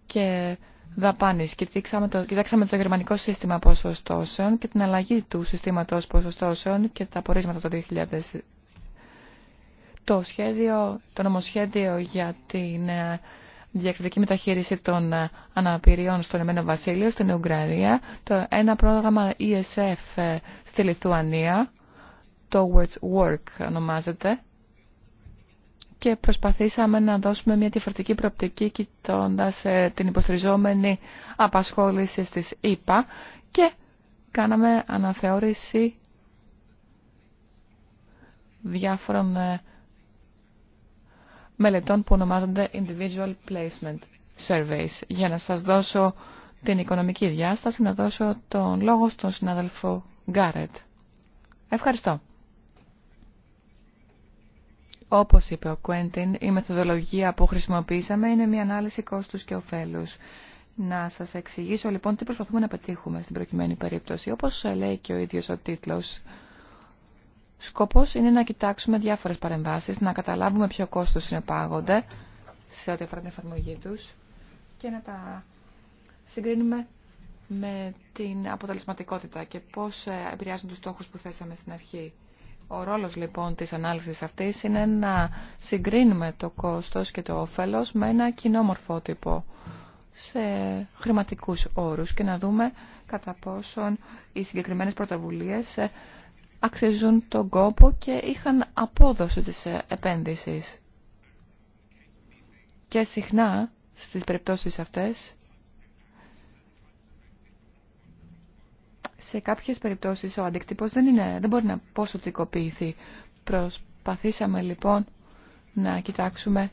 και δαπάνης. Κοιτάξαμε το, κοιτάξαμε το γερμανικό σύστημα ποσοστώσεων και την αλλαγή του συστήματος ποσοστώσεων και τα πορίσματα το 2000. Το, σχέδιο, το νομοσχέδιο για την ε, διακριτική μεταχείριση των ε, αναπηριών στον Εμένο Βασίλειο, στην Ουγγαρία, το ένα πρόγραμμα ESF ε, στη Λιθουανία, Towards Work ονομάζεται, και προσπαθήσαμε να δώσουμε μια διαφορετική προοπτική κοιτώντα ε, την υποστηριζόμενη απασχόληση στις ΕΠΑ και κάναμε αναθεώρηση διάφορων μελετών που ονομάζονται Individual Placement Surveys. Για να σας δώσω την οικονομική διάσταση, να δώσω τον λόγο στον συνάδελφο Γκάρετ. Ευχαριστώ. Όπως είπε ο Κουέντιν, η μεθοδολογία που χρησιμοποίησαμε είναι μια ανάλυση κόστους και ωφέλους. Να σας εξηγήσω λοιπόν τι προσπαθούμε να πετύχουμε στην προκειμένη περίπτωση. Όπως λέει και ο ίδιος ο τίτλος, Σκοπός είναι να κοιτάξουμε διάφορες παρεμβάσεις, να καταλάβουμε ποιο κόστος συνεπάγονται σε ό,τι αφορά την εφαρμογή τους και να τα συγκρίνουμε με την αποτελεσματικότητα και πώς ε, επηρεάζουν τους στόχους που θέσαμε στην αρχή. Ο ρόλος λοιπόν της ανάλυσης αυτής είναι να συγκρίνουμε το κόστος και το όφελος με ένα κοινό μορφότυπο σε χρηματικούς όρους και να δούμε κατά πόσον οι συγκεκριμένες πρωτοβουλίες ε, αξίζουν τον κόπο και είχαν απόδοση της επένδυσης. Και συχνά στις περιπτώσεις αυτές, σε κάποιες περιπτώσεις ο αντικτύπος δεν, είναι, δεν μπορεί να ποσοτικοποιηθεί. Προσπαθήσαμε λοιπόν να κοιτάξουμε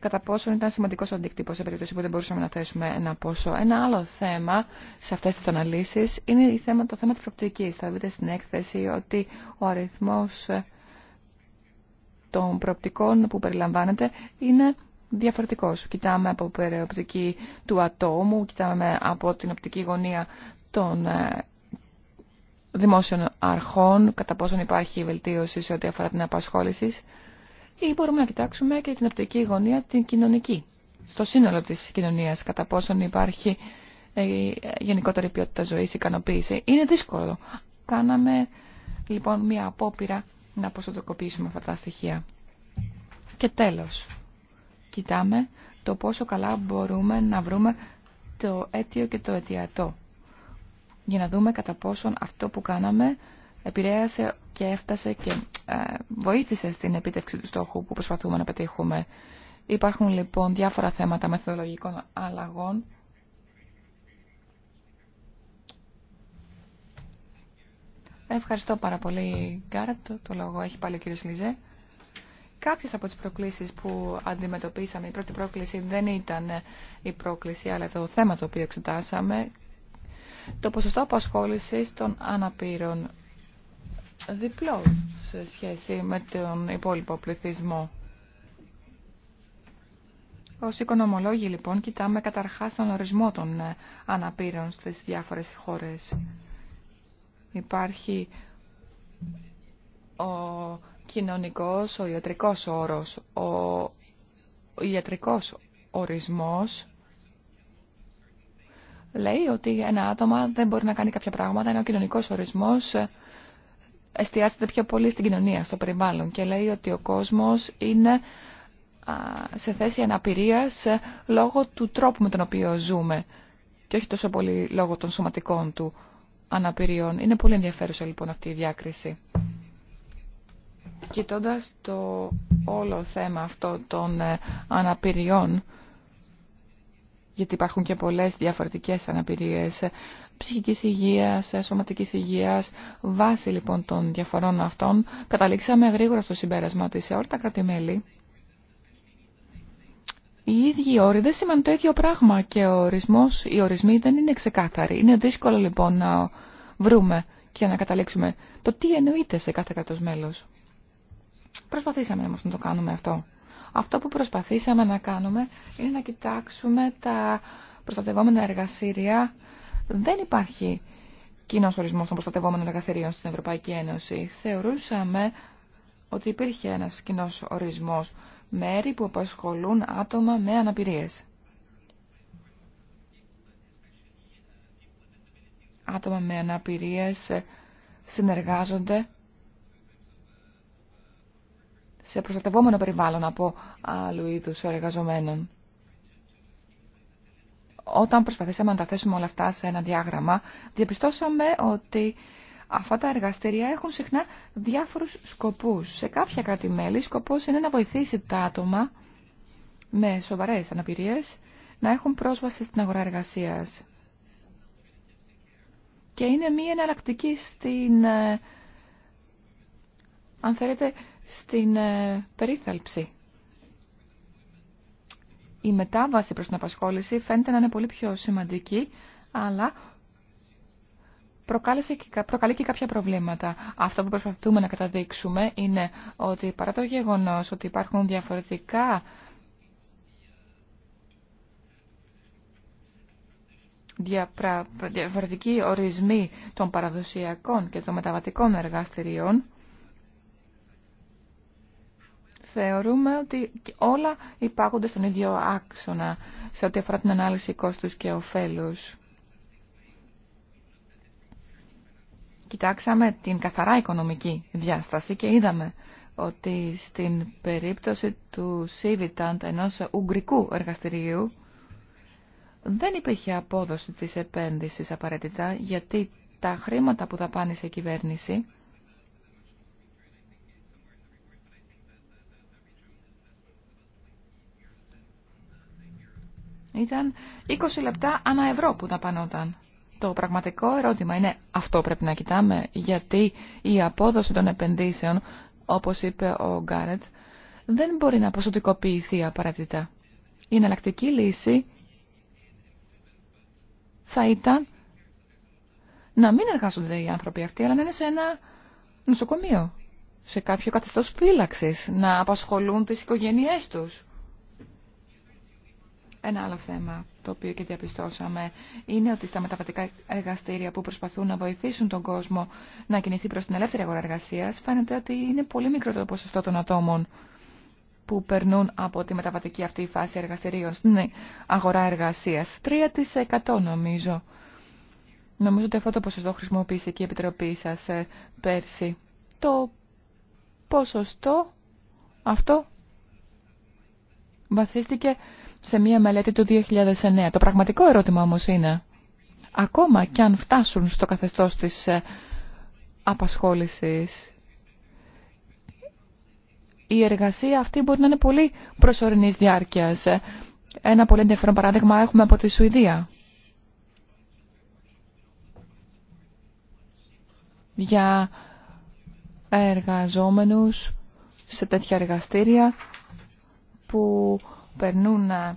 κατά πόσο ήταν σημαντικό ο αντίκτυπο σε περίπτωση που δεν μπορούσαμε να θέσουμε ένα πόσο. Ένα άλλο θέμα σε αυτέ τι αναλύσει είναι το θέμα τη προπτική. Θα δείτε στην έκθεση ότι ο αριθμό ε, των προοπτικών που περιλαμβάνεται είναι διαφορετικός. Κοιτάμε από οπτική του ατόμου, κοιτάμε από την οπτική γωνία των ε, δημόσιων αρχών, κατά πόσον υπάρχει βελτίωση σε ό,τι αφορά την απασχόληση ή μπορούμε να κοιτάξουμε και την οπτική γωνία την κοινωνική. Στο σύνολο της κοινωνίας, κατά πόσον υπάρχει ε, γενικότερη ποιότητα ζωής, ικανοποίηση. Είναι δύσκολο. Κάναμε λοιπόν μία απόπειρα να ποσοτοκοποιήσουμε αυτά τα στοιχεία. Και τέλος, κοιτάμε το πόσο καλά μπορούμε να βρούμε το αίτιο και το αιτιατό για να δούμε κατά πόσον αυτό που κάναμε επηρέασε και έφτασε και ε, βοήθησε στην επίτευξη του στόχου που προσπαθούμε να πετύχουμε. Υπάρχουν λοιπόν διάφορα θέματα μεθοδολογικών αλλαγών Ευχαριστώ πάρα πολύ, Γκάρατ. Το λόγο έχει πάλι ο κύριος Λιζέ. Κάποιες από τις προκλήσεις που αντιμετωπίσαμε, η πρώτη πρόκληση δεν ήταν η πρόκληση, αλλά το θέμα το οποίο εξετάσαμε, το ποσοστό απασχόλησης των αναπήρων διπλό σε σχέση με τον υπόλοιπο πληθυσμό. Ως οικονομολόγοι λοιπόν κοιτάμε καταρχάς τον ορισμό των ε, αναπήρων στις διάφορες χώρες. Υπάρχει ο κοινωνικός, ο ιατρικός όρος, ο ιατρικός ορισμός λέει ότι ένα άτομα δεν μπορεί να κάνει κάποια πράγματα, Είναι ο κοινωνικός ορισμός ε, εστιάζεται πιο πολύ στην κοινωνία, στο περιβάλλον και λέει ότι ο κόσμος είναι σε θέση αναπηρίας ε, λόγω του τρόπου με τον οποίο ζούμε και όχι τόσο πολύ λόγω των σωματικών του αναπηριών. Είναι πολύ ενδιαφέρουσα λοιπόν αυτή η διάκριση. Κοιτώντας το όλο θέμα αυτό των ε, αναπηριών, γιατί υπάρχουν και πολλές διαφορετικές αναπηρίες, ε, ψυχικής υγείας, ε, σωματικής υγείας. βάση λοιπόν των διαφορών αυτών, καταλήξαμε γρήγορα στο συμπέρασμα ότι σε όλα τα κρατημέλη οι ίδιοι όροι δεν σημαίνουν το ίδιο πράγμα και ο ορισμός, οι ορισμοί δεν είναι ξεκάθαροι. Είναι δύσκολο λοιπόν να βρούμε και να καταλήξουμε το τι εννοείται σε κάθε κράτος μέλος. Προσπαθήσαμε όμως να το κάνουμε αυτό. Αυτό που προσπαθήσαμε να κάνουμε είναι να κοιτάξουμε τα προστατευόμενα εργασίρια δεν υπάρχει κοινό ορισμό των προστατευόμενων εργαστηρίων στην Ευρωπαϊκή Ένωση. Θεωρούσαμε ότι υπήρχε ένα κοινό ορισμό μέρη που απασχολούν άτομα με αναπηρίε. Άτομα με αναπηρίες συνεργάζονται σε προστατευόμενο περιβάλλον από άλλου είδους εργαζομένων όταν προσπαθήσαμε να τα θέσουμε όλα αυτά σε ένα διάγραμμα, διαπιστώσαμε ότι αυτά τα εργαστήρια έχουν συχνά διάφορους σκοπούς. Σε κάποια κράτη-μέλη σκοπός είναι να βοηθήσει τα άτομα με σοβαρές αναπηρίες να έχουν πρόσβαση στην αγορά εργασίας. Και είναι μία εναλλακτική στην, ε, αν θέλετε, στην ε, περίθαλψη η μετάβαση προς την απασχόληση φαίνεται να είναι πολύ πιο σημαντική, αλλά προκάλεσε και, προκαλεί και κάποια προβλήματα. Αυτό που προσπαθούμε να καταδείξουμε είναι ότι παρά το γεγονός ότι υπάρχουν διαφορετικά διαφορετικοί ορισμοί των παραδοσιακών και των μεταβατικών εργαστηρίων, θεωρούμε ότι όλα υπάγονται στον ίδιο άξονα σε ό,τι αφορά την ανάλυση κόστους και ωφέλους. Κοιτάξαμε την καθαρά οικονομική διάσταση και είδαμε ότι στην περίπτωση του Σίβιταντ, ενός ουγγρικού εργαστηρίου, δεν υπήρχε απόδοση της επένδυσης απαραίτητα, γιατί τα χρήματα που θα πάνε σε κυβέρνηση ήταν 20 λεπτά ανά ευρώ που δαπανόταν. Το πραγματικό ερώτημα είναι αυτό πρέπει να κοιτάμε, γιατί η απόδοση των επενδύσεων, όπως είπε ο Γκάρετ, δεν μπορεί να ποσοτικοποιηθεί απαραίτητα. Η εναλλακτική λύση θα ήταν να μην εργάζονται οι άνθρωποι αυτοί, αλλά να είναι σε ένα νοσοκομείο, σε κάποιο καθεστώς φύλαξης, να απασχολούν τις οικογένειές τους. Ένα άλλο θέμα το οποίο και διαπιστώσαμε είναι ότι στα μεταβατικά εργαστήρια που προσπαθούν να βοηθήσουν τον κόσμο να κινηθεί προς την ελεύθερη αγορά εργασίας φαίνεται ότι είναι πολύ μικρό το ποσοστό των ατόμων που περνούν από τη μεταβατική αυτή φάση εργαστηρίων στην αγορά εργασίας. 3% νομίζω. Νομίζω ότι αυτό το ποσοστό χρησιμοποίησε και η Επιτροπή σας ε, πέρσι. Το ποσοστό αυτό βαθίστηκε σε μία μελέτη του 2009. Το πραγματικό ερώτημα όμως είναι, ακόμα κι αν φτάσουν στο καθεστώς της ε, απασχόλησης, η εργασία αυτή μπορεί να είναι πολύ προσωρινής διάρκειας. Ε, ένα πολύ ενδιαφέρον παράδειγμα έχουμε από τη Σουηδία. Για εργαζόμενους σε τέτοια εργαστήρια που περνούν ε,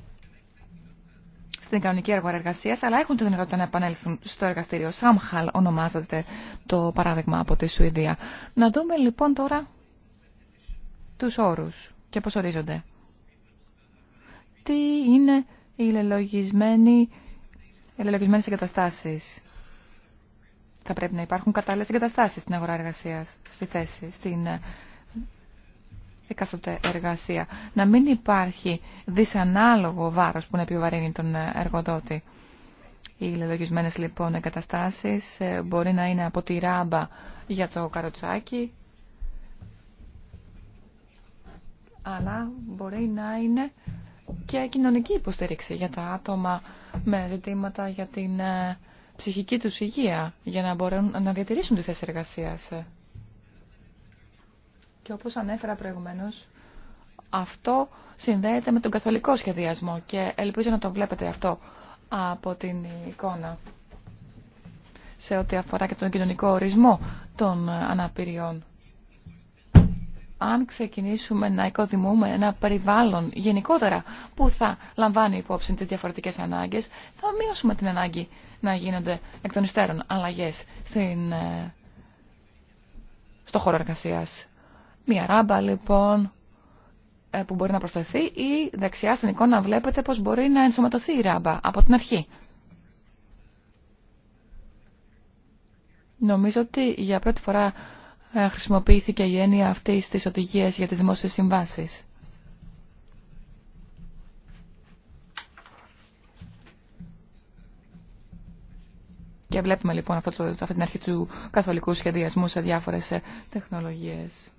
στην κανονική αγορά εργασία, αλλά έχουν τη δυνατότητα να επανέλθουν στο εργαστήριο. Σάμχαλ ονομάζεται το παράδειγμα από τη Σουηδία. Να δούμε λοιπόν τώρα τους όρους και πώς ορίζονται. Τι είναι οι λελογισμένοι, εγκαταστάσει. Θα πρέπει να υπάρχουν κατάλληλες εγκαταστάσεις στην αγορά στη θέση, στην ε, εκάστοτε εργασία. Να μην υπάρχει δυσανάλογο βάρος που να επιβαρύνει τον εργοδότη. Οι λελογισμένες λοιπόν εγκαταστάσεις ε, μπορεί να είναι από τη ράμπα για το καροτσάκι, αλλά μπορεί να είναι και κοινωνική υποστήριξη για τα άτομα με ζητήματα για την ε, ψυχική τους υγεία, για να μπορούν να διατηρήσουν τη θέση εργασίας. Και όπως ανέφερα προηγουμένως, αυτό συνδέεται με τον καθολικό σχεδιασμό και ελπίζω να το βλέπετε αυτό από την εικόνα σε ό,τι αφορά και τον κοινωνικό ορισμό των αναπηριών. Αν ξεκινήσουμε να οικοδημούμε ένα περιβάλλον γενικότερα που θα λαμβάνει υπόψη τις διαφορετικές ανάγκες, θα μειώσουμε την ανάγκη να γίνονται εκ των υστέρων αλλαγές στην, ε, στο χώρο εργασίας. Μία ράμπα λοιπόν ε, που μπορεί να προσθεθεί ή δεξιά στην εικόνα βλέπετε πως μπορεί να ενσωματωθεί η ράμπα από την αρχή. Νομίζω ότι για πρώτη φορά ε, χρησιμοποιήθηκε η έννοια αυτή στις οδηγίες για τις δημόσιες συμβάσεις. Και βλέπουμε λοιπόν αυτό το, αυτή την αρχή του καθολικού σχεδιασμού σε διάφορες ε, τεχνολογίες.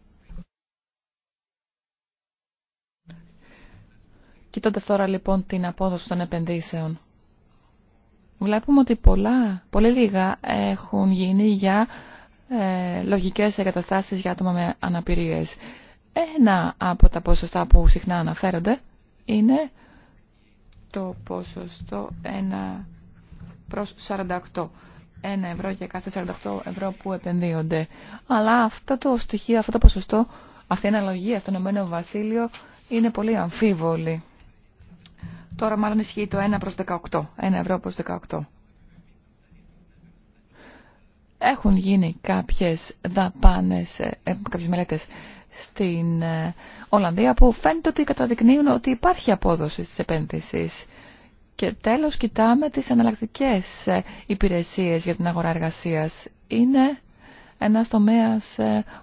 Κοιτώντας τώρα λοιπόν την απόδοση των επενδύσεων. Βλέπουμε ότι πολλά, πολύ λίγα έχουν γίνει για ε, λογικές εγκαταστάσεις για άτομα με αναπηρίες. Ένα από τα ποσοστά που συχνά αναφέρονται είναι το ποσοστό 1 προς 48. 1 ευρώ για κάθε 48 ευρώ που επενδύονται. Αλλά αυτό το στοιχείο, αυτό το ποσοστό, αυτή η αναλογία στον Ομένο Βασίλειο είναι πολύ αμφίβολη. Τώρα μάλλον ισχύει το 1 προς 18, 1 ευρώ προς 18. Έχουν γίνει κάποιες δαπάνες, ε, ε, κάποιες μελέτες στην ε, Ολλανδία που φαίνεται ότι καταδεικνύουν ότι υπάρχει απόδοση της επένδυσης. Και τέλος κοιτάμε τις εναλλακτικέ υπηρεσίες για την αγορά εργασίας. Είναι ένας τομέας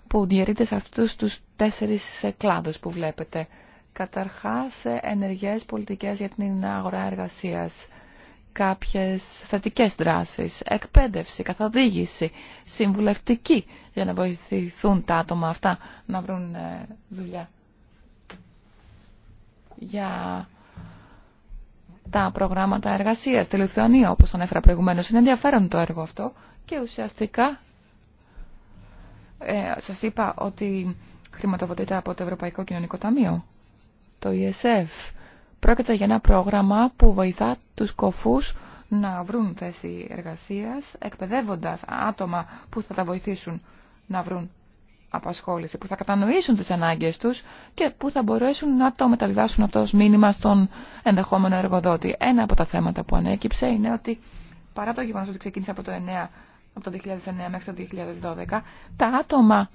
που διαιρείται σε αυτούς τους τέσσερις κλάδους που βλέπετε. Καταρχάς, ε, ενεργές πολιτικές για την αγορά εργασίας, κάποιες θετικές δράσεις, εκπαίδευση, καθοδήγηση, συμβουλευτική για να βοηθηθούν τα άτομα αυτά να βρουν ε, δουλειά. Για τα προγράμματα εργασίας στη Λιθουανία, όπως ανέφερα προηγουμένως, είναι ενδιαφέρον το έργο αυτό και ουσιαστικά ε, σας είπα ότι χρηματοδοτείται από το Ευρωπαϊκό Κοινωνικό Ταμείο το ESF. Πρόκειται για ένα πρόγραμμα που βοηθά τους κοφούς να βρουν θέση εργασίας, εκπαιδεύοντας άτομα που θα τα βοηθήσουν να βρουν απασχόληση, που θα κατανοήσουν τις ανάγκες τους και που θα μπορέσουν να το μεταβιβάσουν αυτό ως μήνυμα στον ενδεχόμενο εργοδότη. Ένα από τα θέματα που ανέκυψε είναι ότι παρά το γεγονός ότι ξεκίνησε από το από το 2009 μέχρι το 2012, τα άτομα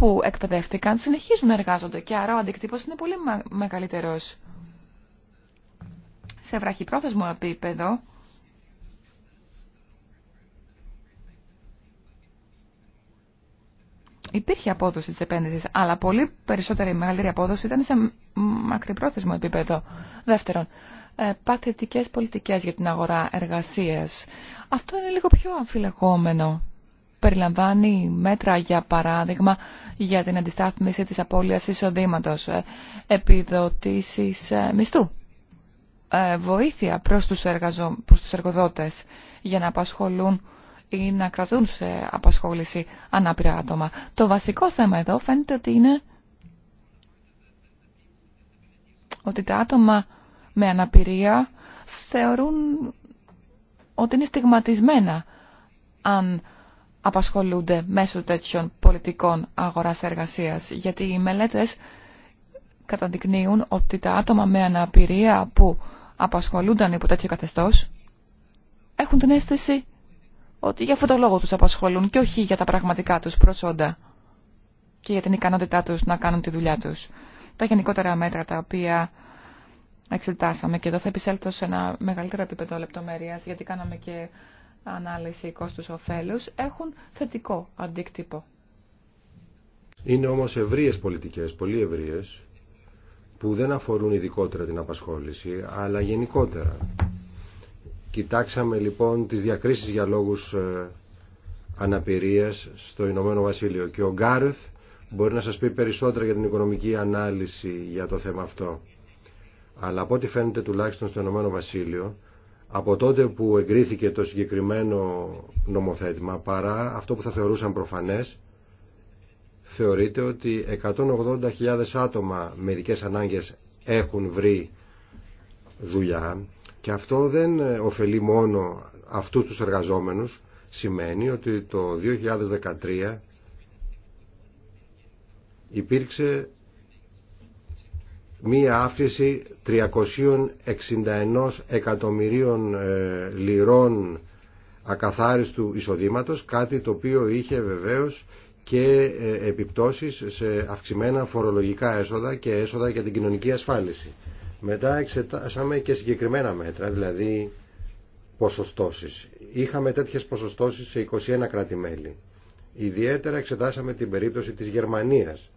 που εκπαιδεύτηκαν συνεχίζουν να εργάζονται και άρα ο είναι πολύ μεγαλύτερο. Σε βραχυπρόθεσμο επίπεδο, υπήρχε απόδοση τη επένδυσης, αλλά πολύ περισσότερη μεγαλύτερη απόδοση ήταν σε μακρυπρόθεσμο επίπεδο. Δεύτερον, ε, παθητικές πολιτικές για την αγορά εργασίας. Αυτό είναι λίγο πιο αμφιλεγόμενο. Περιλαμβάνει μέτρα, για παράδειγμα, για την αντιστάθμιση της απώλειας εισοδήματος, ε, επιδοτήσεις ε, μισθού, ε, βοήθεια προς τους, εργαζο... προς τους εργοδότες για να απασχολούν ή να κρατούν σε απασχόληση ανάπηρα άτομα. Το βασικό θέμα εδώ φαίνεται ότι είναι ότι τα άτομα με αναπηρία θεωρούν ότι είναι στιγματισμένα αν απασχολούνται μέσω τέτοιων πολιτικών αγοράς εργασίας. Γιατί οι μελέτες καταδεικνύουν ότι τα άτομα με αναπηρία που απασχολούνταν υπό τέτοιο καθεστώς έχουν την αίσθηση ότι για αυτόν τον λόγο τους απασχολούν και όχι για τα πραγματικά τους προσόντα και για την ικανότητά τους να κάνουν τη δουλειά τους. Τα γενικότερα μέτρα τα οποία εξετάσαμε και εδώ θα επισέλθω σε ένα μεγαλύτερο επίπεδο λεπτομέρειας γιατί κάναμε και ανάλυση κόστους ωφέλους έχουν θετικό αντίκτυπο. Είναι όμως ευρείες πολιτικές, πολύ ευρείες, που δεν αφορούν ειδικότερα την απασχόληση, αλλά γενικότερα. Κοιτάξαμε λοιπόν τις διακρίσεις για λόγους ε, αναπηρίας στο Ηνωμένο Βασίλειο και ο Γκάρεθ μπορεί να σας πει περισσότερα για την οικονομική ανάλυση για το θέμα αυτό. Αλλά από ό,τι φαίνεται τουλάχιστον στο Ηνωμένο Βασίλειο από τότε που εγκρίθηκε το συγκεκριμένο νομοθέτημα παρά αυτό που θα θεωρούσαν προφανές θεωρείται ότι 180.000 άτομα με ειδικές ανάγκες έχουν βρει δουλειά και αυτό δεν ωφελεί μόνο αυτούς τους εργαζόμενους σημαίνει ότι το 2013 υπήρξε μία αύξηση 361 εκατομμυρίων ε, λιρών ακαθάριστου εισοδήματος, κάτι το οποίο είχε βεβαίως και ε, επιπτώσεις σε αυξημένα φορολογικά έσοδα και έσοδα για την κοινωνική ασφάλιση. Μετά εξετάσαμε και συγκεκριμένα μέτρα, δηλαδή ποσοστώσεις. Είχαμε τέτοιες ποσοστώσεις σε 21 κράτη-μέλη. Ιδιαίτερα εξετάσαμε την περίπτωση της Γερμανίας,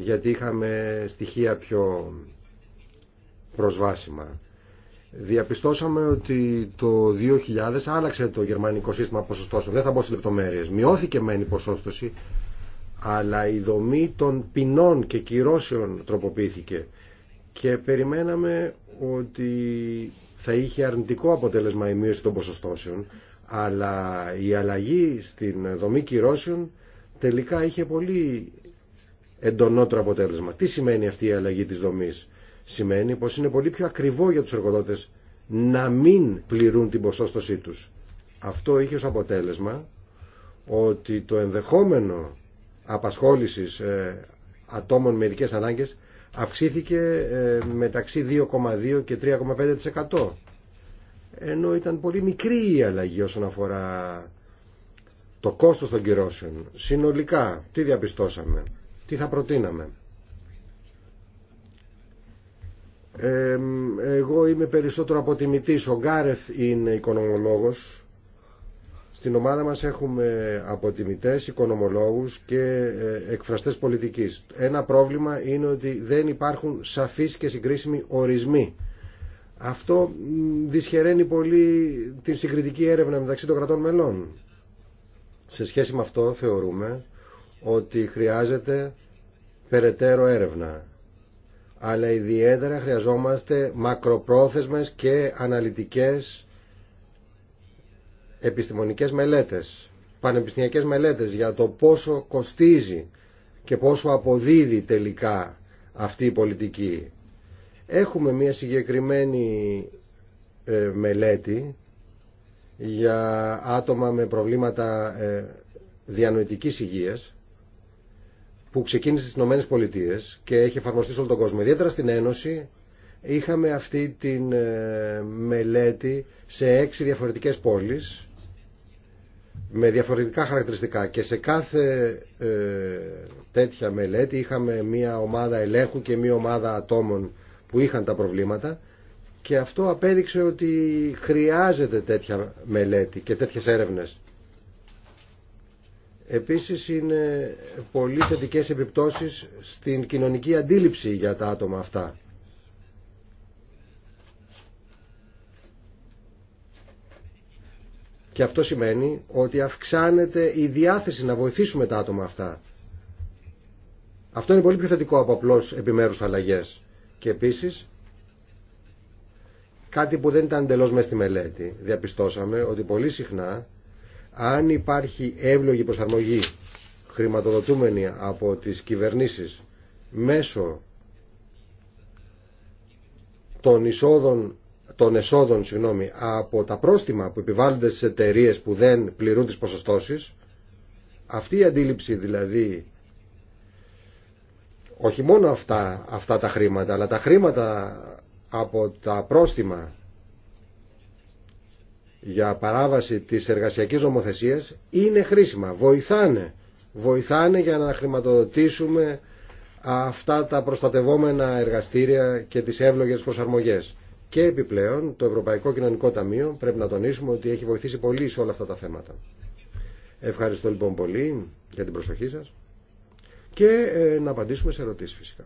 γιατί είχαμε στοιχεία πιο προσβάσιμα. Διαπιστώσαμε ότι το 2000 άλλαξε το γερμανικό σύστημα ποσοστώσεων. Δεν θα μπω σε λεπτομέρειες. Μειώθηκε μεν η ποσόστοση, αλλά η δομή των ποινών και κυρώσεων τροποποιήθηκε και περιμέναμε ότι θα είχε αρνητικό αποτέλεσμα η μείωση των ποσοστώσεων, αλλά η αλλαγή στην δομή κυρώσεων τελικά είχε πολύ εντονότερο αποτέλεσμα. Τι σημαίνει αυτή η αλλαγή της δομής. Σημαίνει πως είναι πολύ πιο ακριβό για τους εργοδότες να μην πληρούν την ποσόστοσή τους. Αυτό είχε ως αποτέλεσμα ότι το ενδεχόμενο απασχόλησης ε, ατόμων με ειδικές ανάγκες αυξήθηκε ε, μεταξύ 2,2 και 3,5% ενώ ήταν πολύ μικρή η αλλαγή όσον αφορά το κόστος των κυρώσεων. Συνολικά, τι διαπιστώσαμε. Τι θα προτείναμε. εγώ είμαι περισσότερο αποτιμητής. Ο Γκάρεθ είναι οικονομολόγος. Στην ομάδα μας έχουμε αποτιμητές, οικονομολόγους και ε, εκφραστές πολιτικής. Ένα πρόβλημα είναι ότι δεν υπάρχουν σαφείς και συγκρίσιμοι ορισμοί. Αυτό δυσχεραίνει πολύ την συγκριτική έρευνα μεταξύ των κρατών μελών. Σε σχέση με αυτό θεωρούμε ότι χρειάζεται περαιτέρω έρευνα. Αλλά ιδιαίτερα χρειαζόμαστε μακροπρόθεσμες και αναλυτικές επιστημονικές μελέτες, πανεπιστημιακές μελέτες για το πόσο κοστίζει και πόσο αποδίδει τελικά αυτή η πολιτική. Έχουμε μια συγκεκριμένη ε, μελέτη για άτομα με προβλήματα ε, διανοητικής υγείας που ξεκίνησε στι Ηνωμένε Πολιτείε και έχει εφαρμοστεί σε όλο τον κόσμο. Ιδιαίτερα στην Ένωση είχαμε αυτή τη ε, μελέτη σε έξι διαφορετικές πόλεις με διαφορετικά χαρακτηριστικά και σε κάθε ε, τέτοια μελέτη είχαμε μία ομάδα ελέγχου και μία ομάδα ατόμων που είχαν τα προβλήματα και αυτό απέδειξε ότι χρειάζεται τέτοια μελέτη και τέτοιες έρευνες Επίσης είναι πολύ θετικέ επιπτώσεις στην κοινωνική αντίληψη για τα άτομα αυτά. Και αυτό σημαίνει ότι αυξάνεται η διάθεση να βοηθήσουμε τα άτομα αυτά. Αυτό είναι πολύ πιο θετικό από απλώς επιμέρους αλλαγές. Και επίσης, κάτι που δεν ήταν εντελώ μέσα στη μελέτη, διαπιστώσαμε ότι πολύ συχνά αν υπάρχει εύλογη προσαρμογή χρηματοδοτούμενη από τις κυβερνήσεις μέσω των εισόδων των εσόδων συγγνώμη, από τα πρόστιμα που επιβάλλονται στις εταιρείε που δεν πληρούν τις ποσοστώσεις αυτή η αντίληψη δηλαδή όχι μόνο αυτά, αυτά τα χρήματα αλλά τα χρήματα από τα πρόστιμα για παράβαση της εργασιακής νομοθεσίας είναι χρήσιμα, βοηθάνε, βοηθάνε για να χρηματοδοτήσουμε αυτά τα προστατευόμενα εργαστήρια και τις εύλογες προσαρμογές. Και επιπλέον το Ευρωπαϊκό Κοινωνικό Ταμείο πρέπει να τονίσουμε ότι έχει βοηθήσει πολύ σε όλα αυτά τα θέματα. Ευχαριστώ λοιπόν πολύ για την προσοχή σας και ε, να απαντήσουμε σε ερωτήσεις φυσικά.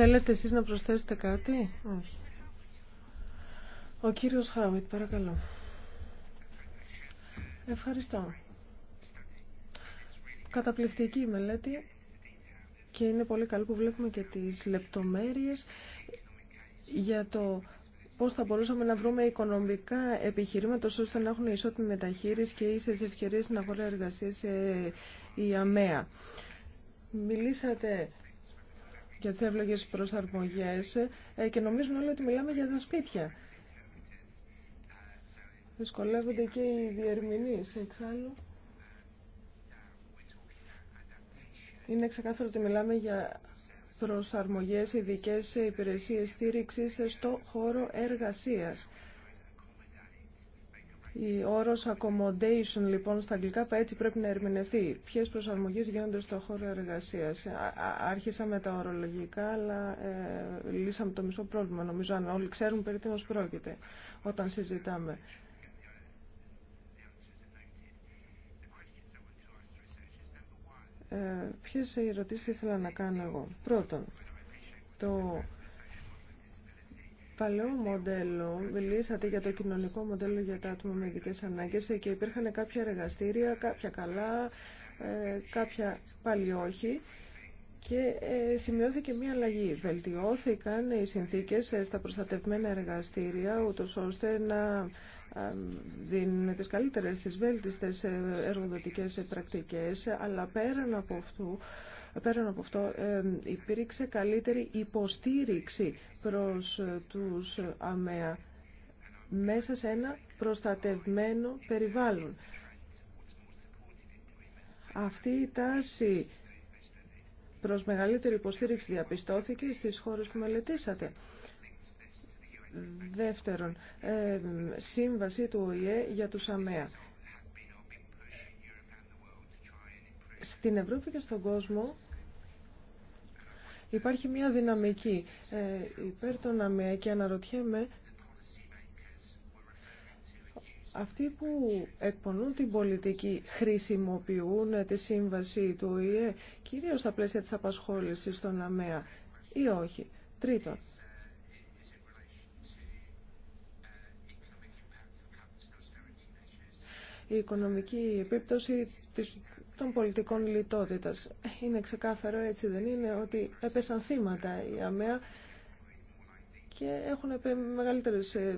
Θέλετε εσείς να προσθέσετε κάτι? Όχι. Ο κύριος Χάουιτ, παρακαλώ. Ευχαριστώ. Καταπληκτική μελέτη και είναι πολύ καλό που βλέπουμε και τις λεπτομέρειες για το πώς θα μπορούσαμε να βρούμε οικονομικά επιχειρήματα ώστε να έχουν ισότιμη μεταχείριση και ίσες ευκαιρίες στην αγορά εργασίας η ΑΜΕΑ. Μιλήσατε για τις εύλογες προσαρμογές ε, και νομίζουν όλοι ότι μιλάμε για τα σπίτια. Δυσκολεύονται και οι διερμηνείς, εξάλλου. Είναι ξεκάθαρο ότι μιλάμε για προσαρμογές, ειδικέ υπηρεσίες στήριξης στο χώρο εργασίας. Η όρος accommodation λοιπόν στα αγγλικά έτσι πρέπει να ερμηνευτεί. Ποιες προσαρμογές γίνονται στο χώρο εργασίας. Άρχισα με τα ορολογικά αλλά ε, λύσαμε το μισό πρόβλημα. Νομίζω αν όλοι ξέρουν περί τίνο πρόκειται όταν συζητάμε. Ε, ποιες ερωτήσεις ήθελα να κάνω εγώ. Πρώτον, το παλαιό μοντέλο, μιλήσατε για το κοινωνικό μοντέλο για τα άτομα με ειδικέ ανάγκες και υπήρχαν κάποια εργαστήρια, κάποια καλά, ε, κάποια πάλι όχι. Και ε, σημειώθηκε μια αλλαγή. Βελτιώθηκαν οι συνθήκες ε, στα προστατευμένα εργαστήρια, ούτως ώστε να δίνουν τις καλύτερες, τις βέλτιστες εργοδοτικέ πρακτικέ, αλλά πέραν από αυτού Πέραν από αυτό, υπήρξε καλύτερη υποστήριξη προς ε, τους ΑΜΕΑ μέσα σε ένα προστατευμένο περιβάλλον. Αυτή η τάση προς μεγαλύτερη υποστήριξη διαπιστώθηκε στις χώρες που μελετήσατε. Δεύτερον, σύμβαση του ΟΗΕ για τους ΑΜΕΑ. στην Ευρώπη και στον κόσμο υπάρχει μια δυναμική ε, υπέρ των και αναρωτιέμαι αυτοί που εκπονούν την πολιτική χρησιμοποιούν τη σύμβαση του ΟΗΕ κυρίως στα πλαίσια της απασχόλησης των ΑΜΕΑ ή όχι. Τρίτον, η οικονομική επίπτωση της των πολιτικών λιτότητας. Είναι ξεκάθαρο, έτσι δεν είναι, ότι έπεσαν θύματα η ΑΜΕΑ και έχουν μεγαλύτερες ε,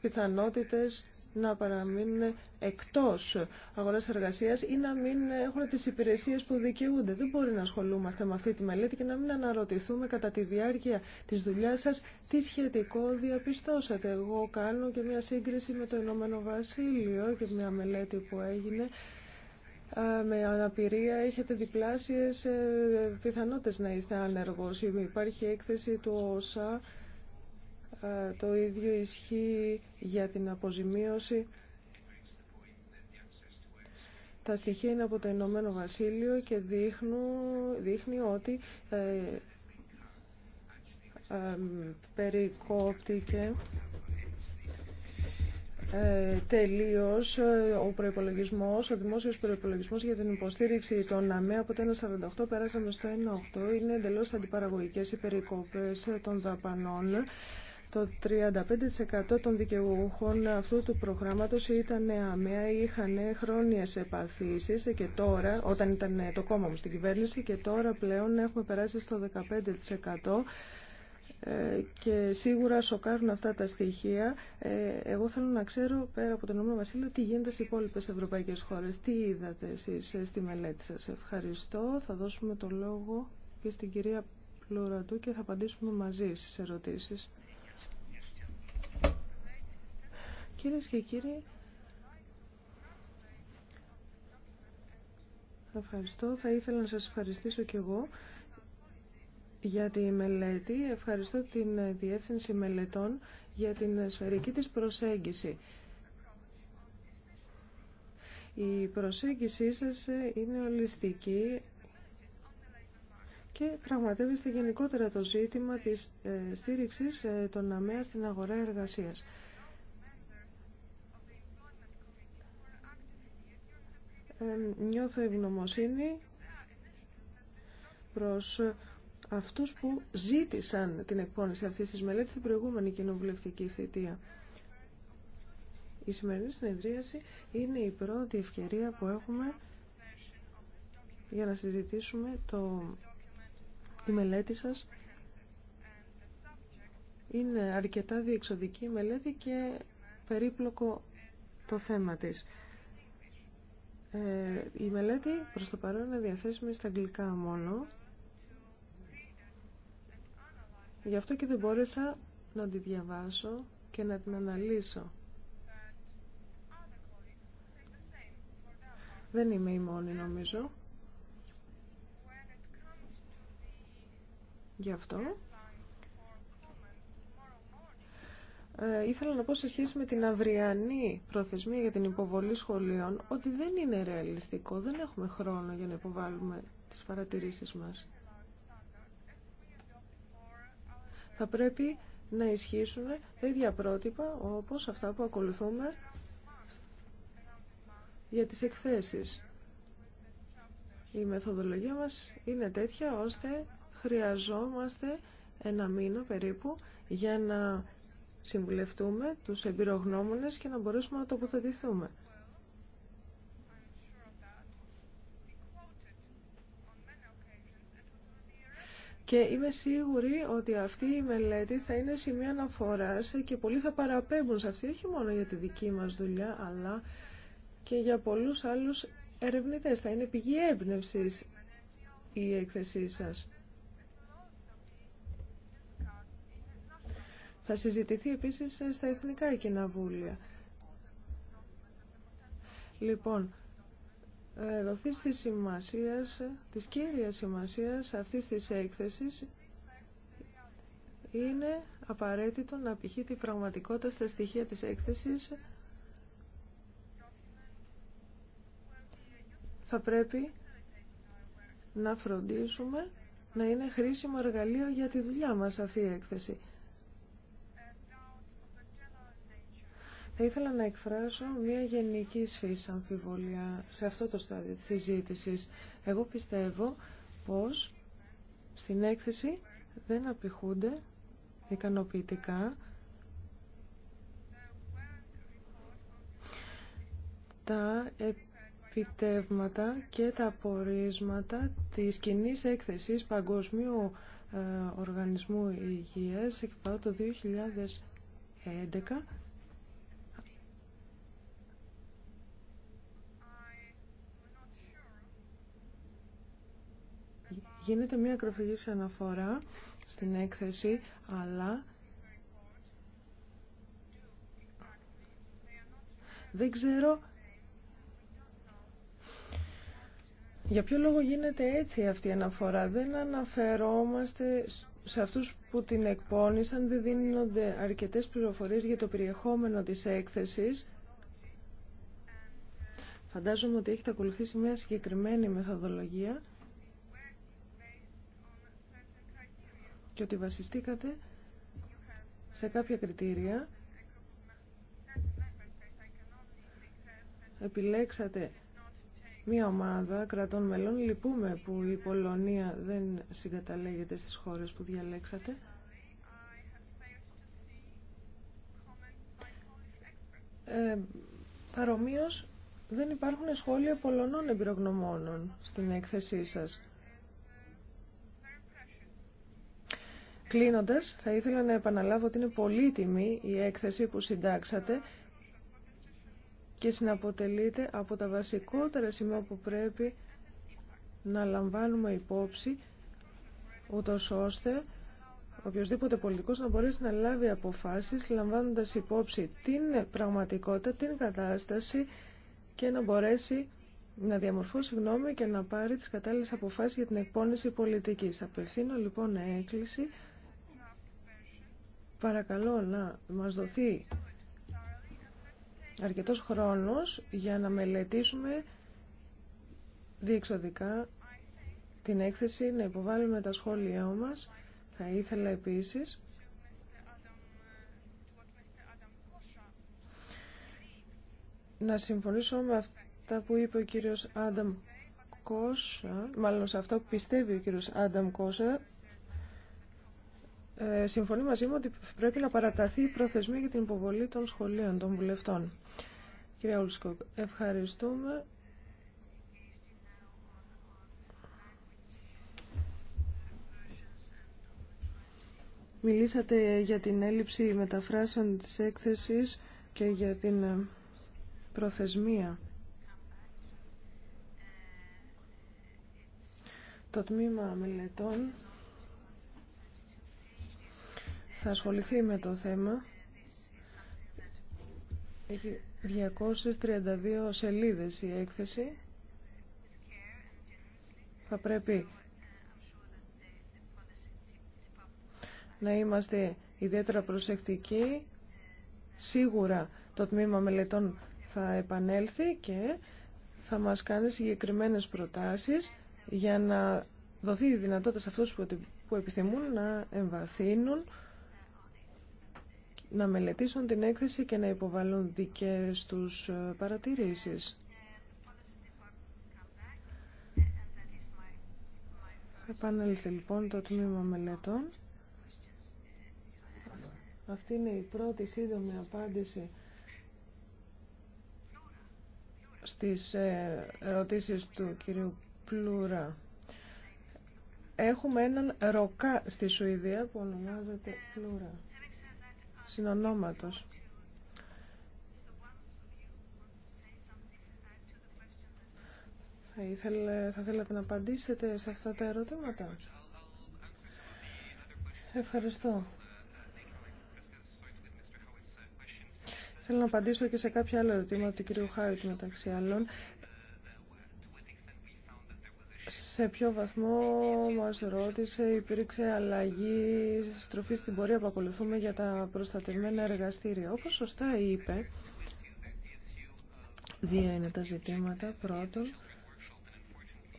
πιθανότητες να παραμείνουν εκτός αγοράς εργασίας ή να μην έχουν τις υπηρεσίες που δικαιούνται. Δεν μπορεί να ασχολούμαστε με αυτή τη μελέτη και να μην αναρωτηθούμε κατά τη διάρκεια της δουλειάς σας τι σχετικό διαπιστώσατε. Εγώ κάνω και μια σύγκριση με το Ηνωμένο Βασίλειο και μια μελέτη που έγινε με αναπηρία έχετε διπλάσιες ε, πιθανότητες να είστε άνεργος. Υπάρχει έκθεση του ΩΣΑ, το ίδιο ισχύει για την αποζημίωση. Τα στοιχεία είναι από το Ηνωμένο Βασίλειο και δείχνει ότι ε, ε, περικόπτηκε ε, τελείω ε, ο προπολογισμό, ο δημόσιο προπολογισμό για την υποστήριξη των ΑΜΕ από το 1,48 πέρασαμε στο 1,8. Είναι εντελώ αντιπαραγωγικέ οι περικόπε των δαπανών. Το 35% των δικαιούχων αυτού του προγράμματος ήταν αμαία, είχαν χρόνιες παθήσεις και τώρα, όταν ήταν το κόμμα μου στην κυβέρνηση και τώρα πλέον έχουμε περάσει στο 15% ε, και σίγουρα σοκάρουν αυτά τα στοιχεία. Ε, εγώ θέλω να ξέρω, πέρα από τον νόμο Βασίλειο, τι γίνεται στις υπόλοιπες ευρωπαϊκές χώρες. Τι είδατε εσείς ε, στη μελέτη σας. Ευχαριστώ. Θα δώσουμε το λόγο και στην κυρία Πλουρατού και θα απαντήσουμε μαζί στις ερωτήσεις. Κυρίε και κύριοι, ευχαριστώ. Θα ήθελα να σας ευχαριστήσω κι εγώ για τη μελέτη. Ευχαριστώ την Διεύθυνση Μελετών για την σφαιρική της προσέγγιση. Η προσέγγιση σας είναι ολιστική και πραγματεύεστε γενικότερα το ζήτημα της ε, στήριξης ε, των ΑΜΕΑ στην αγορά εργασίας. Ε, νιώθω ευγνωμοσύνη προς αυτούς που ζήτησαν την εκπόνηση αυτής της μελέτης στην προηγούμενη κοινοβουλευτική θητεία. Η σημερινή συνεδρίαση είναι η πρώτη ευκαιρία που έχουμε για να συζητήσουμε το, τη μελέτη σας. Είναι αρκετά διεξοδική η μελέτη και περίπλοκο το θέμα της. Ε, η μελέτη προς το παρόν είναι διαθέσιμη στα αγγλικά μόνο. Γι' αυτό και δεν μπόρεσα να τη διαβάσω και να την αναλύσω. Δεν είμαι η μόνη νομίζω. Γι' αυτό ε, ήθελα να πω σε σχέση με την αυριανή προθεσμία για την υποβολή σχολείων ότι δεν είναι ρεαλιστικό, δεν έχουμε χρόνο για να υποβάλουμε τις παρατηρήσεις μας. θα πρέπει να ισχύσουν τα ίδια πρότυπα όπως αυτά που ακολουθούμε για τις εκθέσεις. Η μεθοδολογία μας είναι τέτοια ώστε χρειαζόμαστε ένα μήνα περίπου για να συμβουλευτούμε τους εμπειρογνώμονες και να μπορέσουμε να τοποθετηθούμε. Και είμαι σίγουρη ότι αυτή η μελέτη θα είναι σημείο αναφοράς και πολλοί θα παραπέμπουν σε αυτή, όχι μόνο για τη δική μας δουλειά, αλλά και για πολλούς άλλους ερευνητές. Θα είναι πηγή έμπνευση η έκθεσή σας. Θα συζητηθεί επίσης στα Εθνικά Κοινοβούλια. Λοιπόν, δοθεί τη σημασία, της κύριας σημασίας αυτής της έκθεσης είναι απαραίτητο να πηχεί την πραγματικότητα στα στοιχεία της έκθεσης θα πρέπει να φροντίσουμε να είναι χρήσιμο εργαλείο για τη δουλειά μας αυτή η έκθεση. Θα ήθελα να εκφράσω μια γενική φύση αμφιβολία σε αυτό το στάδιο της συζήτησης. Εγώ πιστεύω πως στην έκθεση δεν απηχούνται ικανοποιητικά τα επιτεύγματα και τα απορίσματα της κοινή έκθεσης Παγκοσμίου ε, Οργανισμού Υγείας εκπαιδεύω το 2011 Γίνεται μια σε αναφορά στην έκθεση, αλλά δεν ξέρω για ποιο λόγο γίνεται έτσι αυτή η αναφορά. Δεν αναφερόμαστε σε αυτούς που την εκπώνησαν, δεν δίνονται αρκετές πληροφορίες για το περιεχόμενο της έκθεσης. Φαντάζομαι ότι έχετε ακολουθήσει μια συγκεκριμένη μεθοδολογία. και ότι βασιστήκατε σε κάποια κριτήρια. Επιλέξατε μία ομάδα κρατών μελών. Λυπούμε που η Πολωνία δεν συγκαταλέγεται στις χώρες που διαλέξατε. Ε, παρομοίως, δεν υπάρχουν σχόλια πολωνών εμπειρογνωμόνων στην έκθεσή σας. Κλείνοντας, θα ήθελα να επαναλάβω ότι είναι πολύτιμη η έκθεση που συντάξατε και συναποτελείται από τα βασικότερα σημεία που πρέπει να λαμβάνουμε υπόψη, ούτω ώστε οποιοδήποτε πολιτικός να μπορέσει να λάβει αποφάσεις, λαμβάνοντας υπόψη την πραγματικότητα, την κατάσταση και να μπορέσει να διαμορφώσει γνώμη και να πάρει τις κατάλληλες αποφάσεις για την εκπόνηση πολιτικής. Απευθύνω λοιπόν έκκληση Παρακαλώ να μας δοθεί αρκετός χρόνος για να μελετήσουμε διεξοδικά την έκθεση, να υποβάλουμε τα σχόλιά μας. Θα ήθελα επίσης να συμφωνήσω με αυτά που είπε ο κύριος Άνταμ Κόσα, μάλλον σε αυτό που πιστεύει ο κύριος Άνταμ Κόσα, ε, συμφωνεί μαζί μου ότι πρέπει να παραταθεί η προθεσμία για την υποβολή των σχολείων των βουλευτών. Κυρία Ολσκο, ευχαριστούμε. Μιλήσατε για την έλλειψη μεταφράσεων της έκθεσης και για την ε, προθεσμία. Το τμήμα μελετών θα ασχοληθεί με το θέμα. Έχει 232 σελίδες η έκθεση. Θα πρέπει να είμαστε ιδιαίτερα προσεκτικοί. Σίγουρα το τμήμα μελετών θα επανέλθει και θα μας κάνει συγκεκριμένες προτάσεις για να δοθεί η δυνατότητα σε αυτούς που επιθυμούν να εμβαθύνουν να μελετήσουν την έκθεση και να υποβαλούν δικές τους ε, παρατηρήσεις. Επανέλθει λοιπόν το τμήμα μελετών. Αυτή είναι η πρώτη σύντομη απάντηση στις ε, ερωτήσεις του κυρίου Πλούρα. Έχουμε έναν ροκά στη Σουηδία που ονομάζεται Πλούρα συνονόματος. Θα, ήθελε, θα θέλατε να απαντήσετε σε αυτά τα ερωτήματα. Ευχαριστώ. Θέλω να απαντήσω και σε κάποια άλλα ερωτήματα του κ. Χάιτ μεταξύ άλλων σε ποιο βαθμό μας ρώτησε υπήρξε αλλαγή στροφή στην πορεία που ακολουθούμε για τα προστατευμένα εργαστήρια. Όπως σωστά είπε, δύο είναι τα ζητήματα. Πρώτον,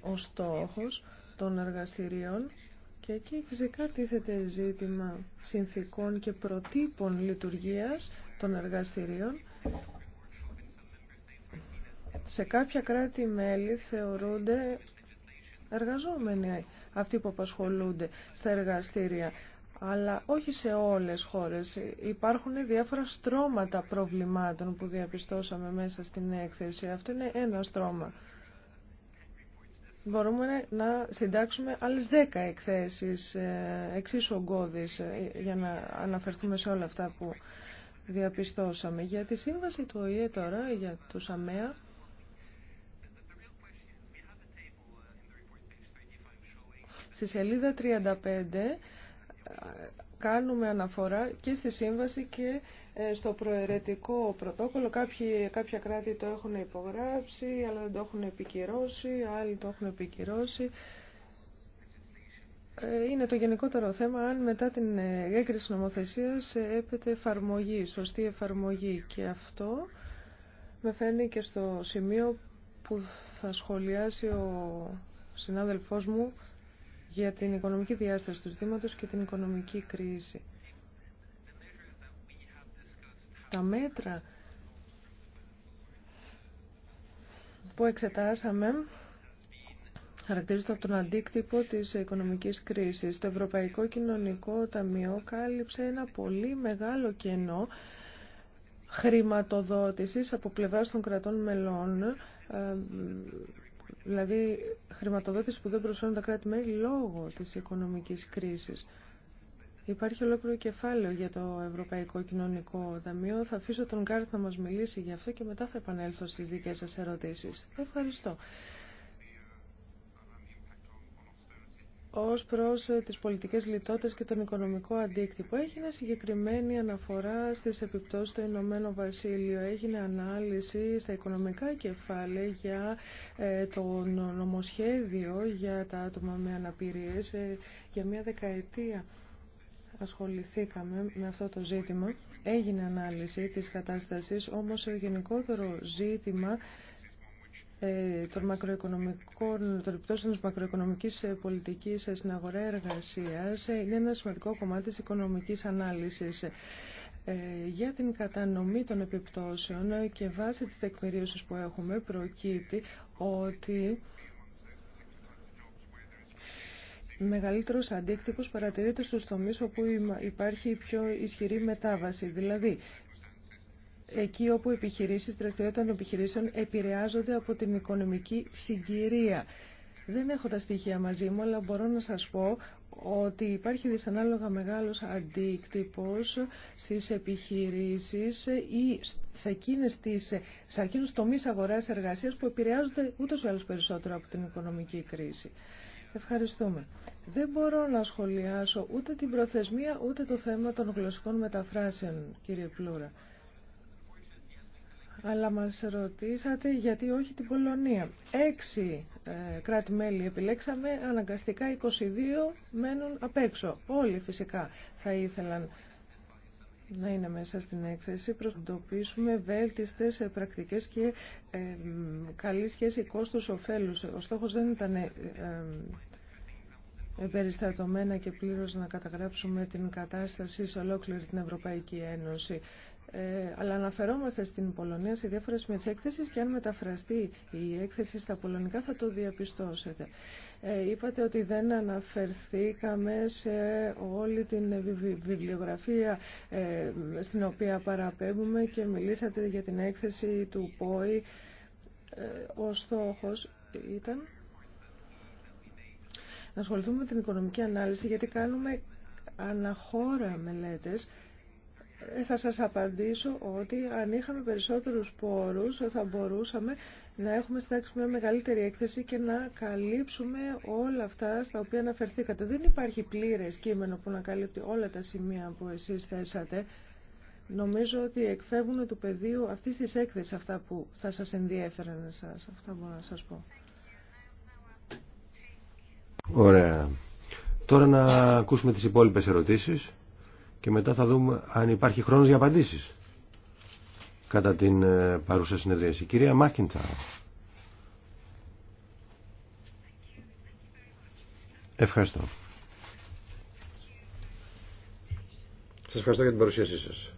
ο στόχος των εργαστηρίων και εκεί φυσικά τίθεται ζήτημα συνθήκων και προτύπων λειτουργίας των εργαστηρίων σε κάποια κράτη-μέλη θεωρούνται εργαζόμενοι αυτοί που απασχολούνται στα εργαστήρια αλλά όχι σε όλες χώρες. Υπάρχουν διάφορα στρώματα προβλημάτων που διαπιστώσαμε μέσα στην έκθεση. Αυτό είναι ένα στρώμα. Μπορούμε να συντάξουμε άλλες δέκα εκθέσεις ε, εξίσου ογκώδης ε, για να αναφερθούμε σε όλα αυτά που διαπιστώσαμε. Για τη σύμβαση του ΟΗΕ τώρα, για τους ΑΜΕΑ, Στη σελίδα 35 κάνουμε αναφορά και στη σύμβαση και ε, στο προαιρετικό πρωτόκολλο. κάποια κράτη το έχουν υπογράψει, αλλά δεν το έχουν επικυρώσει, άλλοι το έχουν επικυρώσει. Ε, είναι το γενικότερο θέμα αν μετά την ε, έγκριση νομοθεσίας έπεται εφαρμογή, σωστή εφαρμογή. Και αυτό με φέρνει και στο σημείο που θα σχολιάσει ο συνάδελφός μου για την οικονομική διάσταση του ζητήματος και την οικονομική κρίση. Τα μέτρα που εξετάσαμε χαρακτηρίζονται από τον αντίκτυπο της οικονομικής κρίσης. Το Ευρωπαϊκό Κοινωνικό Ταμείο κάλυψε ένα πολύ μεγάλο κενό χρηματοδότησης από πλευράς των κρατών μελών ε, δηλαδή χρηματοδότηση που δεν προσφέρουν τα κράτη-μέλη λόγω της οικονομικής κρίσης. Υπάρχει ολόκληρο κεφάλαιο για το Ευρωπαϊκό Κοινωνικό Ταμείο. Θα αφήσω τον Κάρθ να μας μιλήσει γι' αυτό και μετά θα επανέλθω στις δικές σας ερωτήσεις. Ευχαριστώ. ως προς ε, τις πολιτικές λιτότητες και τον οικονομικό αντίκτυπο. έχει μια συγκεκριμένη αναφορά στις επιπτώσεις στο Ηνωμένο Βασίλειο. Έγινε ανάλυση στα οικονομικά κεφάλαια για ε, το νομοσχέδιο για τα άτομα με αναπηρίες. Ε, για μια δεκαετία ασχοληθήκαμε με αυτό το ζήτημα. Έγινε ανάλυση της κατάστασης, όμως το γενικότερο ζήτημα ε, των μακροοικονομικών, των επιπτώσεων της μακροοικονομικής ε, πολιτικής ε, στην αγορά εργασίας είναι ένα σημαντικό κομμάτι της οικονομικής ανάλυσης για την κατανομή των επιπτώσεων και βάσει της τεκμηρίωσης που έχουμε προκύπτει ότι μεγαλύτερος αντίκτυπος παρατηρείται στους τομείς όπου υπάρχει η πιο ισχυρή μετάβαση. Δηλαδή, εκεί όπου επιχειρήσεις, δραστηριότητα των επιχειρήσεων επηρεάζονται από την οικονομική συγκυρία. Δεν έχω τα στοιχεία μαζί μου, αλλά μπορώ να σας πω ότι υπάρχει δυσανάλογα μεγάλος αντίκτυπος στις επιχειρήσεις ή σε, εκείνες τις, σε εκείνους τομείς αγοράς εργασίας που επηρεάζονται ούτως ή άλλως περισσότερο από την οικονομική κρίση. Ευχαριστούμε. Δεν μπορώ να σχολιάσω ούτε την προθεσμία ούτε το θέμα των γλωσσικών μεταφράσεων, κύριε Πλούρα αλλά μας ρωτήσατε γιατί όχι την Πολωνία. Έξι ε, κράτη-μέλη επιλέξαμε, αναγκαστικά 22 μένουν απ' έξω. Όλοι φυσικά θα ήθελαν να είναι μέσα στην έκθεση. Προσδοποιήσουμε βέλτιστες ε, πρακτικές και ε, καλή σχέση κόστος-οφέλους. Ο στόχος δεν ήταν περιστατωμένα και πλήρως να καταγράψουμε την κατάσταση σε ολόκληρη την Ευρωπαϊκή Ένωση. Ε, αλλά αναφερόμαστε στην Πολωνία σε διάφορε σημεία και αν μεταφραστεί η έκθεση στα πολωνικά θα το διαπιστώσετε. Ε, είπατε ότι δεν αναφερθήκαμε σε όλη την βιβλιογραφία ε, στην οποία παραπέμπουμε και μιλήσατε για την έκθεση του ΠΟΗ. Ε, ο στόχος ήταν να ασχοληθούμε με την οικονομική ανάλυση γιατί κάνουμε αναχώρα μελέτες θα σας απαντήσω ότι αν είχαμε περισσότερους πόρους θα μπορούσαμε να έχουμε στάξει μια μεγαλύτερη έκθεση και να καλύψουμε όλα αυτά στα οποία αναφερθήκατε. Δεν υπάρχει πλήρες κείμενο που να καλύπτει όλα τα σημεία που εσείς θέσατε. Νομίζω ότι εκφεύγουν του πεδίου αυτή τη έκθεση αυτά που θα σας ενδιέφεραν εσάς. Αυτά μπορώ να σας πω. Ωραία. Τώρα να ακούσουμε τις υπόλοιπες ερωτήσεις και μετά θα δούμε αν υπάρχει χρόνος για απαντήσεις κατά την ε, παρούσα συνεδρίαση. Κυρία Μάκιντσα. Ευχαριστώ. Σας ευχαριστώ για την παρουσίασή σας.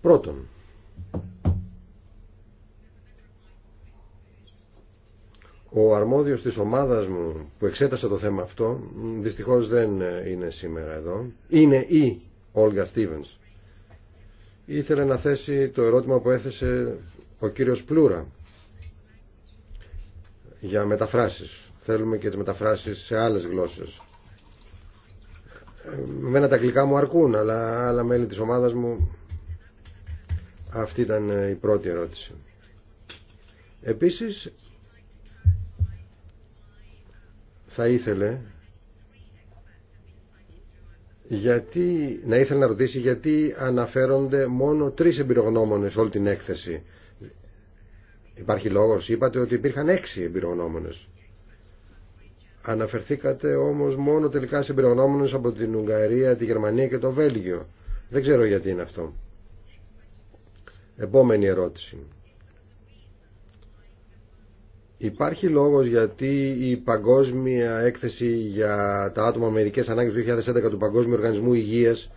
Πρώτον, Ο αρμόδιος της ομάδας μου που εξέτασε το θέμα αυτό, δυστυχώς δεν ε, είναι σήμερα εδώ, είναι η Όλγα Στίβενς. Ήθελε να θέσει το ερώτημα που έθεσε ο κύριος Πλούρα για μεταφράσεις. Θέλουμε και τις μεταφράσεις σε άλλες γλώσσες. Μένα τα αγγλικά μου αρκούν, αλλά άλλα μέλη της ομάδας μου αυτή ήταν ε, η πρώτη ερώτηση. Επίσης θα ήθελε γιατί, να ήθελε να ρωτήσει γιατί αναφέρονται μόνο τρεις εμπειρογνώμονες όλη την έκθεση. Υπάρχει λόγος, είπατε ότι υπήρχαν έξι εμπειρογνώμονες. Αναφερθήκατε όμως μόνο τελικά σε εμπειρογνώμονες από την Ουγγαρία, τη Γερμανία και το Βέλγιο. Δεν ξέρω γιατί είναι αυτό. Επόμενη ερώτηση. Υπάρχει λόγος γιατί η παγκόσμια έκθεση για τα άτομα με ειδικές ανάγκες του 2011 του Παγκόσμιου Οργανισμού Υγείας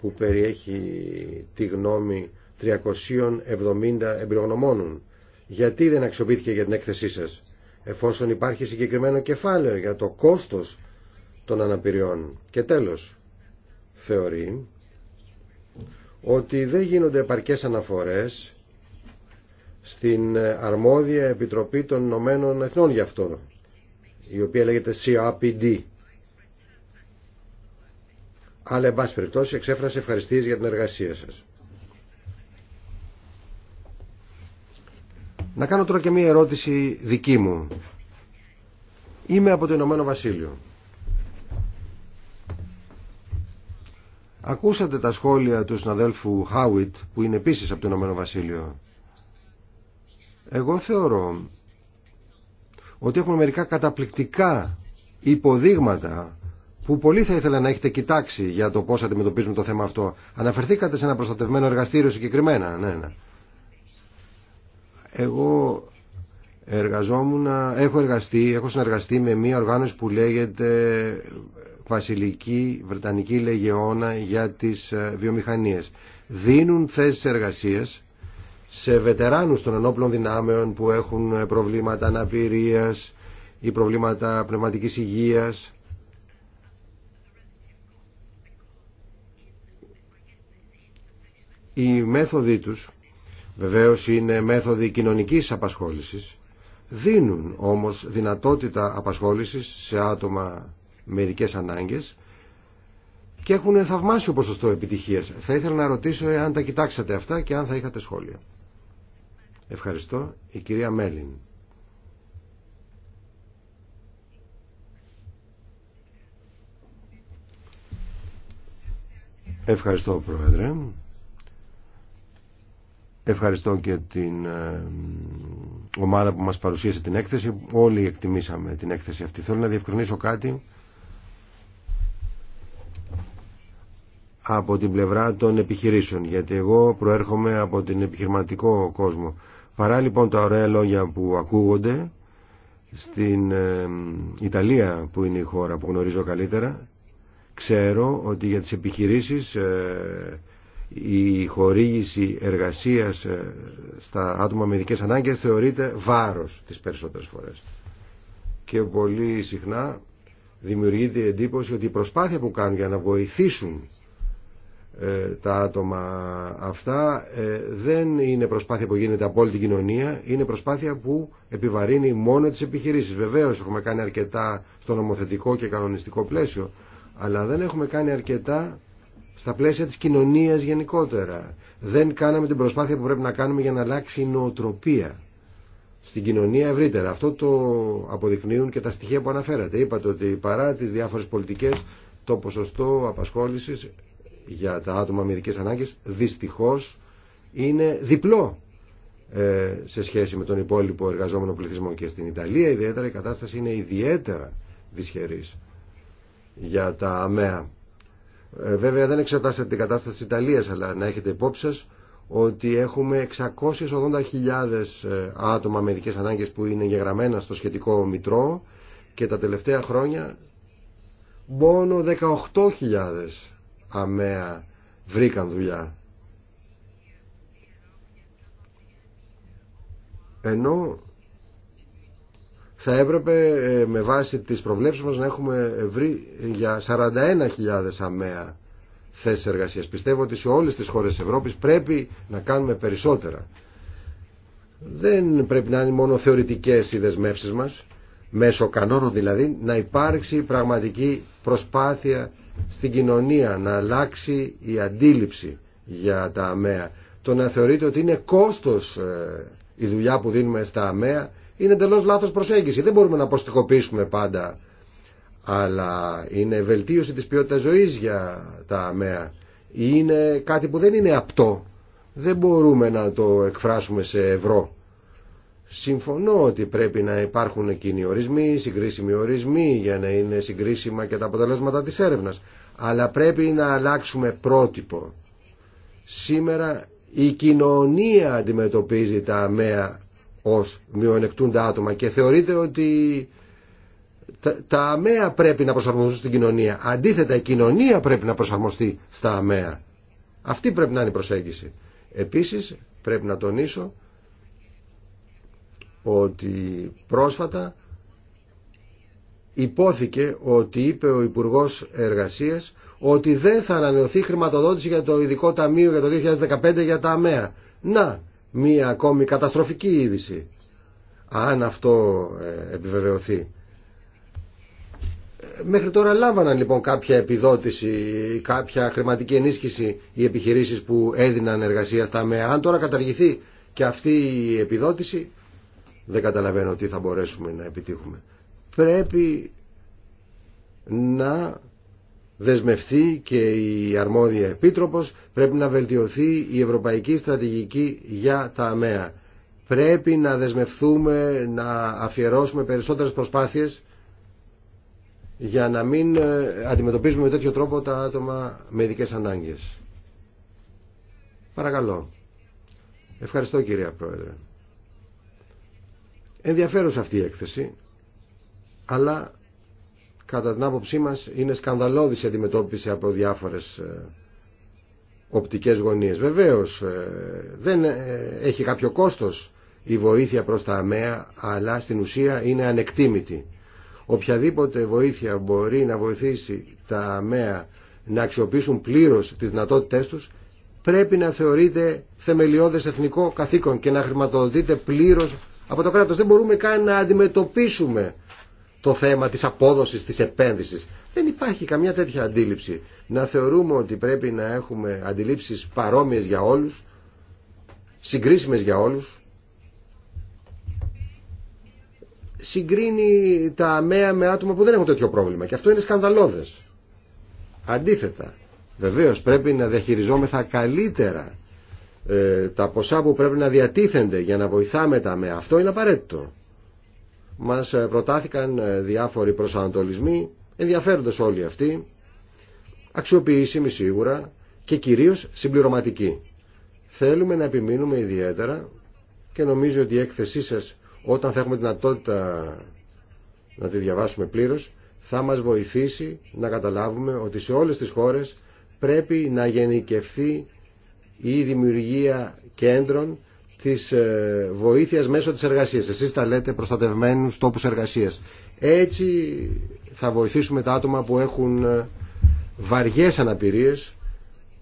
που περιέχει τη γνώμη 370 εμπειρογνωμόνων. Γιατί δεν αξιοποιήθηκε για την έκθεσή σας εφόσον υπάρχει συγκεκριμένο κεφάλαιο για το κόστος των αναπηριών. Και τέλος, θεωρεί ότι δεν γίνονται επαρκές αναφορές στην αρμόδια Επιτροπή των Ηνωμένων Εθνών για αυτό, η οποία λέγεται CRPD. Αλλά, εν πάση περιπτώσει, εξέφρασε ευχαριστίες για την εργασία σας. Να κάνω τώρα και μία ερώτηση δική μου. Είμαι από το Ηνωμένο Βασίλειο. Ακούσατε τα σχόλια του συναδέλφου Χάουιτ, που είναι επίσης από το Ηνωμένο Βασίλειο. Εγώ θεωρώ ότι έχουμε μερικά καταπληκτικά υποδείγματα που πολύ θα ήθελα να έχετε κοιτάξει για το πώς αντιμετωπίζουμε το θέμα αυτό. Αναφερθήκατε σε ένα προστατευμένο εργαστήριο συγκεκριμένα. Ναι, ναι. Εγώ εργαζόμουν, έχω εργαστεί, έχω συνεργαστεί με μια οργάνωση που λέγεται Βασιλική Βρετανική Λεγεώνα για τις ε, βιομηχανίες. Δίνουν θέσεις εργασίας σε βετεράνους των ενόπλων δυνάμεων που έχουν ε, προβλήματα αναπηρίας ή προβλήματα πνευματικής υγείας οι μέθοδοι τους βεβαίως είναι μέθοδοι κοινωνικής απασχόλησης δίνουν όμως δυνατότητα απασχόλησης σε άτομα με ειδικέ ανάγκες και έχουν θαυμάσιο ποσοστό επιτυχίας. Θα ήθελα να ρωτήσω αν τα κοιτάξατε αυτά και αν θα είχατε σχόλια. Ευχαριστώ. Η κυρία Μέλιν. Ευχαριστώ, Πρόεδρε. Ευχαριστώ και την ε, ομάδα που μας παρουσίασε την έκθεση. Όλοι εκτιμήσαμε την έκθεση αυτή. Θέλω να διευκρινίσω κάτι από την πλευρά των επιχειρήσεων. Γιατί εγώ προέρχομαι από την επιχειρηματικό κόσμο. Παρά λοιπόν τα ωραία λόγια που ακούγονται στην ε, Ιταλία που είναι η χώρα που γνωρίζω καλύτερα ξέρω ότι για τις επιχειρήσεις ε, η χορήγηση εργασίας ε, στα άτομα με ειδικές ανάγκες θεωρείται βάρος τις περισσότερες φορές και πολύ συχνά δημιουργείται η εντύπωση ότι η προσπάθεια που κάνουν για να βοηθήσουν ε, τα άτομα αυτά ε, δεν είναι προσπάθεια που γίνεται από όλη την κοινωνία, είναι προσπάθεια που επιβαρύνει μόνο τις επιχειρήσεις. Βεβαίως έχουμε κάνει αρκετά στο νομοθετικό και κανονιστικό πλαίσιο, αλλά δεν έχουμε κάνει αρκετά στα πλαίσια της κοινωνίας γενικότερα. Δεν κάναμε την προσπάθεια που πρέπει να κάνουμε για να αλλάξει η νοοτροπία στην κοινωνία ευρύτερα. Αυτό το αποδεικνύουν και τα στοιχεία που αναφέρατε. Είπατε ότι παρά τις διάφορες πολιτικές το ποσοστό απασχόλησης για τα άτομα με ειδικέ ανάγκε, δυστυχώ είναι διπλό ε, σε σχέση με τον υπόλοιπο εργαζόμενο πληθυσμό και στην Ιταλία ιδιαίτερα η κατάσταση είναι ιδιαίτερα δυσχερής για τα αμαία ε, βέβαια δεν εξετάσετε την κατάσταση της Ιταλίας αλλά να έχετε υπόψη σας ότι έχουμε 680.000 ε, άτομα με ειδικές ανάγκες που είναι γεγραμμένα στο σχετικό μητρό και τα τελευταία χρόνια μόνο 18.000 αμαία βρήκαν δουλειά. Ενώ θα έπρεπε ε, με βάση τις προβλέψεις μας να έχουμε βρει για 41.000 αμαία θέσεις εργασίας. Πιστεύω ότι σε όλες τις χώρες της Ευρώπης πρέπει να κάνουμε περισσότερα. Δεν πρέπει να είναι μόνο θεωρητικές οι δεσμεύσεις μας μέσω κανόνων δηλαδή, να υπάρξει πραγματική προσπάθεια στην κοινωνία, να αλλάξει η αντίληψη για τα αμαία. Το να θεωρείτε ότι είναι κόστος ε, η δουλειά που δίνουμε στα αμαία είναι εντελώ λάθος προσέγγιση. Δεν μπορούμε να αποστικοποιήσουμε πάντα, αλλά είναι βελτίωση της ποιότητας ζωής για τα αμαία. Είναι κάτι που δεν είναι απτό. Δεν μπορούμε να το εκφράσουμε σε ευρώ. Συμφωνώ ότι πρέπει να υπάρχουν κοινοί ορισμοί, συγκρίσιμοι ορισμοί για να είναι συγκρίσιμα και τα αποτελέσματα της έρευνας. Αλλά πρέπει να αλλάξουμε πρότυπο. Σήμερα η κοινωνία αντιμετωπίζει τα αμαία ως μειονεκτούντα άτομα και θεωρείται ότι τα αμαία πρέπει να προσαρμοστούν στην κοινωνία. Αντίθετα, η κοινωνία πρέπει να προσαρμοστεί στα αμαία. Αυτή πρέπει να είναι η προσέγγιση. Επίσης, πρέπει να τονίσω ότι πρόσφατα υπόθηκε ότι είπε ο Υπουργός Εργασίας ότι δεν θα ανανεωθεί χρηματοδότηση για το ειδικό ταμείο για το 2015 για τα ΑΜΕΑ. Να, μία ακόμη καταστροφική είδηση, αν αυτό ε, επιβεβαιωθεί. Μέχρι τώρα λάβαναν λοιπόν κάποια επιδότηση, κάποια χρηματική ενίσχυση οι επιχειρήσεις που έδιναν εργασία στα ΑΜΕΑ. Αν τώρα καταργηθεί και αυτή η επιδότηση, δεν καταλαβαίνω τι θα μπορέσουμε να επιτύχουμε. Πρέπει να δεσμευτεί και η αρμόδια επίτροπος, πρέπει να βελτιωθεί η ευρωπαϊκή στρατηγική για τα αμαία. Πρέπει να δεσμευθούμε, να αφιερώσουμε περισσότερες προσπάθειες για να μην ε, αντιμετωπίζουμε με τέτοιο τρόπο τα άτομα με ειδικέ ανάγκες. Παρακαλώ. Ευχαριστώ κυρία Πρόεδρε. Ενδιαφέρουσα αυτή η έκθεση, αλλά κατά την άποψή μας είναι σκανδαλώδης η αντιμετώπιση από διάφορες ε, οπτικές γωνίες. Βεβαίως ε, δεν ε, έχει κάποιο κόστος η βοήθεια προς τα αμαία, αλλά στην ουσία είναι ανεκτήμητη. Οποιαδήποτε βοήθεια μπορεί να βοηθήσει τα αμαία να αξιοποιήσουν πλήρως τις δυνατότητές τους, πρέπει να θεωρείται θεμελιώδες εθνικό καθήκον και να χρηματοδοτείται πλήρως από το κράτος. Δεν μπορούμε καν να αντιμετωπίσουμε το θέμα της απόδοσης, της επένδυσης. Δεν υπάρχει καμία τέτοια αντίληψη. Να θεωρούμε ότι πρέπει να έχουμε αντιλήψεις παρόμοιες για όλους, συγκρίσιμες για όλους. Συγκρίνει τα αμαία με άτομα που δεν έχουν τέτοιο πρόβλημα και αυτό είναι σκανδαλώδες. Αντίθετα, βεβαίως πρέπει να διαχειριζόμεθα καλύτερα ε, τα ποσά που πρέπει να διατίθενται για να βοηθάμε τα με αυτό είναι απαραίτητο. Μας ε, προτάθηκαν ε, διάφοροι προσανατολισμοί, ενδιαφέροντες όλοι αυτοί, αξιοποιήσιμοι σίγουρα και κυρίως συμπληρωματικοί. Θέλουμε να επιμείνουμε ιδιαίτερα και νομίζω ότι η έκθεσή σας όταν θα έχουμε δυνατότητα να τη διαβάσουμε πλήρως θα μας βοηθήσει να καταλάβουμε ότι σε όλες τις χώρες πρέπει να γενικευθεί η δημιουργία κέντρων της ε, βοήθειας μέσω της εργασίας. Εσείς τα λέτε προστατευμένους τόπους εργασίας. Έτσι θα βοηθήσουμε τα άτομα που έχουν ε, βαριές αναπηρίες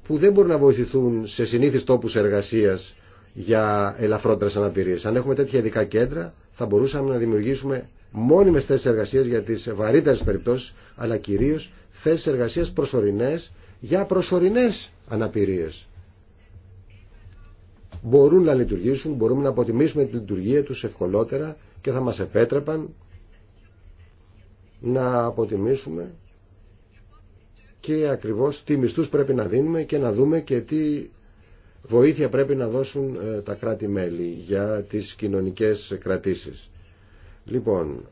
που δεν μπορούν να βοηθηθούν σε συνήθεις τόπους εργασίας για ελαφρότερες αναπηρίες. Αν έχουμε τέτοια ειδικά κέντρα θα μπορούσαμε να δημιουργήσουμε μόνιμες θέσεις εργασίας για τις βαρύτερες περιπτώσεις αλλά κυρίως θέσεις εργασίας προσωρινές για προσωρινές αναπηρίες μπορούν να λειτουργήσουν, μπορούμε να αποτιμήσουμε τη λειτουργία τους ευκολότερα και θα μας επέτρεπαν να αποτιμήσουμε και ακριβώς τι μισθούς πρέπει να δίνουμε και να δούμε και τι βοήθεια πρέπει να δώσουν ε, τα κράτη-μέλη για τις κοινωνικές κρατήσεις. Λοιπόν,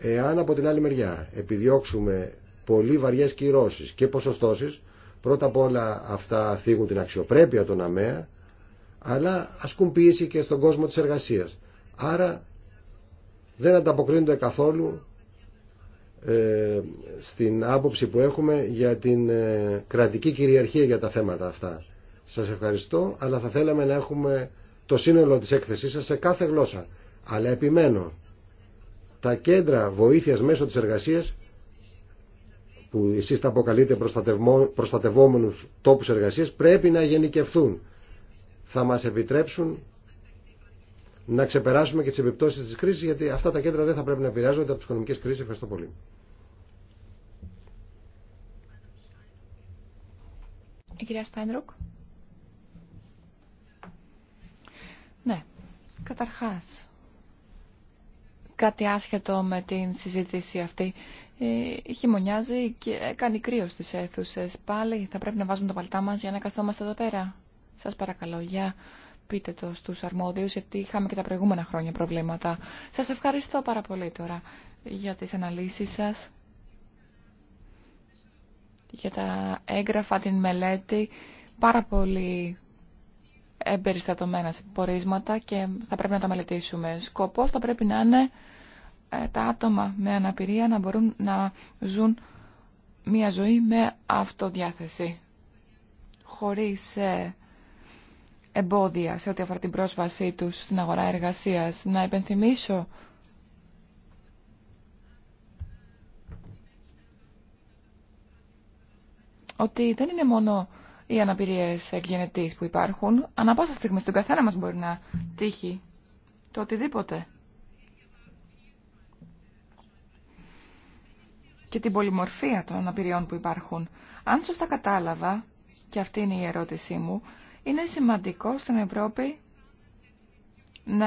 εάν από την άλλη μεριά επιδιώξουμε πολύ βαριές κυρώσεις και ποσοστώσεις, πρώτα απ' όλα αυτά θίγουν την αξιοπρέπεια των ΑΜΕΑ αλλά ασκούν πίεση και στον κόσμο της εργασίας. Άρα δεν ανταποκρίνονται καθόλου ε, στην άποψη που έχουμε για την ε, κρατική κυριαρχία για τα θέματα αυτά. Σας ευχαριστώ, αλλά θα θέλαμε να έχουμε το σύνολο της έκθεσής σας σε κάθε γλώσσα. Αλλά επιμένω, τα κέντρα βοήθειας μέσω της εργασίας που εσείς τα αποκαλείτε προστατευόμενους τόπους εργασίας πρέπει να γενικευθούν θα μας επιτρέψουν να ξεπεράσουμε και τις επιπτώσεις της κρίσης γιατί αυτά τα κέντρα δεν θα πρέπει να επηρεάζονται από τις οικονομικές κρίσεις. Ευχαριστώ πολύ. Η κυρία Στάινρουκ. Ναι, καταρχάς, κάτι άσχετο με την συζήτηση αυτή. Ε, χειμωνιάζει και κάνει κρύο στις αίθουσες. Πάλι θα πρέπει να βάζουμε τα παλτά μας για να καθόμαστε εδώ πέρα. Σας παρακαλώ, για πείτε το στους αρμόδιους, γιατί είχαμε και τα προηγούμενα χρόνια προβλήματα. Σας ευχαριστώ πάρα πολύ τώρα για τις αναλύσεις σας, για τα έγγραφα, την μελέτη, πάρα πολύ εμπεριστατωμένα πορίσματα και θα πρέπει να τα μελετήσουμε. Σκοπός θα πρέπει να είναι ε, τα άτομα με αναπηρία να μπορούν να ζουν μια ζωή με αυτοδιάθεση, χωρίς ε, εμπόδια σε ό,τι αφορά την πρόσβασή τους στην αγορά εργασίας. Να επενθυμίσω ότι δεν είναι μόνο οι αναπηρίες εκγενετής που υπάρχουν. Ανά πάσα στιγμή στον καθένα μας μπορεί να τύχει το οτιδήποτε. Και την πολυμορφία των αναπηριών που υπάρχουν. Αν σωστά κατάλαβα, και αυτή είναι η ερώτησή μου, είναι σημαντικό στην Ευρώπη να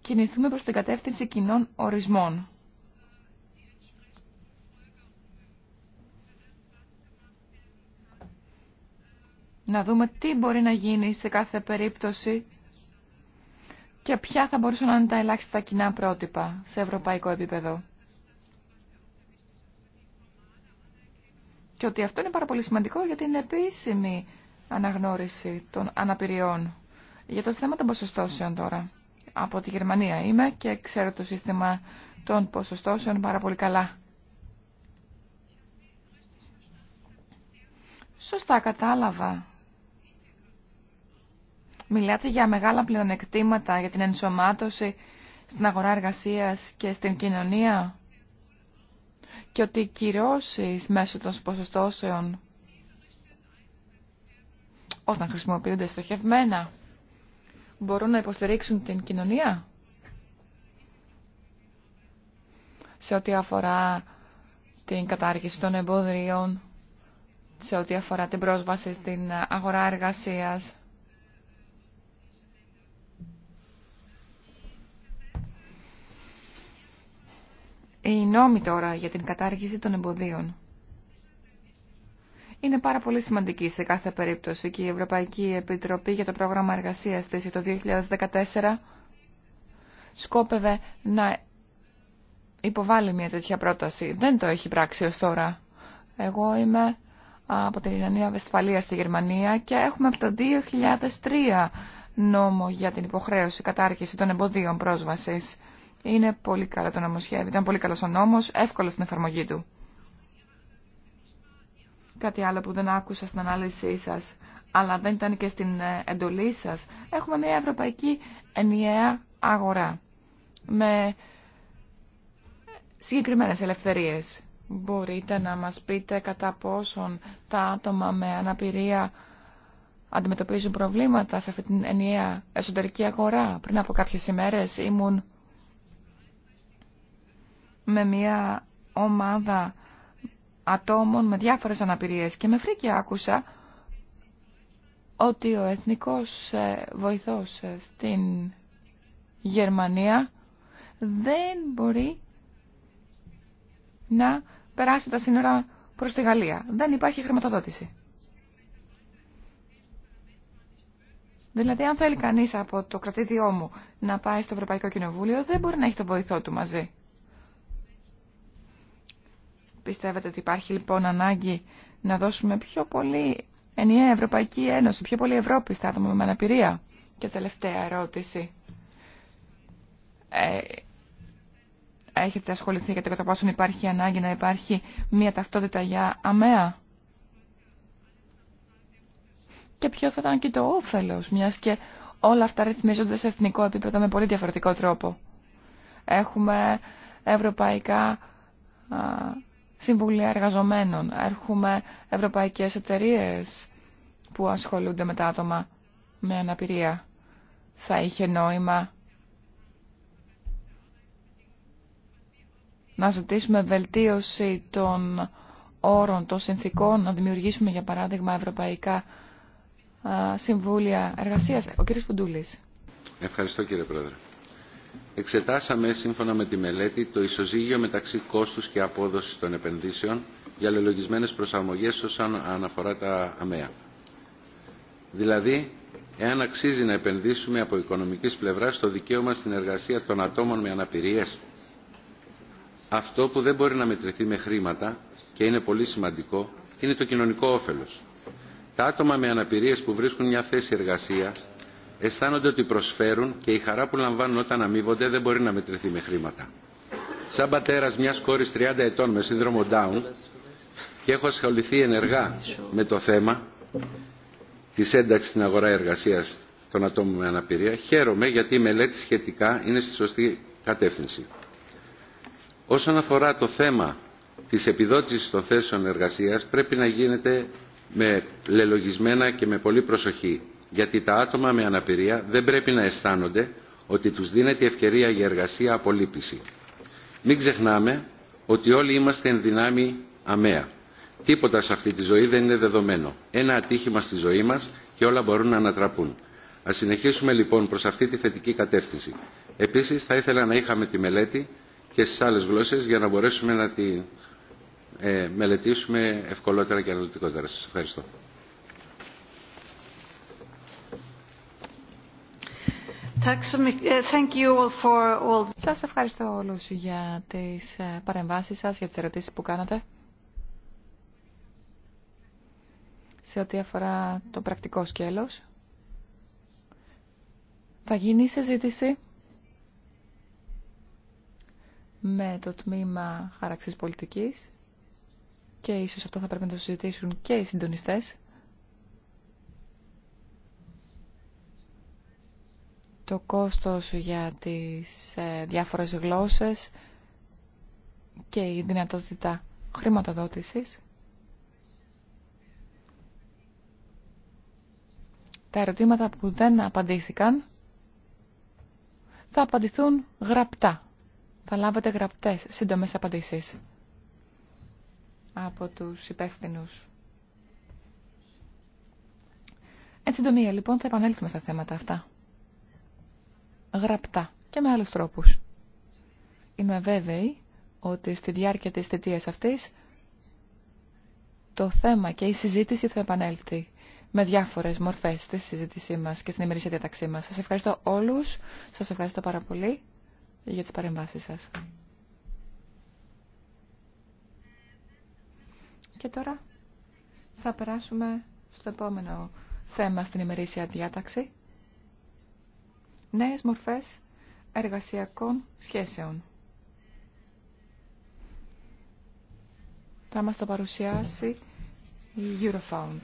κινηθούμε προς την κατεύθυνση κοινών ορισμών. Να δούμε τι μπορεί να γίνει σε κάθε περίπτωση και ποια θα μπορούσαν να είναι τα ελάχιστα κοινά πρότυπα σε ευρωπαϊκό επίπεδο. Και ότι αυτό είναι πάρα πολύ σημαντικό γιατί είναι επίσημη αναγνώριση των αναπηριών. Για το θέμα των ποσοστώσεων τώρα. Από τη Γερμανία είμαι και ξέρω το σύστημα των ποσοστώσεων πάρα πολύ καλά. Σωστά κατάλαβα. Μιλάτε για μεγάλα πλεονεκτήματα για την ενσωμάτωση στην αγορά εργασίας και στην κοινωνία και ότι οι κυρώσεις μέσω των ποσοστώσεων όταν χρησιμοποιούνται στοχευμένα, μπορούν να υποστηρίξουν την κοινωνία σε ό,τι αφορά την κατάργηση των εμποδιών, σε ό,τι αφορά την πρόσβαση στην αγορά εργασίας. Η νόμοι τώρα για την κατάργηση των εμποδίων είναι πάρα πολύ σημαντική σε κάθε περίπτωση και η Ευρωπαϊκή Επιτροπή για το πρόγραμμα εργασίας της το 2014 σκόπευε να υποβάλει μια τέτοια πρόταση. Δεν το έχει πράξει ως τώρα. Εγώ είμαι από την Ινανία Βεσφαλία στη Γερμανία και έχουμε από το 2003 νόμο για την υποχρέωση κατάρχηση των εμποδίων πρόσβασης. Είναι πολύ καλό το νομοσχέδιο. Ήταν πολύ καλός ο νόμος, εύκολο στην εφαρμογή του. Κάτι άλλο που δεν άκουσα στην ανάλυση σας, αλλά δεν ήταν και στην ε, εντολή σας. Έχουμε μια ευρωπαϊκή ενιαία αγορά με συγκεκριμένες ελευθερίες. Μπορείτε να μας πείτε κατά πόσον τα άτομα με αναπηρία αντιμετωπίζουν προβλήματα σε αυτή την ενιαία εσωτερική αγορά. Πριν από κάποιες ημέρες ήμουν με μια ομάδα ατόμων με διάφορες αναπηρίες και με φρίκη άκουσα ότι ο εθνικός ε, βοηθός ε, στην Γερμανία δεν μπορεί να περάσει τα σύνορα προς τη Γαλλία. Δεν υπάρχει χρηματοδότηση. Δηλαδή, αν θέλει κανείς από το κρατήδιό μου να πάει στο Ευρωπαϊκό Κοινοβούλιο, δεν μπορεί να έχει τον βοηθό του μαζί. Πιστεύετε ότι υπάρχει λοιπόν ανάγκη να δώσουμε πιο πολύ ενιαία Ευρωπαϊκή Ένωση, πιο πολύ Ευρώπη στα άτομα με αναπηρία. Και τελευταία ερώτηση. Ε, έχετε ασχοληθεί για το κατά πόσον υπάρχει ανάγκη να υπάρχει μία ταυτότητα για αμαία. Και ποιο θα ήταν και το όφελος, μιας και όλα αυτά ρυθμίζονται σε εθνικό επίπεδο με πολύ διαφορετικό τρόπο. Έχουμε ευρωπαϊκά συμβουλία εργαζομένων. Έχουμε ευρωπαϊκές εταιρείες που ασχολούνται με τα άτομα με αναπηρία. Θα είχε νόημα να ζητήσουμε βελτίωση των όρων, των συνθήκων, να δημιουργήσουμε για παράδειγμα ευρωπαϊκά συμβούλια εργασίας. Ο κύριος Φουντούλης. Ευχαριστώ κύριε Πρόεδρε εξετάσαμε σύμφωνα με τη μελέτη το ισοζύγιο μεταξύ κόστους και απόδοσης των επενδύσεων για λελογισμένες προσαρμογές όσον αναφορά τα αμαία. Δηλαδή, εάν αξίζει να επενδύσουμε από οικονομικής πλευράς στο δικαίωμα στην εργασία των ατόμων με αναπηρίες. Αυτό που δεν μπορεί να μετρηθεί με χρήματα και είναι πολύ σημαντικό είναι το κοινωνικό όφελος. Τα άτομα με αναπηρίες που βρίσκουν μια θέση εργασίας αισθάνονται ότι προσφέρουν και η χαρά που λαμβάνουν όταν αμείβονται δεν μπορεί να μετρηθεί με χρήματα. Σαν πατέρα μια κόρη 30 ετών με σύνδρομο Down και έχω ασχοληθεί ενεργά με το θέμα τη ένταξη στην αγορά εργασία των ατόμων με αναπηρία, χαίρομαι γιατί η μελέτη σχετικά είναι στη σωστή κατεύθυνση. Όσον αφορά το θέμα τη επιδότηση των θέσεων εργασία πρέπει να γίνεται με λελογισμένα και με πολύ προσοχή γιατί τα άτομα με αναπηρία δεν πρέπει να αισθάνονται ότι τους δίνεται ευκαιρία για εργασία από Μην ξεχνάμε ότι όλοι είμαστε εν δυνάμει αμαία. Τίποτα σε αυτή τη ζωή δεν είναι δεδομένο. Ένα ατύχημα στη ζωή μας και όλα μπορούν να ανατραπούν. Ας συνεχίσουμε λοιπόν προς αυτή τη θετική κατεύθυνση. Επίσης θα ήθελα να είχαμε τη μελέτη και στις άλλες γλώσσες για να μπορέσουμε να τη ε, μελετήσουμε ευκολότερα και αναλυτικότερα. Σας ευχαριστώ. Σας ευχαριστώ όλους για τις ε, παρεμβάσεις σας, για τις ερωτήσεις που κάνατε. Σε ό,τι αφορά το πρακτικό σκέλος, θα γίνει συζήτηση με το τμήμα χαραξής πολιτικής και ίσως αυτό θα πρέπει να το συζητήσουν και οι συντονιστές. το κόστος για τις ε, διάφορες γλώσσες και η δυνατότητα χρηματοδότησης. Τα ερωτήματα που δεν απαντήθηκαν θα απαντηθούν γραπτά. Θα λάβετε γραπτές, σύντομες απαντήσεις από τους υπεύθυνου. Εν συντομία, λοιπόν, θα επανέλθουμε στα θέματα αυτά γραπτά και με άλλους τρόπους. Είμαι βέβαιη ότι στη διάρκεια της θητείας αυτής το θέμα και η συζήτηση θα επανέλθει με διάφορες μορφές στη συζήτησή μας και στην ημερήσια διαταξή μας. Σας ευχαριστώ όλους, σας ευχαριστώ πάρα πολύ για τις παρεμβάσεις σας. Και τώρα θα περάσουμε στο επόμενο θέμα στην ημερήσια διάταξη νέες μορφές εργασιακών σχέσεων. Θα μας το παρουσιάσει η Eurofound.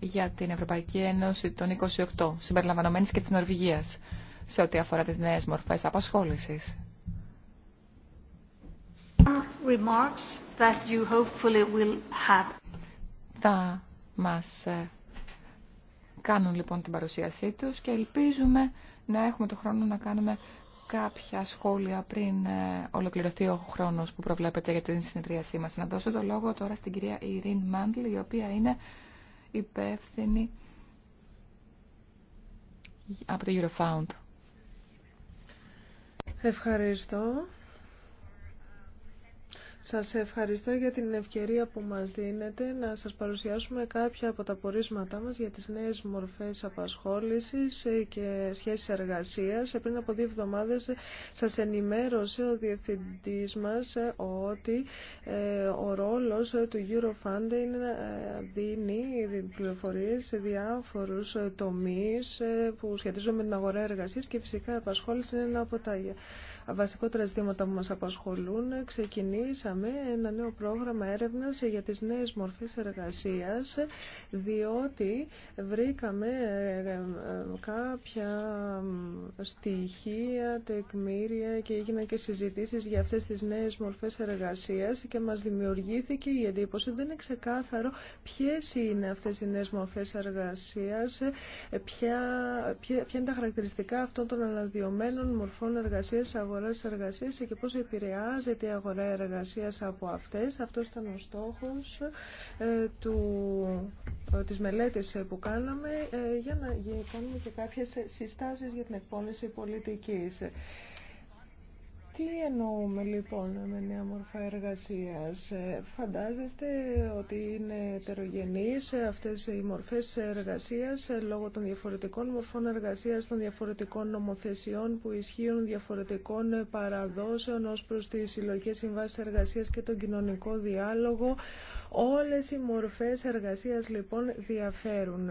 για την Ευρωπαϊκή Ένωση των 28, συμπεριλαμβανομένης και της Νορβηγίας, σε ό,τι αφορά τις νέες μορφές απασχόλησης. Θα μας ε, κάνουν λοιπόν την παρουσίασή τους και ελπίζουμε να έχουμε το χρόνο να κάνουμε κάποια σχόλια πριν ε, ολοκληρωθεί ο χρόνος που προβλέπεται για την συνεδρίασή μας. Να δώσω το λόγο τώρα στην κυρία Ειρήν Μάντλ, η οποία είναι υπεύθυνη από το Eurofound. Ευχαριστώ. Σας ευχαριστώ για την ευκαιρία που μας δίνετε να σας παρουσιάσουμε κάποια από τα πορίσματά μας για τις νέες μορφές απασχόλησης και σχέσεις εργασίας. Πριν από δύο εβδομάδες σας ενημέρωσε ο διευθυντής μας ότι ε, ο ρόλος του Eurofund ε, δίνει πληροφορίες σε διάφορους τομείς ε, που σχετίζονται με την αγορά εργασίας και φυσικά η απασχόληση είναι ένα από τα βασικότερα ζητήματα που μας απασχολούν, ξεκινήσαμε ένα νέο πρόγραμμα έρευνας για τις νέες μορφές εργασίας, διότι βρήκαμε ε, ε, κάποια στοιχεία, τεκμήρια και έγιναν και συζητήσεις για αυτές τις νέες μορφές εργασίας και μας δημιουργήθηκε η εντύπωση δεν είναι ξεκάθαρο ποιες είναι αυτές οι νέες μορφές εργασίας, ε, ποια, ποια, είναι τα χαρακτηριστικά αυτών των αναδειωμένων μορφών εργασίας εργασίας και πώς επηρεάζεται η αγορά εργασίας από αυτές. Αυτό ήταν ο στόχος ε, του, ε, της μελέτης που κάναμε ε, για να κάνουμε και κάποιες συστάσεις για την εκπόνηση πολιτικής. Τι εννοούμε λοιπόν με νέα μορφά εργασίας. Ε, φαντάζεστε ότι είναι ετερογενείς αυτές οι μορφές εργασίας ε, λόγω των διαφορετικών μορφών εργασίας, των διαφορετικών νομοθεσιών που ισχύουν, διαφορετικών ε, παραδόσεων ως προς τις συλλογικέ συμβάσεις εργασίας και τον κοινωνικό διάλογο. Όλες οι μορφές εργασίας λοιπόν διαφέρουν.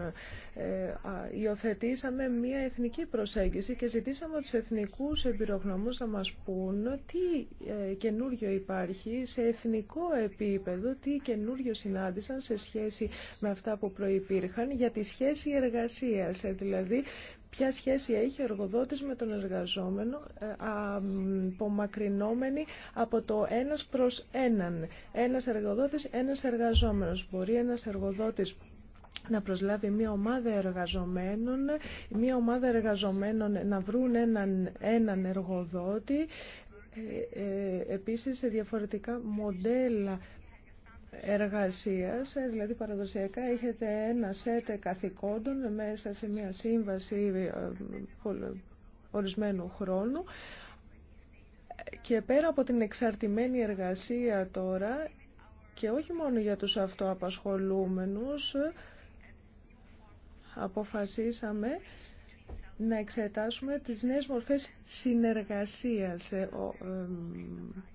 υιοθετήσαμε μια εθνική προσέγγιση και ζητήσαμε τους εθνικούς εμπειρογνωμούς να μας πούν δουν τι ε, καινούριο υπάρχει σε εθνικό επίπεδο, τι καινούριο συνάντησαν σε σχέση με αυτά που προϋπήρχαν για τη σχέση εργασίας, ε, δηλαδή ποια σχέση έχει ο εργοδότης με τον εργαζόμενο ε, απομακρυνόμενη από το ένας προς έναν. Ένας εργοδότης, ένας εργαζόμενος. Μπορεί ένας εργοδότης να προσλάβει μια ομάδα εργαζομένων, μια ομάδα εργαζομένων να βρουν έναν, έναν εργοδότη ε, ε, επίσης σε διαφορετικά μοντέλα εργασίας, ε, δηλαδή παραδοσιακά έχετε ένα σετ καθηκόντων μέσα σε μια σύμβαση ορισμένου χρόνου και πέρα από την εξαρτημένη εργασία τώρα και όχι μόνο για τους αυτοαπασχολούμενους αποφασίσαμε να εξετάσουμε τις νέες μορφές συνεργασίας, ε,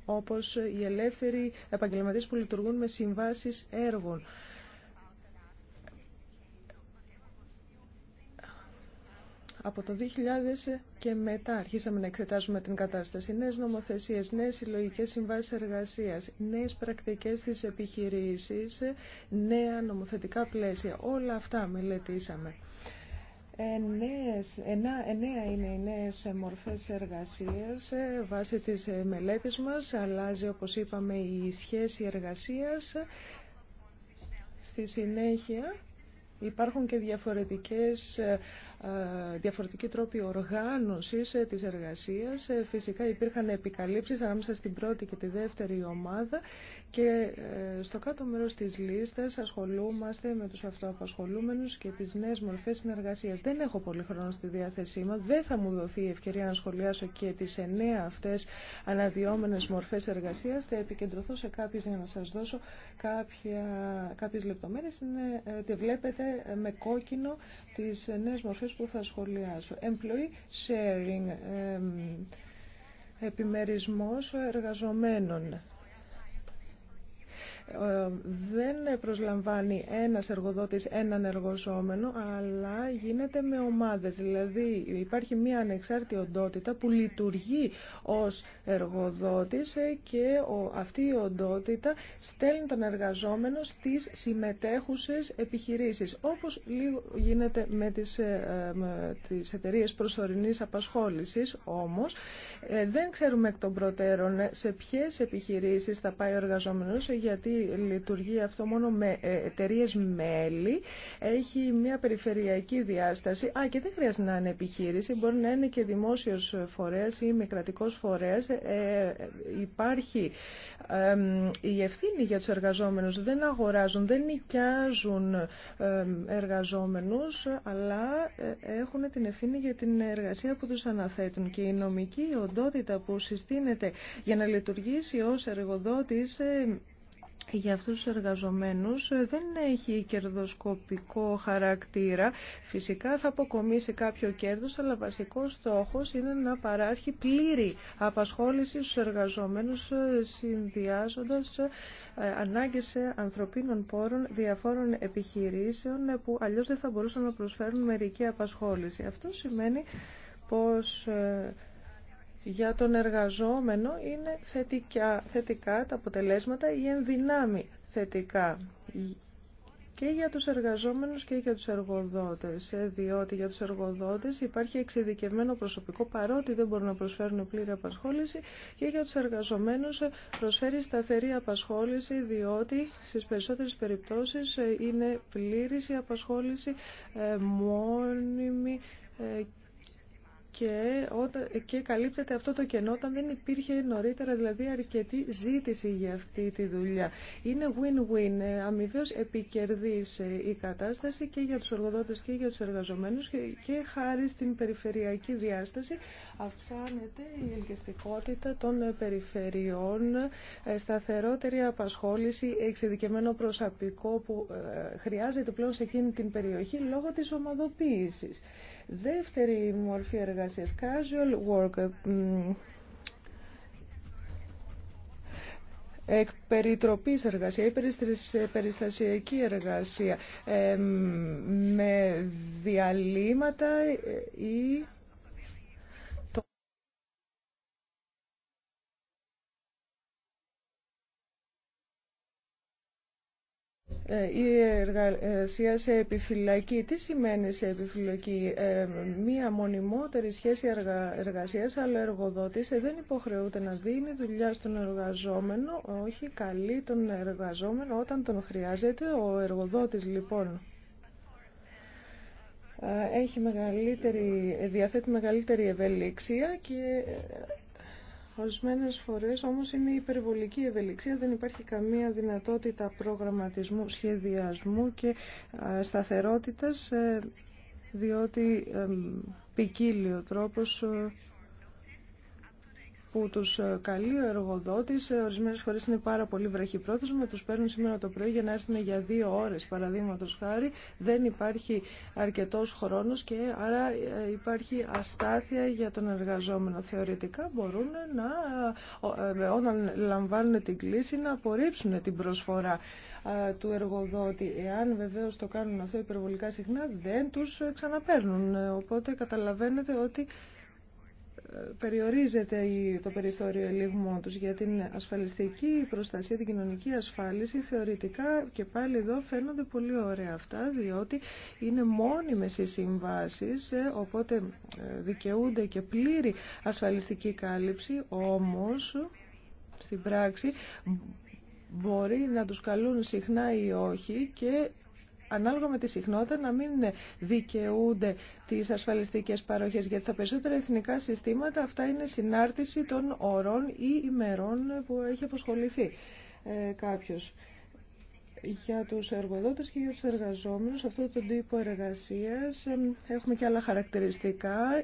όπως οι ελεύθεροι επαγγελματίες που λειτουργούν με συμβάσεις έργων. από το 2000 και μετά αρχίσαμε να εξετάζουμε την κατάσταση. Νέες νομοθεσίες, νέες συλλογικέ συμβάσεις εργασίας, νέες πρακτικές στις επιχειρήσεις, νέα νομοθετικά πλαίσια. Όλα αυτά μελετήσαμε είναι οι νέες μορφές εργασίας. Ε, βάσει της ε, μελέτης μας αλλάζει, όπως είπαμε, η σχέση εργασίας. Στη συνέχεια υπάρχουν και διαφορετικές ε, ε, διαφορετικοί τρόποι οργάνωσης ε, της εργασίας. Ε, φυσικά υπήρχαν επικαλύψεις ανάμεσα στην πρώτη και τη δεύτερη ομάδα και στο κάτω μέρος της λίστας ασχολούμαστε με τους αυτοαπασχολούμενους και τις νέες μορφές συνεργασίας. Δεν έχω πολύ χρόνο στη διάθεσή μου, δεν θα μου δοθεί η ευκαιρία να σχολιάσω και τις εννέα αυτές αναδυόμενες μορφές εργασίας. Θα επικεντρωθώ σε κάποιες για να σας δώσω κάποιε κάποιες λεπτομέρειες. βλέπετε με κόκκινο τις νέες μορφές που θα σχολιάσω. Employee sharing, επιμερισμό επιμερισμός εργαζομένων δεν προσλαμβάνει ένας εργοδότης έναν εργοζόμενο, αλλά γίνεται με ομάδες. Δηλαδή υπάρχει μια ανεξάρτητη οντότητα που λειτουργεί ως εργοδότης και αυτή η οντότητα στέλνει τον εργαζόμενο στις συμμετέχουσες επιχειρήσεις, όπως λίγο γίνεται με τις, ε, με τις εταιρείες προσωρινής απασχόλησης, όμως ε, δεν ξέρουμε εκ των προτέρων σε ποιες επιχειρήσεις θα πάει ο εργαζόμενος, γιατί λειτουργεί αυτό μόνο με ε, εταιρείε μέλη. Έχει μια περιφερειακή διάσταση. Α, και δεν χρειάζεται να είναι επιχείρηση. Μπορεί να είναι και δημόσιο φορέα ή με κρατικό φορέα. Ε, ε, υπάρχει η ευθύνη για του εργαζόμενου. Δεν αγοράζουν, δεν νοικιάζουν εργαζόμενου, αλλά ε, έχουν την ευθύνη για την εργασία που του αναθέτουν. Και η νομική οντότητα που συστήνεται για να λειτουργήσει ω εργοδότη για αυτούς τους εργαζομένους ε, δεν έχει κερδοσκοπικό χαρακτήρα. Φυσικά θα αποκομίσει κάποιο κέρδος, αλλά βασικό στόχος είναι να παράσχει πλήρη απασχόληση στους εργαζομένους ε, συνδυάζοντας ε, ανάγκες ανθρωπίνων πόρων διαφόρων επιχειρήσεων που αλλιώς δεν θα μπορούσαν να προσφέρουν μερική απασχόληση. Αυτό σημαίνει πως για τον εργαζόμενο είναι θετικά, θετικά τα αποτελέσματα ή ενδυνάμει θετικά και για τους εργαζόμενους και για τους εργοδότες, ε, διότι για τους εργοδότες υπάρχει εξειδικευμένο προσωπικό παρότι δεν μπορούν να προσφέρουν πλήρη απασχόληση και για τους εργαζομένους ε, προσφέρει σταθερή απασχόληση διότι στις περισσότερες περιπτώσεις ε, είναι πλήρης απασχόληση μόνιμη και, καλύπτεται αυτό το κενό όταν δεν υπήρχε νωρίτερα δηλαδή αρκετή ζήτηση για αυτή τη δουλειά. Είναι win-win, ε, αμοιβαίως επικερδής η κατάσταση και για τους εργοδότες και για τους εργαζομένους και, χάρη στην περιφερειακή διάσταση αυξάνεται η ελκυστικότητα των περιφερειών, ε, σταθερότερη απασχόληση, εξειδικεμένο προσαπικό που ε, χρειάζεται πλέον σε εκείνη την περιοχή λόγω της ομαδοποίησης. Δεύτερη μορφή εργασίας, casual work, ε, εκπεριτροπής εργασία ή ε, περιστασιακή εργασία ε, με διαλύματα ή η εργασία σε επιφυλακή. Τι σημαίνει σε επιφυλακή. Ε, μία μονιμότερη σχέση εργασίας, αλλά ο εργοδότης ε, δεν υποχρεούται να δίνει δουλειά στον εργαζόμενο, όχι καλεί τον εργαζόμενο όταν τον χρειάζεται. Ο εργοδότης λοιπόν ε, έχει μεγαλύτερη, διαθέτει μεγαλύτερη ευελιξία και Ορισμένες φορές όμως είναι υπερβολική ευελιξία, δεν υπάρχει καμία δυνατότητα προγραμματισμού, σχεδιασμού και σταθερότητας, ε, διότι ποικίλει ο τρόπος ε, που του ε, καλεί ο εργοδότης, ε, ορισμένες φορές είναι πάρα πολύ βραχυπρόθεσμα, τους παίρνουν σήμερα το πρωί για να έρθουν για δύο ώρε. παραδείγματο χάρη, δεν υπάρχει αρκετός χρόνος και άρα ε, υπάρχει αστάθεια για τον εργαζόμενο. Θεωρητικά μπορούν να, όταν λαμβάνουν την κλίση, να απορρίψουν την προσφορά του εργοδότη. Εάν βεβαίω το κάνουν αυτό υπερβολικά συχνά, δεν του ξαναπέρνουν. Οπότε καταλαβαίνετε ότι περιορίζεται το περιθώριο ελιγμών τους για την ασφαλιστική προστασία, την κοινωνική ασφάλιση θεωρητικά και πάλι εδώ φαίνονται πολύ ωραία αυτά διότι είναι μόνιμες οι συμβάσεις ε, οπότε ε, δικαιούνται και πλήρη ασφαλιστική κάλυψη όμως στην πράξη μπορεί να τους καλούν συχνά ή όχι και ανάλογα με τη συχνότητα να μην δικαιούνται τις ασφαλιστικές παροχές γιατί τα περισσότερα εθνικά συστήματα αυτά είναι συνάρτηση των ωρών ή ημερών που έχει αποσχοληθεί ε, κάποιος για τους εργοδότες και για τους εργαζόμενους αυτό το τύπο εργασίας έχουμε και άλλα χαρακτηριστικά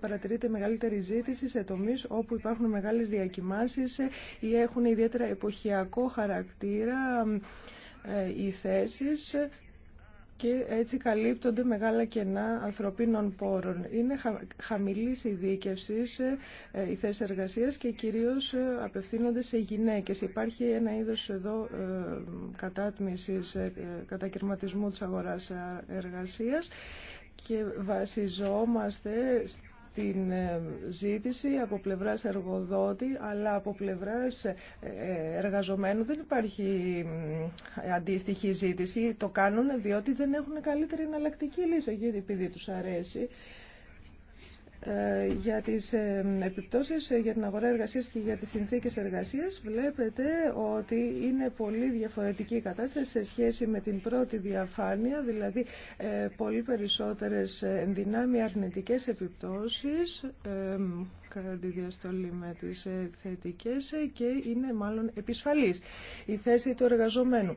παρατηρείται μεγαλύτερη ζήτηση σε τομείς όπου υπάρχουν μεγάλες διακοιμάνσεις ή έχουν ιδιαίτερα εποχιακό χαρακτήρα ε, οι θέσεις και έτσι καλύπτονται μεγάλα κενά ανθρωπίνων πόρων. Είναι χαμηλής η ε, θέση εργασίας και κυρίως ε, απευθύνονται σε γυναίκες. Υπάρχει ένα είδος εδώ ε, κατάτμησης, κατακαιρματισμού της αγοράς εργασίας και βασιζόμαστε την ε, ζήτηση από πλευράς εργοδότη αλλά από πλευράς ε, εργαζομένου δεν υπάρχει αντίστοιχη ζήτηση. Το κάνουν διότι δεν έχουν καλύτερη εναλλακτική λύση, επειδή τους αρέσει. Ε, για τις ε, επιπτώσεις ε, για την αγορά εργασίας και για τις συνθήκες εργασίας βλέπετε ότι είναι πολύ διαφορετική η κατάσταση σε σχέση με την πρώτη διαφάνεια, δηλαδή πολύ περισσότερες ενδυνάμει αρνητικές επιπτώσεις κατά τη διαστολή με τις θετικές και είναι μάλλον επισφαλής η θέση του εργαζομένου.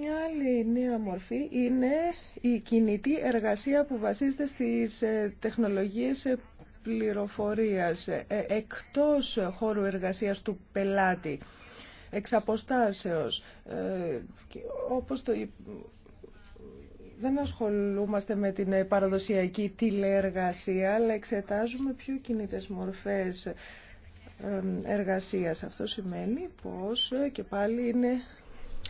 Μια άλλη νέα μορφή είναι η κινητή εργασία που βασίζεται στις ε, τεχνολογίες ε, πληροφορίας ε, εκτός χώρου εργασίας του πελάτη, εξ αποστάσεως, όπως το... Δεν ασχολούμαστε με την παραδοσιακή τηλεεργασία, αλλά εξετάζουμε πιο κινητές μορφές εργασίας. Αυτό σημαίνει πως και πάλι είναι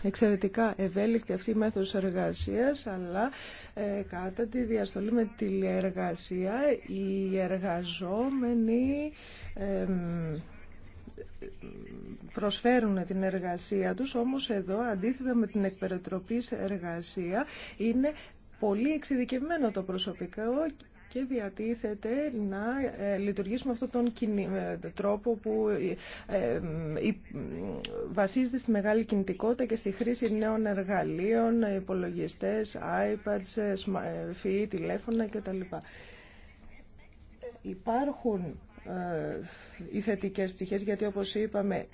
εξαιρετικά ευέλικτη αυτή η μέθοδος εργασίας, αλλά ε, κατά τη διαστολή με τη τηλεεργασία οι εργαζόμενοι ε, προσφέρουν την εργασία τους, όμως εδώ αντίθετα με την σε εργασία είναι πολύ εξειδικευμένο το προσωπικό και διατίθεται να ε, λειτουργήσουμε αυτόν τον ε, τρόπο που ε, βασίζεται στη μεγάλη κινητικότητα και στη χρήση νέων εργαλείων, υπολογιστές, iPads, FEE, τηλέφωνα κτλ. Υπάρχουν οι θετικές πτυχές γιατί όπως είπαμε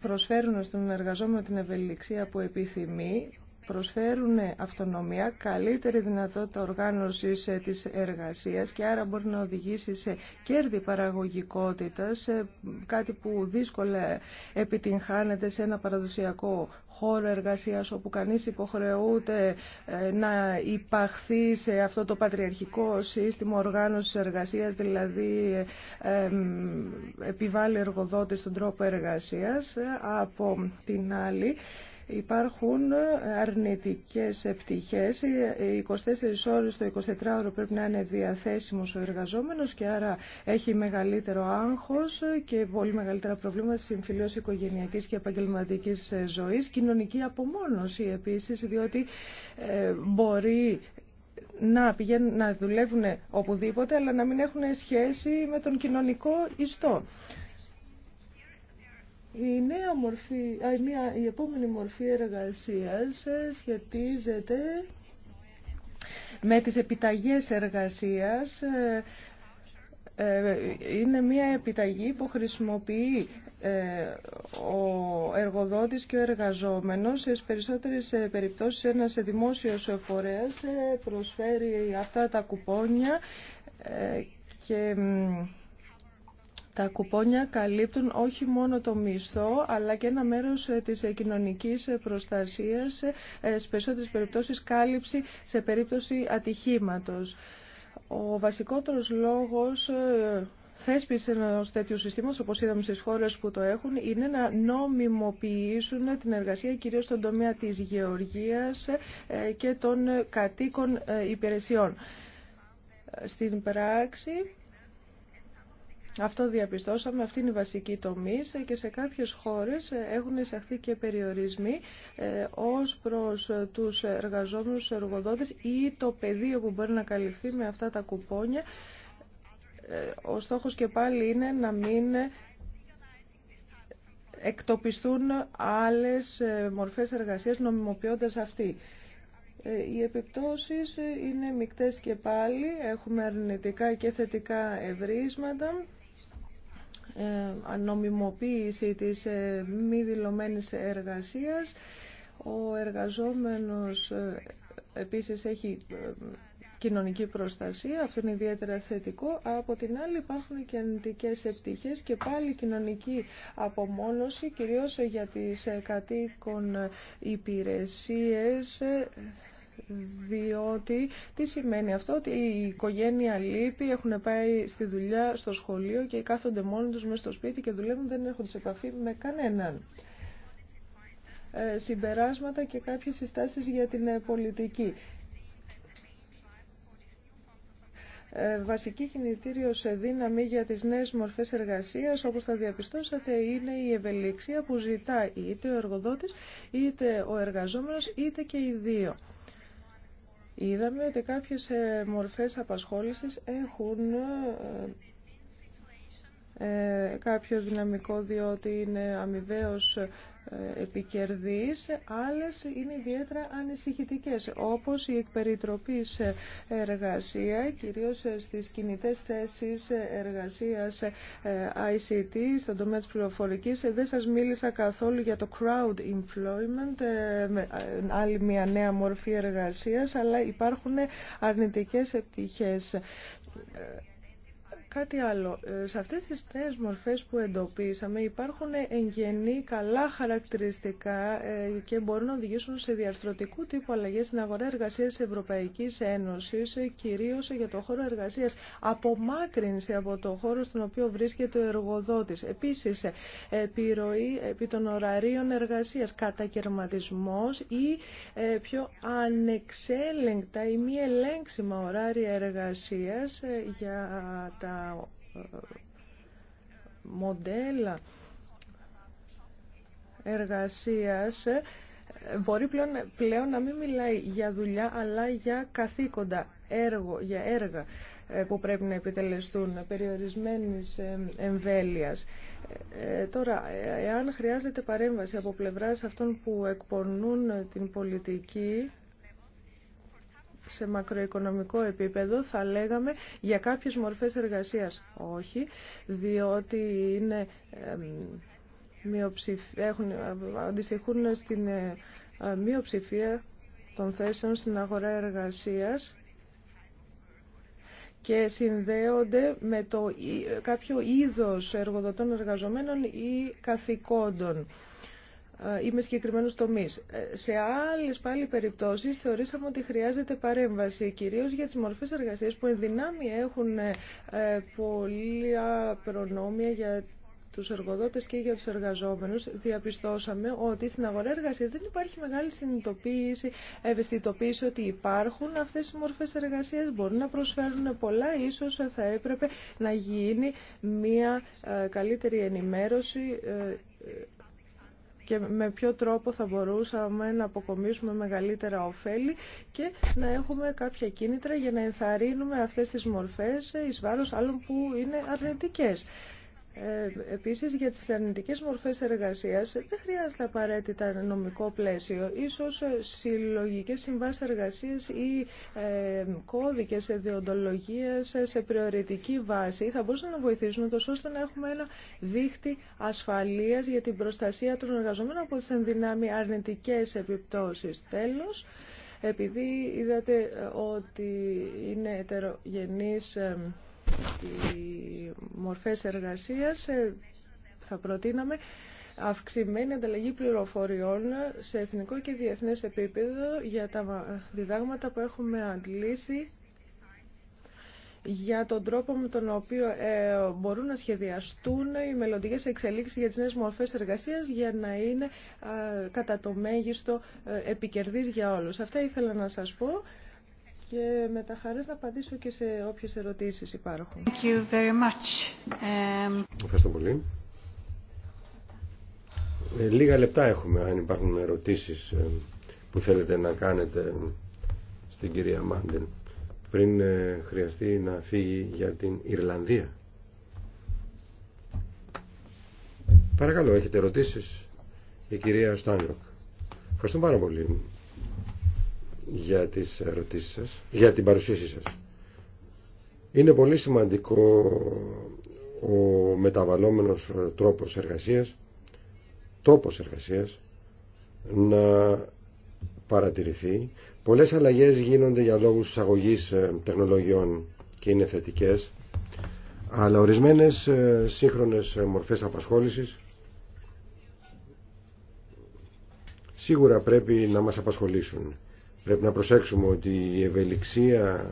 προσφέρουν στον εργαζόμενο την ευελιξία που επιθυμεί προσφέρουν αυτονομία, καλύτερη δυνατότητα οργάνωσης ε, της εργασίας και άρα μπορεί να οδηγήσει σε κέρδη παραγωγικότητας, ε, κάτι που δύσκολα επιτυγχάνεται σε ένα παραδοσιακό χώρο εργασίας όπου κανείς υποχρεούται ε, να υπαχθεί σε αυτό το πατριαρχικό σύστημα οργάνωσης εργασίας, δηλαδή επιβάλλει εργοδότη τον τρόπο εργασίας. Από την άλλη, Υπάρχουν αρνητικές επιτυχές. 24 ώρες το 24ωρο πρέπει να είναι διαθέσιμος ο εργαζόμενος και άρα έχει μεγαλύτερο άγχος και πολύ μεγαλύτερα προβλήματα στη συμφιλίωση οικογενειακής και επαγγελματικής ζωής. Κοινωνική απομόνωση επίσης, διότι ε, μπορεί να, πηγαίνουν, να δουλεύουν οπουδήποτε, αλλά να μην έχουν σχέση με τον κοινωνικό ιστό. Η, νέα μορφή, α, μια, η επόμενη μορφή εργασίας ε, σχετίζεται με τις επιταγές εργασίας. Ε, ε, είναι μια επιταγή που χρησιμοποιεί ο εργοδότης και ο εργαζόμενος σε περισσότερες περιπτώσεις ένας δημόσιος φορέας προσφέρει αυτά τα κουπόνια και τα κουπόνια καλύπτουν όχι μόνο το μισθό, αλλά και ένα μέρος ε, της ε, κοινωνικής ε, προστασίας, σε περισσότερες περιπτώσεις κάλυψη σε περίπτωση ατυχήματος. Ο βασικότερος λόγος θέσπιση ενό τέτοιου συστήματο, όπω είδαμε στι χώρε που το έχουν, είναι να νομιμοποιήσουν την εργασία κυρίω στον τομέα τη γεωργία και των κατοίκων υπηρεσιών. Στην πράξη, αυτό διαπιστώσαμε, αυτή είναι η βασική τομή και σε κάποιες χώρες έχουν εισαχθεί και περιορισμοί ε, ως προς τους εργαζόμενους εργοδότες ή το πεδίο που μπορεί να καλυφθεί με αυτά τα κουπόνια. Ε, ο στόχος και πάλι είναι να μην εκτοπιστούν άλλες ε, μορφές εργασίας νομιμοποιώντας αυτή. Οι επιπτώσεις είναι μικτές και πάλι, έχουμε αρνητικά και θετικά ευρίσματα. Ε, νομιμοποίηση της ε, μη δηλωμένης εργασίας. Ο εργαζόμενος ε, επίσης έχει κοινωνική προστασία, αυτό είναι ιδιαίτερα θετικό. Από την άλλη υπάρχουν και αρνητικέ επιτυχίες και πάλι κοινωνική απομόνωση, κυρίως για τις κατοίκων υπηρεσίες, διότι τι σημαίνει αυτό ότι η οικογένεια λείπει, έχουν πάει στη δουλειά, στο σχολείο και κάθονται μόνοι τους μέσα στο σπίτι και δουλεύουν, δεν έχουν σε επαφή με κανέναν. Ε, συμπεράσματα και κάποιες συστάσεις για την ε, πολιτική. Ε, βασική κινητήριο σε δύναμη για τις νέες μορφές εργασίας, όπως θα διαπιστώσατε, είναι η ευελιξία που ζητάει είτε ο εργοδότης, είτε ο εργαζόμενος, είτε και οι δύο είδαμε ότι κάποιες ε, μορφές απασχόλησης έχουν ε, ε, κάποιο δυναμικό διότι είναι αμοιβαίως ε, επικερδείς, άλλες είναι ιδιαίτερα ανησυχητικές, όπως η σε εργασία, κυρίως στις κινητές θέσεις εργασίας ε, ICT, στον τομέα της πληροφορικής. Δεν σας μίλησα καθόλου για το crowd employment, ε, άλλη μια νέα μορφή εργασίας, αλλά υπάρχουν αρνητικές επιτυχίες Κάτι άλλο. Ε, σε αυτές τις νέε μορφές που εντοπίσαμε υπάρχουν εγγενή καλά χαρακτηριστικά ε, και μπορούν να οδηγήσουν σε διαρθρωτικού τύπου αλλαγές στην αγορά εργασίας της Ευρωπαϊκής Ένωσης, ε, κυρίως για το χώρο εργασίας. Απομάκρυνση από το χώρο στον οποίο βρίσκεται ο εργοδότης. Επίσης, επιρροή επί των ωραρίων εργασίας, κατακαιρματισμός ή πιο ανεξέλεγκτα ή μη ελέγξιμα ωράρια εργασίας για τα μοντέλα εργασίας ε, μπορεί πλέον, να μην μιλάει για δουλειά αλλά για καθήκοντα, έργο, για έργα ε, που πρέπει να επιτελεστούν περιορισμένης ε, εμβέλειας. Τώρα, εάν χρειάζεται παρέμβαση από πλευράς αυτών που εκπονούν την πολιτική σε μακροοικονομικό επίπεδο θα λέγαμε για κάποιες μορφές εργασίας όχι, διότι είναι, έχουν, αντιστοιχούν στην ε, ε, μειοψηφία των θέσεων στην αγορά εργασίας και συνδέονται με το ε, κάποιο είδος εργοδοτών εργαζομένων ή καθηκόντων. Ε, ή με συγκεκριμένου τομεί. Ε, σε άλλε πάλι περιπτώσει θεωρήσαμε ότι χρειάζεται παρέμβαση, κυρίω για τι μορφέ εργασία που ενδυνάμει έχουν ε, πολλά προνόμια για τους εργοδότες και για τους εργαζόμενους διαπιστώσαμε ότι στην αγορά εργασίας δεν υπάρχει μεγάλη συνειδητοποίηση, ευαισθητοποίηση ότι υπάρχουν αυτές οι μορφές εργασία μπορούν να προσφέρουν πολλά, ίσως θα έπρεπε να γίνει μια καλύτερη ενημέρωση και με ποιο τρόπο θα μπορούσαμε να αποκομίσουμε μεγαλύτερα ωφέλη και να έχουμε κάποια κίνητρα για να ενθαρρύνουμε αυτές τις μορφές εις βάρος άλλων που είναι αρνητικές. Ε, επίσης για τις αρνητικές μορφές εργασίας δεν χρειάζεται απαραίτητα νομικό πλαίσιο. Ίσως ε, συλλογικές συμβάσεις εργασίας ή ε, κώδικες σε προαιρετική βάση θα μπορούσαν να βοηθήσουν τόσο ώστε να έχουμε ένα δίχτυ ασφαλείας για την προστασία των εργαζομένων από τις ενδυνάμει αρνητικές επιπτώσεις. Τέλος, επειδή είδατε ε, ότι είναι ετερογενής οι μορφές εργασίας ε, θα προτείναμε αυξημένη ανταλλαγή πληροφοριών σε εθνικό και διεθνές επίπεδο για τα διδάγματα που έχουμε αντλήσει για τον τρόπο με τον οποίο ε, μπορούν να σχεδιαστούν οι μελλοντικές εξελίξεις για τις νέες μορφές εργασίας για να είναι κατά το μέγιστο ε, επικερδής για όλους. Αυτά ήθελα να σας πω και με τα χαρές να απαντήσω και σε όποιες ερωτήσεις υπάρχουν. Thank you very much. Ευχαριστώ πολύ. Ε, λίγα λεπτά έχουμε αν υπάρχουν ερωτήσεις ε, που θέλετε να κάνετε στην κυρία Μάντεν πριν ε, χρειαστεί να φύγει για την Ιρλανδία. Παρακαλώ, έχετε ερωτήσεις η κυρία Στάνιοκ. Ευχαριστώ πάρα πολύ για τις ερωτήσεις σας, για την παρουσίασή σας. Είναι πολύ σημαντικό ο μεταβαλλόμενος τρόπος εργασίας, τόπος εργασίας, να παρατηρηθεί. Πολλές αλλαγές γίνονται για λόγους εισαγωγής ε, τεχνολογιών και είναι θετικές, αλλά ορισμένες ε, σύγχρονες ε, μορφές απασχόλησης σίγουρα πρέπει να μας απασχολήσουν. Πρέπει να προσέξουμε ότι η ευελιξία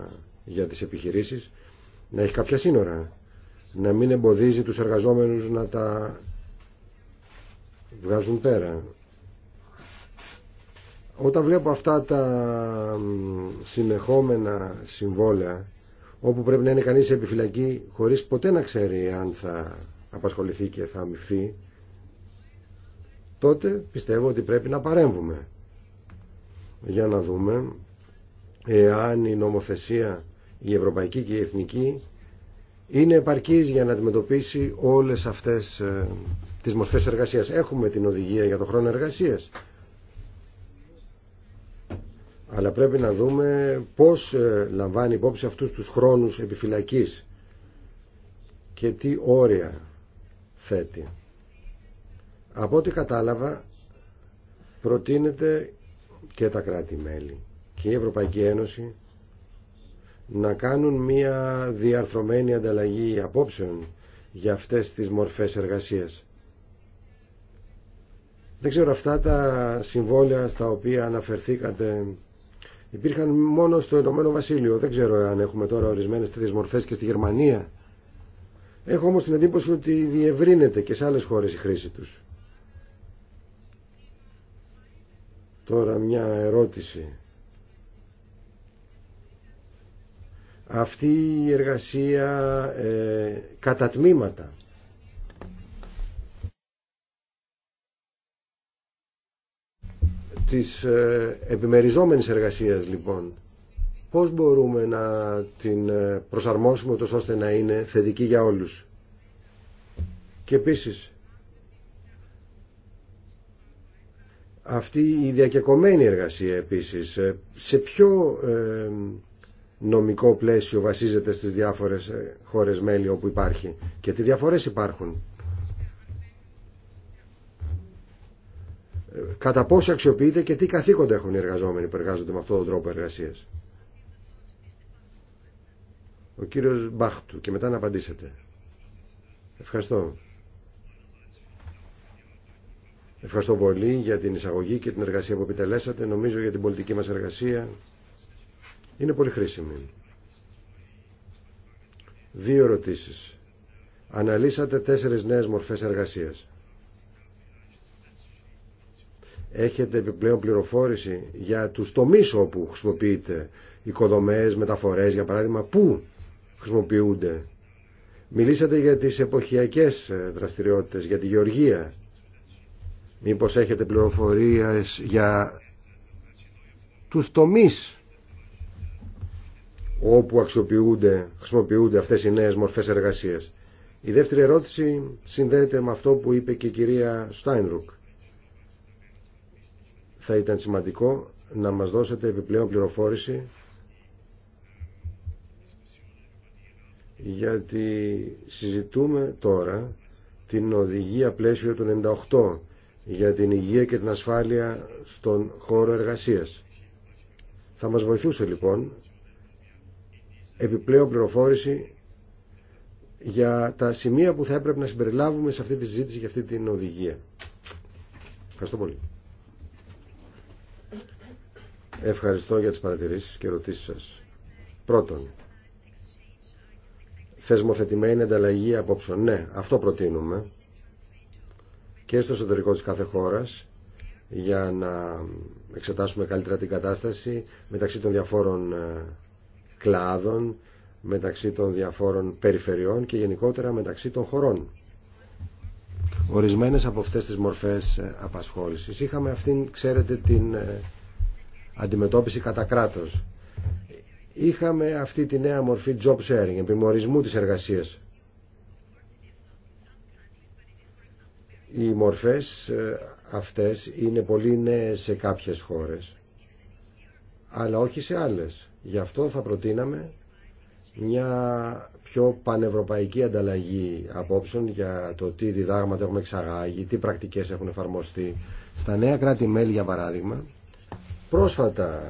για τις επιχειρήσεις να έχει κάποια σύνορα. Να μην εμποδίζει τους εργαζόμενους να τα βγάζουν πέρα. Όταν βλέπω αυτά τα συνεχόμενα συμβόλαια όπου πρέπει να είναι κανείς σε επιφυλακή χωρίς ποτέ να ξέρει αν θα απασχοληθεί και θα αμυφθεί τότε πιστεύω ότι πρέπει να παρέμβουμε για να δούμε εάν η νομοθεσία η ευρωπαϊκή και η εθνική είναι επαρκής για να αντιμετωπίσει όλες αυτές ε, τις μορφές εργασίας. Έχουμε την οδηγία για το χρόνο εργασίας. Αλλά πρέπει να δούμε πώς ε, λαμβάνει υπόψη αυτούς τους χρόνους επιφυλακής και τι όρια θέτει. Από ό,τι κατάλαβα προτείνεται και τα κράτη-μέλη και η Ευρωπαϊκή Ένωση να κάνουν μια διαρθρωμένη ανταλλαγή απόψεων για αυτές τις μορφές εργασίας. Δεν ξέρω αυτά τα συμβόλαια στα οποία αναφερθήκατε υπήρχαν μόνο στο Ενωμένο Βασίλειο. Δεν ξέρω αν έχουμε τώρα ορισμένες τέτοιες μορφές και στη Γερμανία. Έχω όμως την εντύπωση ότι διευρύνεται και σε άλλες χώρες η χρήση τους. Τώρα μια ερώτηση. Αυτή η εργασία ε, κατά τμήματα της ε, επιμεριζόμενης εργασίας λοιπόν πώς μπορούμε να την ε, προσαρμόσουμε τόσο ώστε να είναι θετική για όλους. Και επίσης αυτή η διακεκομένη εργασία επίσης ε, σε ποιο ε, νομικό πλαίσιο βασίζεται στις διάφορες ε, χώρες μέλη όπου υπάρχει και τι διαφορές υπάρχουν. Κατά πόσο αξιοποιείται και τι καθήκοντα έχουν οι εργαζόμενοι που εργάζονται με αυτόν τον τρόπο εργασίας. Ο κύριος Μπάχτου και μετά να απαντήσετε. Ευχαριστώ. Ευχαριστώ πολύ για την εισαγωγή και την εργασία που επιτελέσατε. Νομίζω για την πολιτική μας εργασία είναι πολύ χρήσιμη. Δύο ερωτήσεις. Αναλύσατε τέσσερις νέες μορφές εργασίας. Έχετε επιπλέον πληροφόρηση για τους τομείς όπου χρησιμοποιείτε οικοδομές, μεταφορές, για παράδειγμα, πού χρησιμοποιούνται. Μιλήσατε για τις εποχιακές δραστηριότητες, για τη γεωργία, Μήπως έχετε πληροφορίες για τους τομείς όπου αξιοποιούνται, χρησιμοποιούνται αυτές οι νέες μορφές εργασίας. Η δεύτερη ερώτηση συνδέεται με αυτό που είπε και η κυρία Στάινρουκ. Θα ήταν σημαντικό να μας δώσετε επιπλέον πληροφόρηση γιατί συζητούμε τώρα την οδηγία πλαίσιο του 98 για την υγεία και την ασφάλεια στον χώρο εργασίας. Θα μας βοηθούσε λοιπόν επιπλέον πληροφόρηση για τα σημεία που θα έπρεπε να συμπεριλάβουμε σε αυτή τη συζήτηση και αυτή την οδηγία. Ευχαριστώ πολύ. Ευχαριστώ για τις παρατηρήσεις και ερωτήσεις σας. Πρώτον, θεσμοθετημένη ανταλλαγή απόψεων. Ναι, αυτό προτείνουμε και στο εσωτερικό της κάθε χώρας για να εξετάσουμε καλύτερα την κατάσταση μεταξύ των διαφόρων ε, κλάδων, μεταξύ των διαφόρων περιφερειών και γενικότερα μεταξύ των χωρών. Ορισμένες από αυτές τις μορφές ε, απασχόλησης είχαμε αυτήν, ξέρετε, την ε, αντιμετώπιση κατά κράτος. Είχαμε αυτή τη νέα μορφή job sharing, επιμορισμού της εργασίας Οι μορφές ε, αυτές είναι πολύ νέες σε κάποιες χώρες, αλλά όχι σε άλλες. Γι' αυτό θα προτείναμε μια πιο πανευρωπαϊκή ανταλλαγή απόψεων για το τι διδάγματα έχουμε εξαγάγει, τι πρακτικές έχουν εφαρμοστεί. Στα νέα κράτη-μέλη, για παράδειγμα, πρόσφατα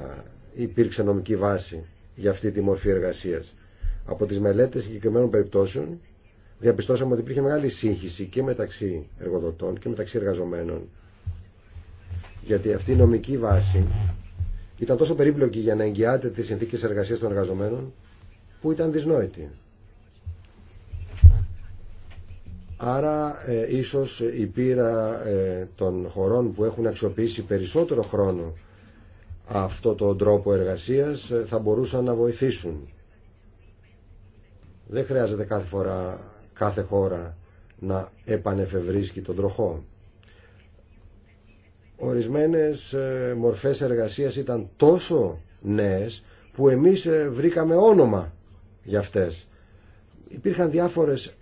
υπήρξε νομική βάση για αυτή τη μορφή εργασίας. Από τις μελέτες συγκεκριμένων περιπτώσεων διαπιστώσαμε ότι υπήρχε μεγάλη σύγχυση και μεταξύ εργοδοτών και μεταξύ εργαζομένων. Γιατί αυτή η νομική βάση ήταν τόσο περίπλοκη για να εγγυάται τις συνθήκες εργασίας των εργαζομένων που ήταν δυσνόητη. Άρα ε, ίσως η πείρα ε, των χωρών που έχουν αξιοποιήσει περισσότερο χρόνο αυτό τον τρόπο εργασίας ε, θα μπορούσαν να βοηθήσουν. Δεν χρειάζεται κάθε φορά κάθε χώρα να επανεφευρίσκει τον τροχό. Ορισμένες ε, μορφές εργασίας ήταν τόσο νέες που εμείς ε, βρήκαμε όνομα για αυτές. Υπήρχαν διάφορες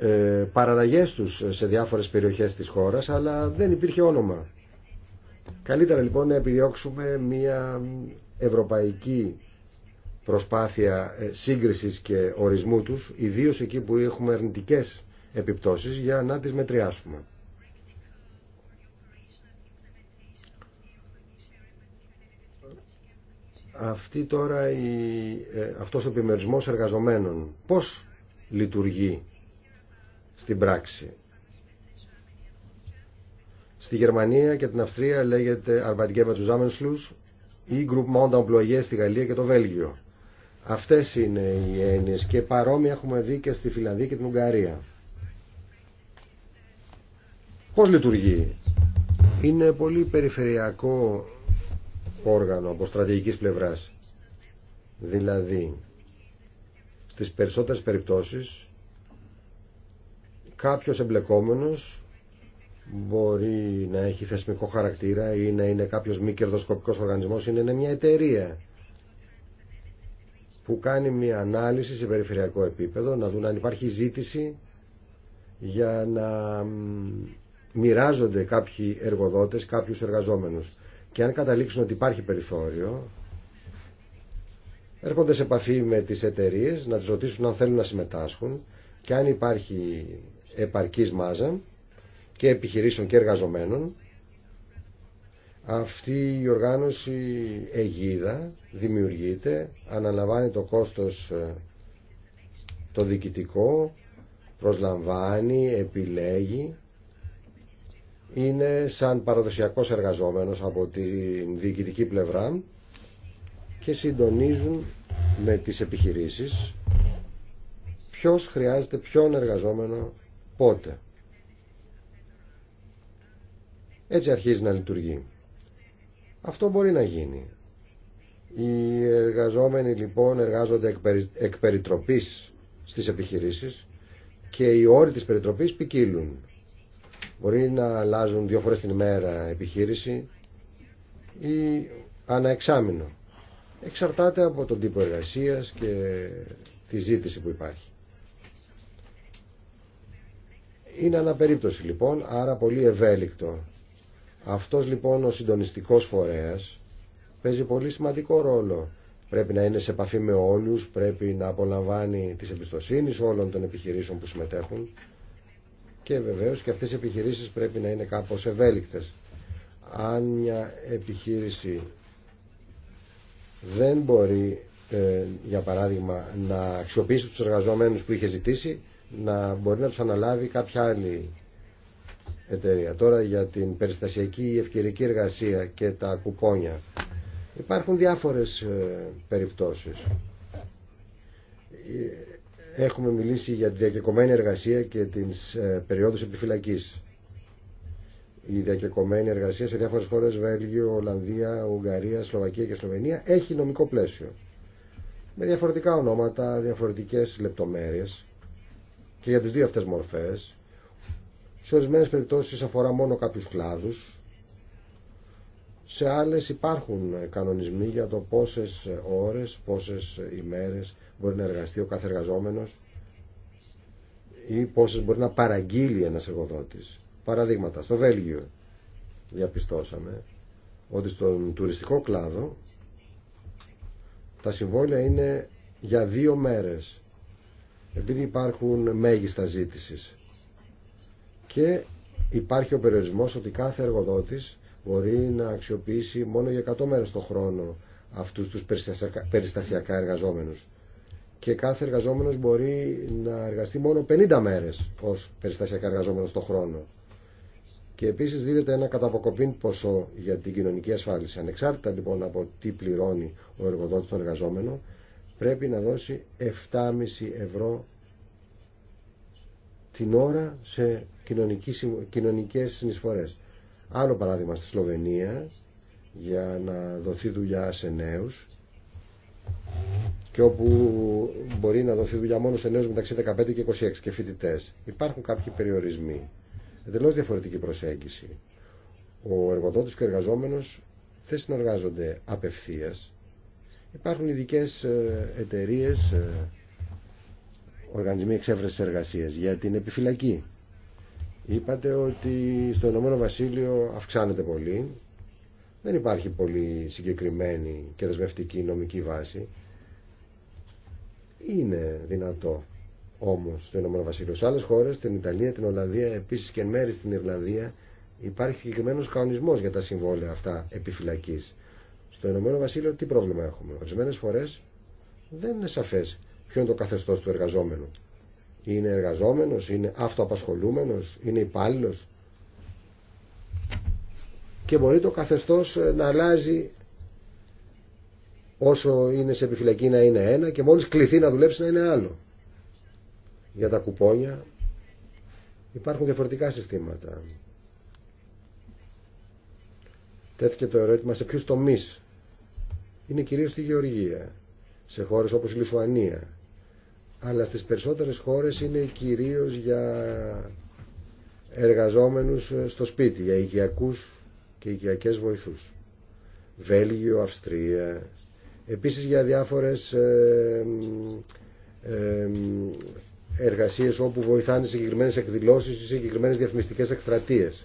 ε, παραλλαγές τους σε διάφορες περιοχές της χώρας αλλά δεν υπήρχε όνομα. Καλύτερα λοιπόν να επιδιώξουμε μια ευρωπαϊκή προσπάθεια ε, σύγκριση και ορισμού τους, ιδίως εκεί που έχουμε αρνητικές επιπτώσεις, για να τις μετριάσουμε. Αυτή τώρα η, ε, αυτός ο επιμερισμός εργαζομένων, πώς λειτουργεί στην πράξη. Στη Γερμανία και την Αυστρία λέγεται Arbeitgeber Zusammenschluss ή Group Mount στη Γαλλία και το Βέλγιο. Αυτές είναι οι έννοιες και παρόμοια έχουμε δει και στη Φιλανδία και την Ουγγαρία. Πώς λειτουργεί. Είναι πολύ περιφερειακό όργανο από στρατηγικής πλευράς. Δηλαδή, στις περισσότερες περιπτώσεις, κάποιος εμπλεκόμενος μπορεί να έχει θεσμικό χαρακτήρα ή να είναι κάποιος μη κερδοσκοπικός οργανισμός ή να είναι μια εταιρεία που κάνει μια ανάλυση σε περιφερειακό επίπεδο, να δουν αν υπάρχει ζήτηση για να μοιράζονται κάποιοι εργοδότες, κάποιους εργαζόμενους. Και αν καταλήξουν ότι υπάρχει περιθώριο, έρχονται σε επαφή με τις εταιρείε να τις ρωτήσουν αν θέλουν να συμμετάσχουν και αν υπάρχει επαρκής μάζα και επιχειρήσεων και εργαζομένων αυτή η οργάνωση Αιγίδα δημιουργείται, αναλαμβάνει το κόστος ε, το διοικητικό, προσλαμβάνει, επιλέγει, είναι σαν παραδοσιακός εργαζόμενος από την διοικητική πλευρά και συντονίζουν με τις επιχειρήσεις ποιος χρειάζεται ποιον εργαζόμενο πότε. Έτσι αρχίζει να λειτουργεί. Αυτό μπορεί να γίνει. Οι εργαζόμενοι λοιπόν εργάζονται εκ, περιτροπής στις επιχειρήσεις και οι όροι της περιτροπής ποικίλουν. Μπορεί να αλλάζουν δύο φορές την ημέρα επιχείρηση ή αναεξάμεινο. Εξαρτάται από τον τύπο εργασίας και τη ζήτηση που υπάρχει. Είναι αναπερίπτωση λοιπόν, άρα πολύ ευέλικτο αυτός λοιπόν ο συντονιστικός φορέας παίζει πολύ σημαντικό ρόλο. Πρέπει να είναι σε επαφή με όλους, πρέπει να απολαμβάνει τις εμπιστοσύνες όλων των επιχειρήσεων που συμμετέχουν και βεβαίως και αυτές οι επιχειρήσεις πρέπει να είναι κάπως ευέλικτες. Αν μια επιχείρηση δεν μπορεί, ε, για παράδειγμα, να αξιοποιήσει τους εργαζομένους που είχε ζητήσει, να μπορεί να τους αναλάβει κάποια άλλη εταιρεία. Τώρα για την περιστασιακή ευκαιρική εργασία και τα κουπόνια. Υπάρχουν διάφορες ε, περιπτώσεις. Ε, έχουμε μιλήσει για τη διακεκομένη εργασία και τις ε, περιόδους επιφυλακής. Η διακεκομένη εργασία σε διάφορες χώρες, Βέλγιο, Ολλανδία, Ουγγαρία, Σλοβακία και Σλοβενία, έχει νομικό πλαίσιο. Με διαφορετικά ονόματα, διαφορετικές λεπτομέρειες και για τις δύο αυτές μορφές σε ορισμένε περιπτώσεις αφορά μόνο κάποιους κλάδους. Σε άλλες υπάρχουν κανονισμοί για το πόσες ώρες, πόσες ημέρε μπορεί να εργαστεί ο κάθε εργαζόμενος ή πόσες μπορεί να παραγγείλει ένα εργοδότης. Παραδείγματα, στο Βέλγιο διαπιστώσαμε ότι στον τουριστικό κλάδο τα συμβόλαια είναι για δύο μέρες επειδή υπάρχουν μέγιστα ζήτησης και υπάρχει ο περιορισμός ότι κάθε εργοδότης μπορεί να αξιοποιήσει μόνο για 100 μέρες το χρόνο αυτούς τους περιστασιακά εργαζόμενους και κάθε εργαζόμενος μπορεί να εργαστεί μόνο 50 μέρες ως περιστασιακά εργαζόμενος το χρόνο και επίσης δίδεται ένα καταποκοπήν ποσό για την κοινωνική ασφάλιση ανεξάρτητα λοιπόν από τι πληρώνει ο εργοδότης τον εργαζόμενο πρέπει να δώσει 7,5 ευρώ την ώρα σε Κοινωνικέ συνεισφορέ. Άλλο παράδειγμα στη Σλοβενία για να δοθεί δουλειά σε νέου και όπου μπορεί να δοθεί δουλειά μόνο σε νέου μεταξύ 15 και 26 και φοιτητέ. Υπάρχουν κάποιοι περιορισμοί. εντελώ διαφορετική προσέγγιση. Ο εργοδότη και ο εργαζόμενος δεν συνεργάζονται απευθεία. Υπάρχουν ειδικέ ε, εταιρείε, ε, οργανισμοί εξέφρασης εργασία για την επιφυλακή Είπατε ότι στο Ηνωμένο Βασίλειο αυξάνεται πολύ. Δεν υπάρχει πολύ συγκεκριμένη και δεσμευτική νομική βάση. Είναι δυνατό όμως στο Ηνωμένο Βασίλειο. Σε άλλε χώρες, στην Ιταλία, την Ολλανδία, επίσης και μέρη στην Ιρλανδία, υπάρχει συγκεκριμένο κανονισμός για τα συμβόλαια αυτά επιφυλακή. Στο Ηνωμένο Βασίλειο τι πρόβλημα έχουμε. Ορισμένε φορέ δεν είναι σαφέ ποιο είναι το καθεστώ του εργαζόμενου είναι εργαζόμενος, είναι αυτοαπασχολούμενος, είναι υπάλληλο. Και μπορεί το καθεστώς ε, να αλλάζει όσο είναι σε επιφυλακή να είναι ένα και μόλις κληθεί να δουλέψει να είναι άλλο. Για τα κουπόνια υπάρχουν διαφορετικά συστήματα. Τέθηκε το ερώτημα σε ποιους τομείς. Είναι κυρίως στη Γεωργία, σε χώρες όπως η Λιθουανία, αλλά στις περισσότερες χώρες είναι κυρίως για εργαζόμενους ε, στο σπίτι, για οικιακούς και οικιακές βοηθούς. Βέλγιο, Αυστρία, επίσης για διάφορες ε, ε, εργασίες όπου βοηθάνε συγκεκριμένες εκδηλώσεις ή συγκεκριμένες διαφημιστικές εκστρατείες.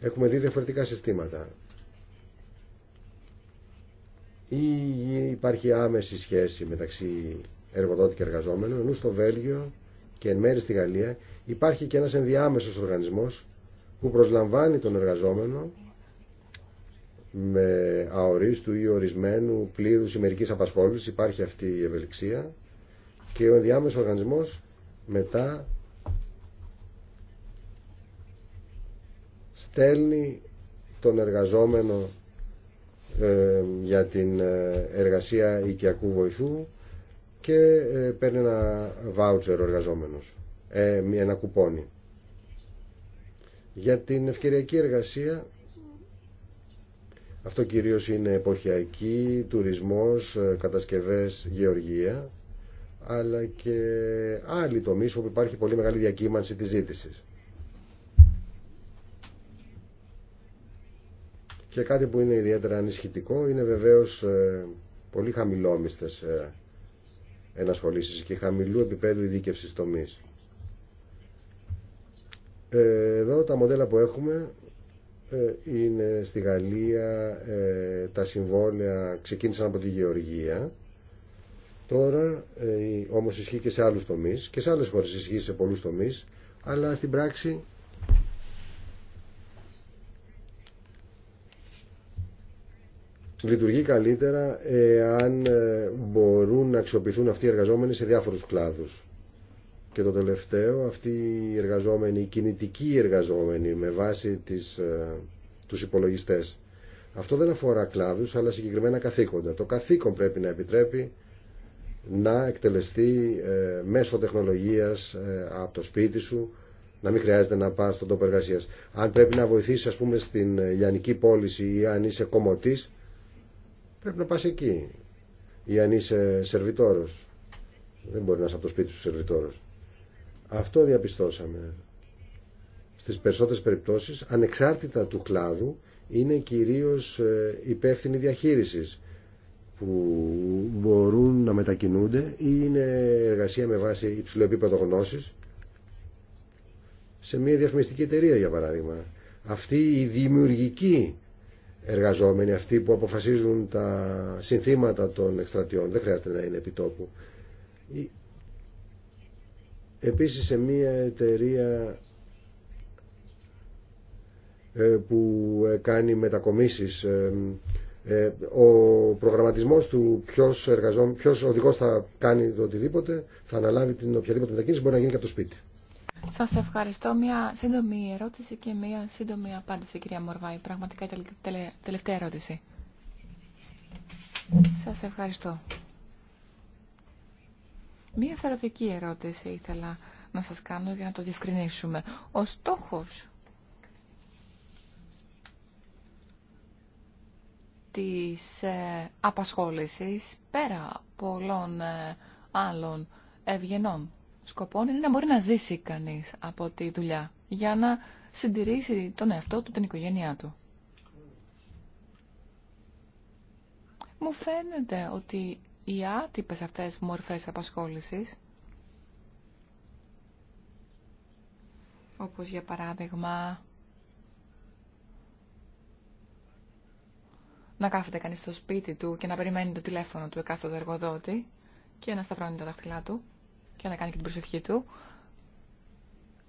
Έχουμε δει διαφορετικά συστήματα. Ή υπάρχει άμεση σχέση μεταξύ εργοδότη και εργαζόμενο, ενώ στο Βέλγιο και εν μέρη στη Γαλλία υπάρχει και ένας ενδιάμεσος οργανισμός που προσλαμβάνει τον εργαζόμενο με αορίστου ή ορισμένου πλήρους ή μερικής απασχόλησης υπάρχει αυτή η ευελιξία και ο ενδιάμεσος οργανισμός μετά στέλνει τον εργαζόμενο ε, για την ε, εργασία οικιακού βοηθού και ε, παίρνει ένα βάουτσερ ο εργαζόμενος, ε, ένα κουπόνι. Για την ευκαιριακή εργασία, αυτό κυρίως είναι εποχιακή, τουρισμός, ε, κατασκευές, γεωργία, αλλά και άλλοι τομείς όπου υπάρχει πολύ μεγάλη διακύμανση της ζήτησης. Και κάτι που είναι ιδιαίτερα ανισχυτικό είναι βεβαίως πολύ χαμηλόμιστες ενασχολήσεις και χαμηλού επίπεδου ειδίκευσης τομής. Ε, εδώ τα μοντέλα που έχουμε ε, είναι στη Γαλλία ε, τα συμβόλαια ξεκίνησαν από τη Γεωργία τώρα όμως ισχύει και σε άλλους τομείς και σε άλλες χώρες ισχύει σε πολλούς τομείς αλλά στην πράξη λειτουργεί καλύτερα εάν ε, μπορούν να αξιοποιηθούν αυτοί οι εργαζόμενοι σε διάφορους κλάδους. Και το τελευταίο, αυτοί οι εργαζόμενοι, οι κινητικοί εργαζόμενοι με βάση τις, ε, τους υπολογιστές. Αυτό δεν αφορά κλάδους αλλά συγκεκριμένα καθήκοντα. Το καθήκον πρέπει να επιτρέπει να εκτελεστεί ε, μέσω τεχνολογίας από το σπίτι σου, να μην χρειάζεται να πας στον τόπο εργασίας. Αν πρέπει να βοηθήσεις ας πούμε στην λιανική πώληση ή αν είσαι κομωτής, πρέπει να πας εκεί. Ή αν είσαι σερβιτόρος. Δεν μπορεί να είσαι από το σπίτι σου σερβιτόρος. Αυτό διαπιστώσαμε. Στις περισσότερες περιπτώσεις, ανεξάρτητα του κλάδου, είναι κυρίως ε, υπεύθυνοι διαχείρισης που μπορούν να μετακινούνται ή είναι εργασία με βάση υψηλό επίπεδο γνώσης σε μια διαφημιστική εταιρεία για παράδειγμα. Αυτή η δημιουργική εργαζόμενοι, αυτοί που αποφασίζουν τα συνθήματα των εκστρατιών. Δεν χρειάζεται να είναι επιτόπου. Επίσης σε μια εταιρεία ε, που ε, κάνει μετακομίσεις ε, ο προγραμματισμός του ποιος, ποιος οδηγός θα κάνει το οτιδήποτε θα αναλάβει την οποιαδήποτε μετακίνηση μπορεί να γίνει και από το σπίτι. Σας ευχαριστώ. Μια σύντομη ερώτηση και μια σύντομη απάντηση, κυρία Μορβάη. Πραγματικά η τελευταία ερώτηση. Σας ευχαριστώ. Μία θεωρητική ερώτηση ήθελα να σας κάνω για να το διευκρινίσουμε. Ο στόχος της ε, απασχόλησης πέρα πολλών ε, άλλων ευγενών σκοπών είναι να μπορεί να ζήσει κανείς από τη δουλειά για να συντηρήσει τον εαυτό του, την οικογένειά του. Μου φαίνεται ότι οι άτυπες αυτές μορφές απασχόλησης, όπως για παράδειγμα να κάθεται κανείς στο σπίτι του και να περιμένει το τηλέφωνο του εκάστοτε εργοδότη και να σταυρώνει τα δάχτυλά του, και να κάνει και την προσευχή του,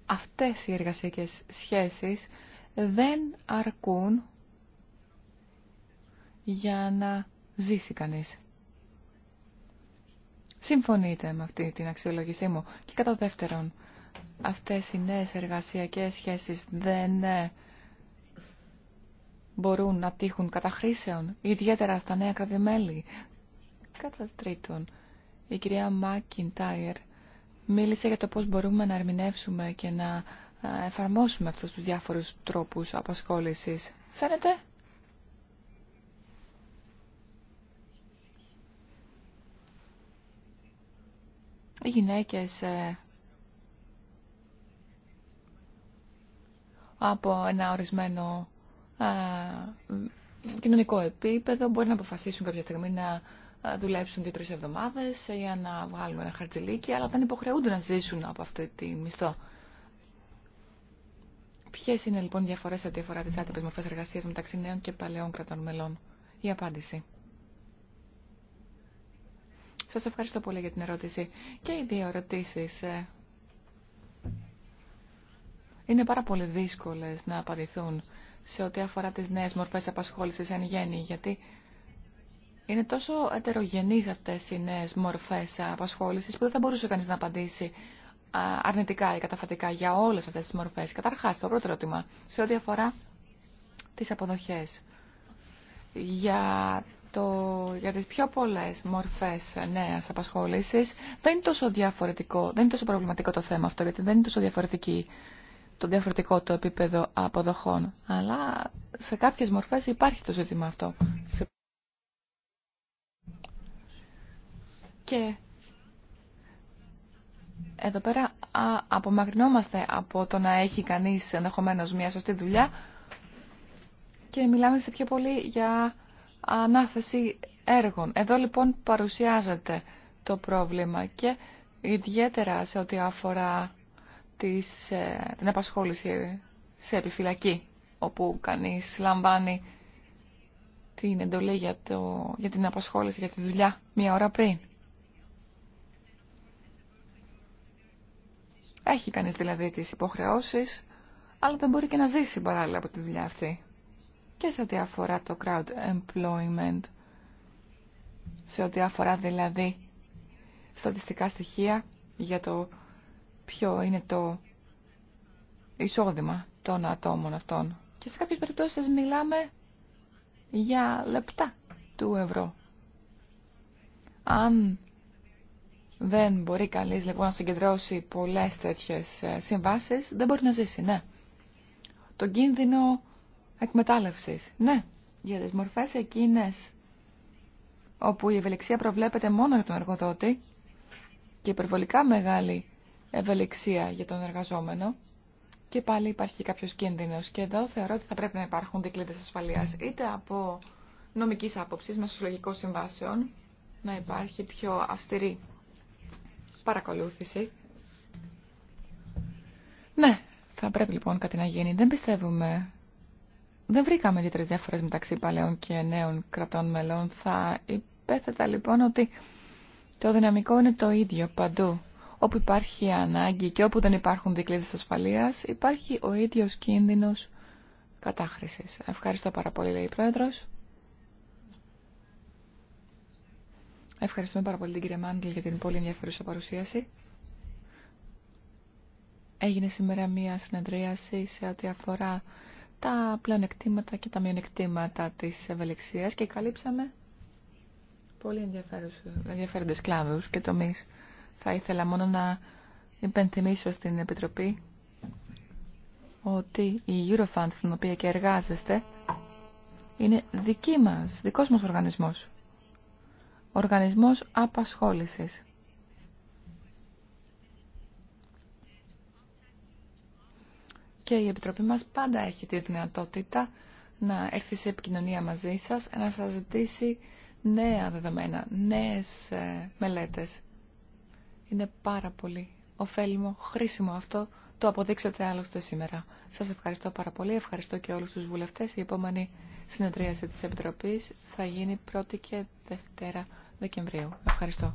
αυτές οι εργασιακές σχέσεις δεν αρκούν για να ζήσει κανείς. Συμφωνείτε με αυτή την αξιολόγησή μου. Και κατά δεύτερον, αυτές οι νέες εργασιακές σχέσεις δεν ε, μπορούν να τύχουν χρήσεων, ιδιαίτερα στα νέα κρατημέλη. Κατά τρίτον, η κυρία Μάκιντάιρ μίλησε για το πώς μπορούμε να ερμηνεύσουμε και να εφαρμόσουμε αυτούς τους διάφορους τρόπους απασχόλησης. Φαίνεται οι γυναίκες ε, από ένα ορισμένο κοινωνικό επίπεδο μπορεί να αποφασίσουν κάποια στιγμή να ε, δουλέψουν δύο-τρει εβδομάδε ε, για να βγάλουν ένα χαρτζελίκι, αλλά δεν υποχρεούνται να ζήσουν από αυτή τη μισθό. Ποιε είναι λοιπόν οι διαφορέ ό,τι αφορά τι άτυπε μορφέ εργασία μεταξύ νέων και παλαιών κρατών μελών, η απάντηση. Σα ευχαριστώ πολύ για την ερώτηση. Και οι δύο ερωτήσει ε, είναι πάρα πολύ δύσκολε να απαντηθούν σε ό,τι αφορά τι νέε μορφέ απασχόληση εν γέννη, γιατί είναι τόσο ετερογενείς αυτές οι νέες μορφές απασχόλησης που δεν θα μπορούσε κανείς να απαντήσει αρνητικά ή καταφατικά για όλες αυτές τις μορφές. Καταρχάς, το πρώτο ερώτημα, σε ό,τι αφορά τις αποδοχές. Για, το, για τις πιο πολλές μορφές νέας απασχόλησης δεν είναι τόσο διαφορετικό, δεν είναι τόσο προβληματικό το θέμα αυτό, γιατί δεν είναι τόσο το διαφορετικό το επίπεδο αποδοχών. Αλλά σε κάποιες μορφές υπάρχει το ζήτημα αυτό. Και εδώ πέρα απομακρυνόμαστε από το να έχει κανείς ενδεχομένω μια σωστή δουλειά και μιλάμε σε πιο πολύ για ανάθεση έργων. Εδώ λοιπόν παρουσιάζεται το πρόβλημα και ιδιαίτερα σε ό,τι αφορά ε, την απασχόληση σε επιφυλακή, όπου κανείς λαμβάνει την εντολή το, για την απασχόληση, για τη δουλειά μία ώρα πριν. Έχει κανείς δηλαδή τις υποχρεώσεις, αλλά δεν μπορεί και να ζήσει παράλληλα από τη δουλειά αυτή. Και σε ό,τι αφορά το crowd employment, σε ό,τι αφορά δηλαδή στατιστικά στοιχεία για το ποιο είναι το εισόδημα των ατόμων αυτών. Και σε κάποιες περιπτώσεις μιλάμε για λεπτά του ευρώ. Αν δεν μπορεί κανείς λοιπόν να συγκεντρώσει πολλές τέτοιες ε, συμβάσεις, δεν μπορεί να ζήσει, ναι. Το κίνδυνο εκμετάλλευσης, ναι. Για τις μορφές εκείνες όπου η ευελιξία προβλέπεται μόνο για τον εργοδότη και υπερβολικά μεγάλη ευελιξία για τον εργαζόμενο και πάλι υπάρχει κάποιος κίνδυνος και εδώ θεωρώ ότι θα πρέπει να υπάρχουν δικλείδες ασφαλείας είτε από νομικής άποψης μεσολογικών συμβάσεων να υπάρχει πιο αυστηρή παρακολούθηση. Ναι, θα πρέπει λοιπόν κάτι να γίνει. Δεν πιστεύουμε. Δεν βρήκαμε ιδιαίτερε διαφορέ μεταξύ παλαιών και νέων κρατών μελών. Θα υπέθετα λοιπόν ότι το δυναμικό είναι το ίδιο παντού. Όπου υπάρχει ανάγκη και όπου δεν υπάρχουν δικλείδες ασφαλείας, υπάρχει ο ίδιος κίνδυνος κατάχρηση. Ευχαριστώ πάρα πολύ, λέει η Πρόεδρος. Ευχαριστούμε πάρα πολύ την κυρία Μάντλ για την πολύ ενδιαφέρουσα παρουσίαση. Έγινε σήμερα μία συνεδρίαση σε ό,τι αφορά τα πλεονεκτήματα και τα μειονεκτήματα της ευελιξίας και καλύψαμε πολύ ενδιαφέροντες κλάδους και τομείς. Θα ήθελα μόνο να υπενθυμίσω στην Επιτροπή ότι η Eurofund στην οποία και εργάζεστε είναι δική μας, δικός μας οργανισμός οργανισμός απασχόλησης. Και η Επιτροπή μας πάντα έχει τη δυνατότητα να έρθει σε επικοινωνία μαζί σας, να σας ζητήσει νέα δεδομένα, νέες ε, μελέτες. Είναι πάρα πολύ ωφέλιμο, χρήσιμο αυτό, το αποδείξατε άλλωστε σήμερα. Σας ευχαριστώ πάρα πολύ, ευχαριστώ και όλους τους βουλευτές. Η επόμενη συνεδρίαση της Επιτροπής θα γίνει 1η και 2η Δεκεμβρίου. Ευχαριστώ.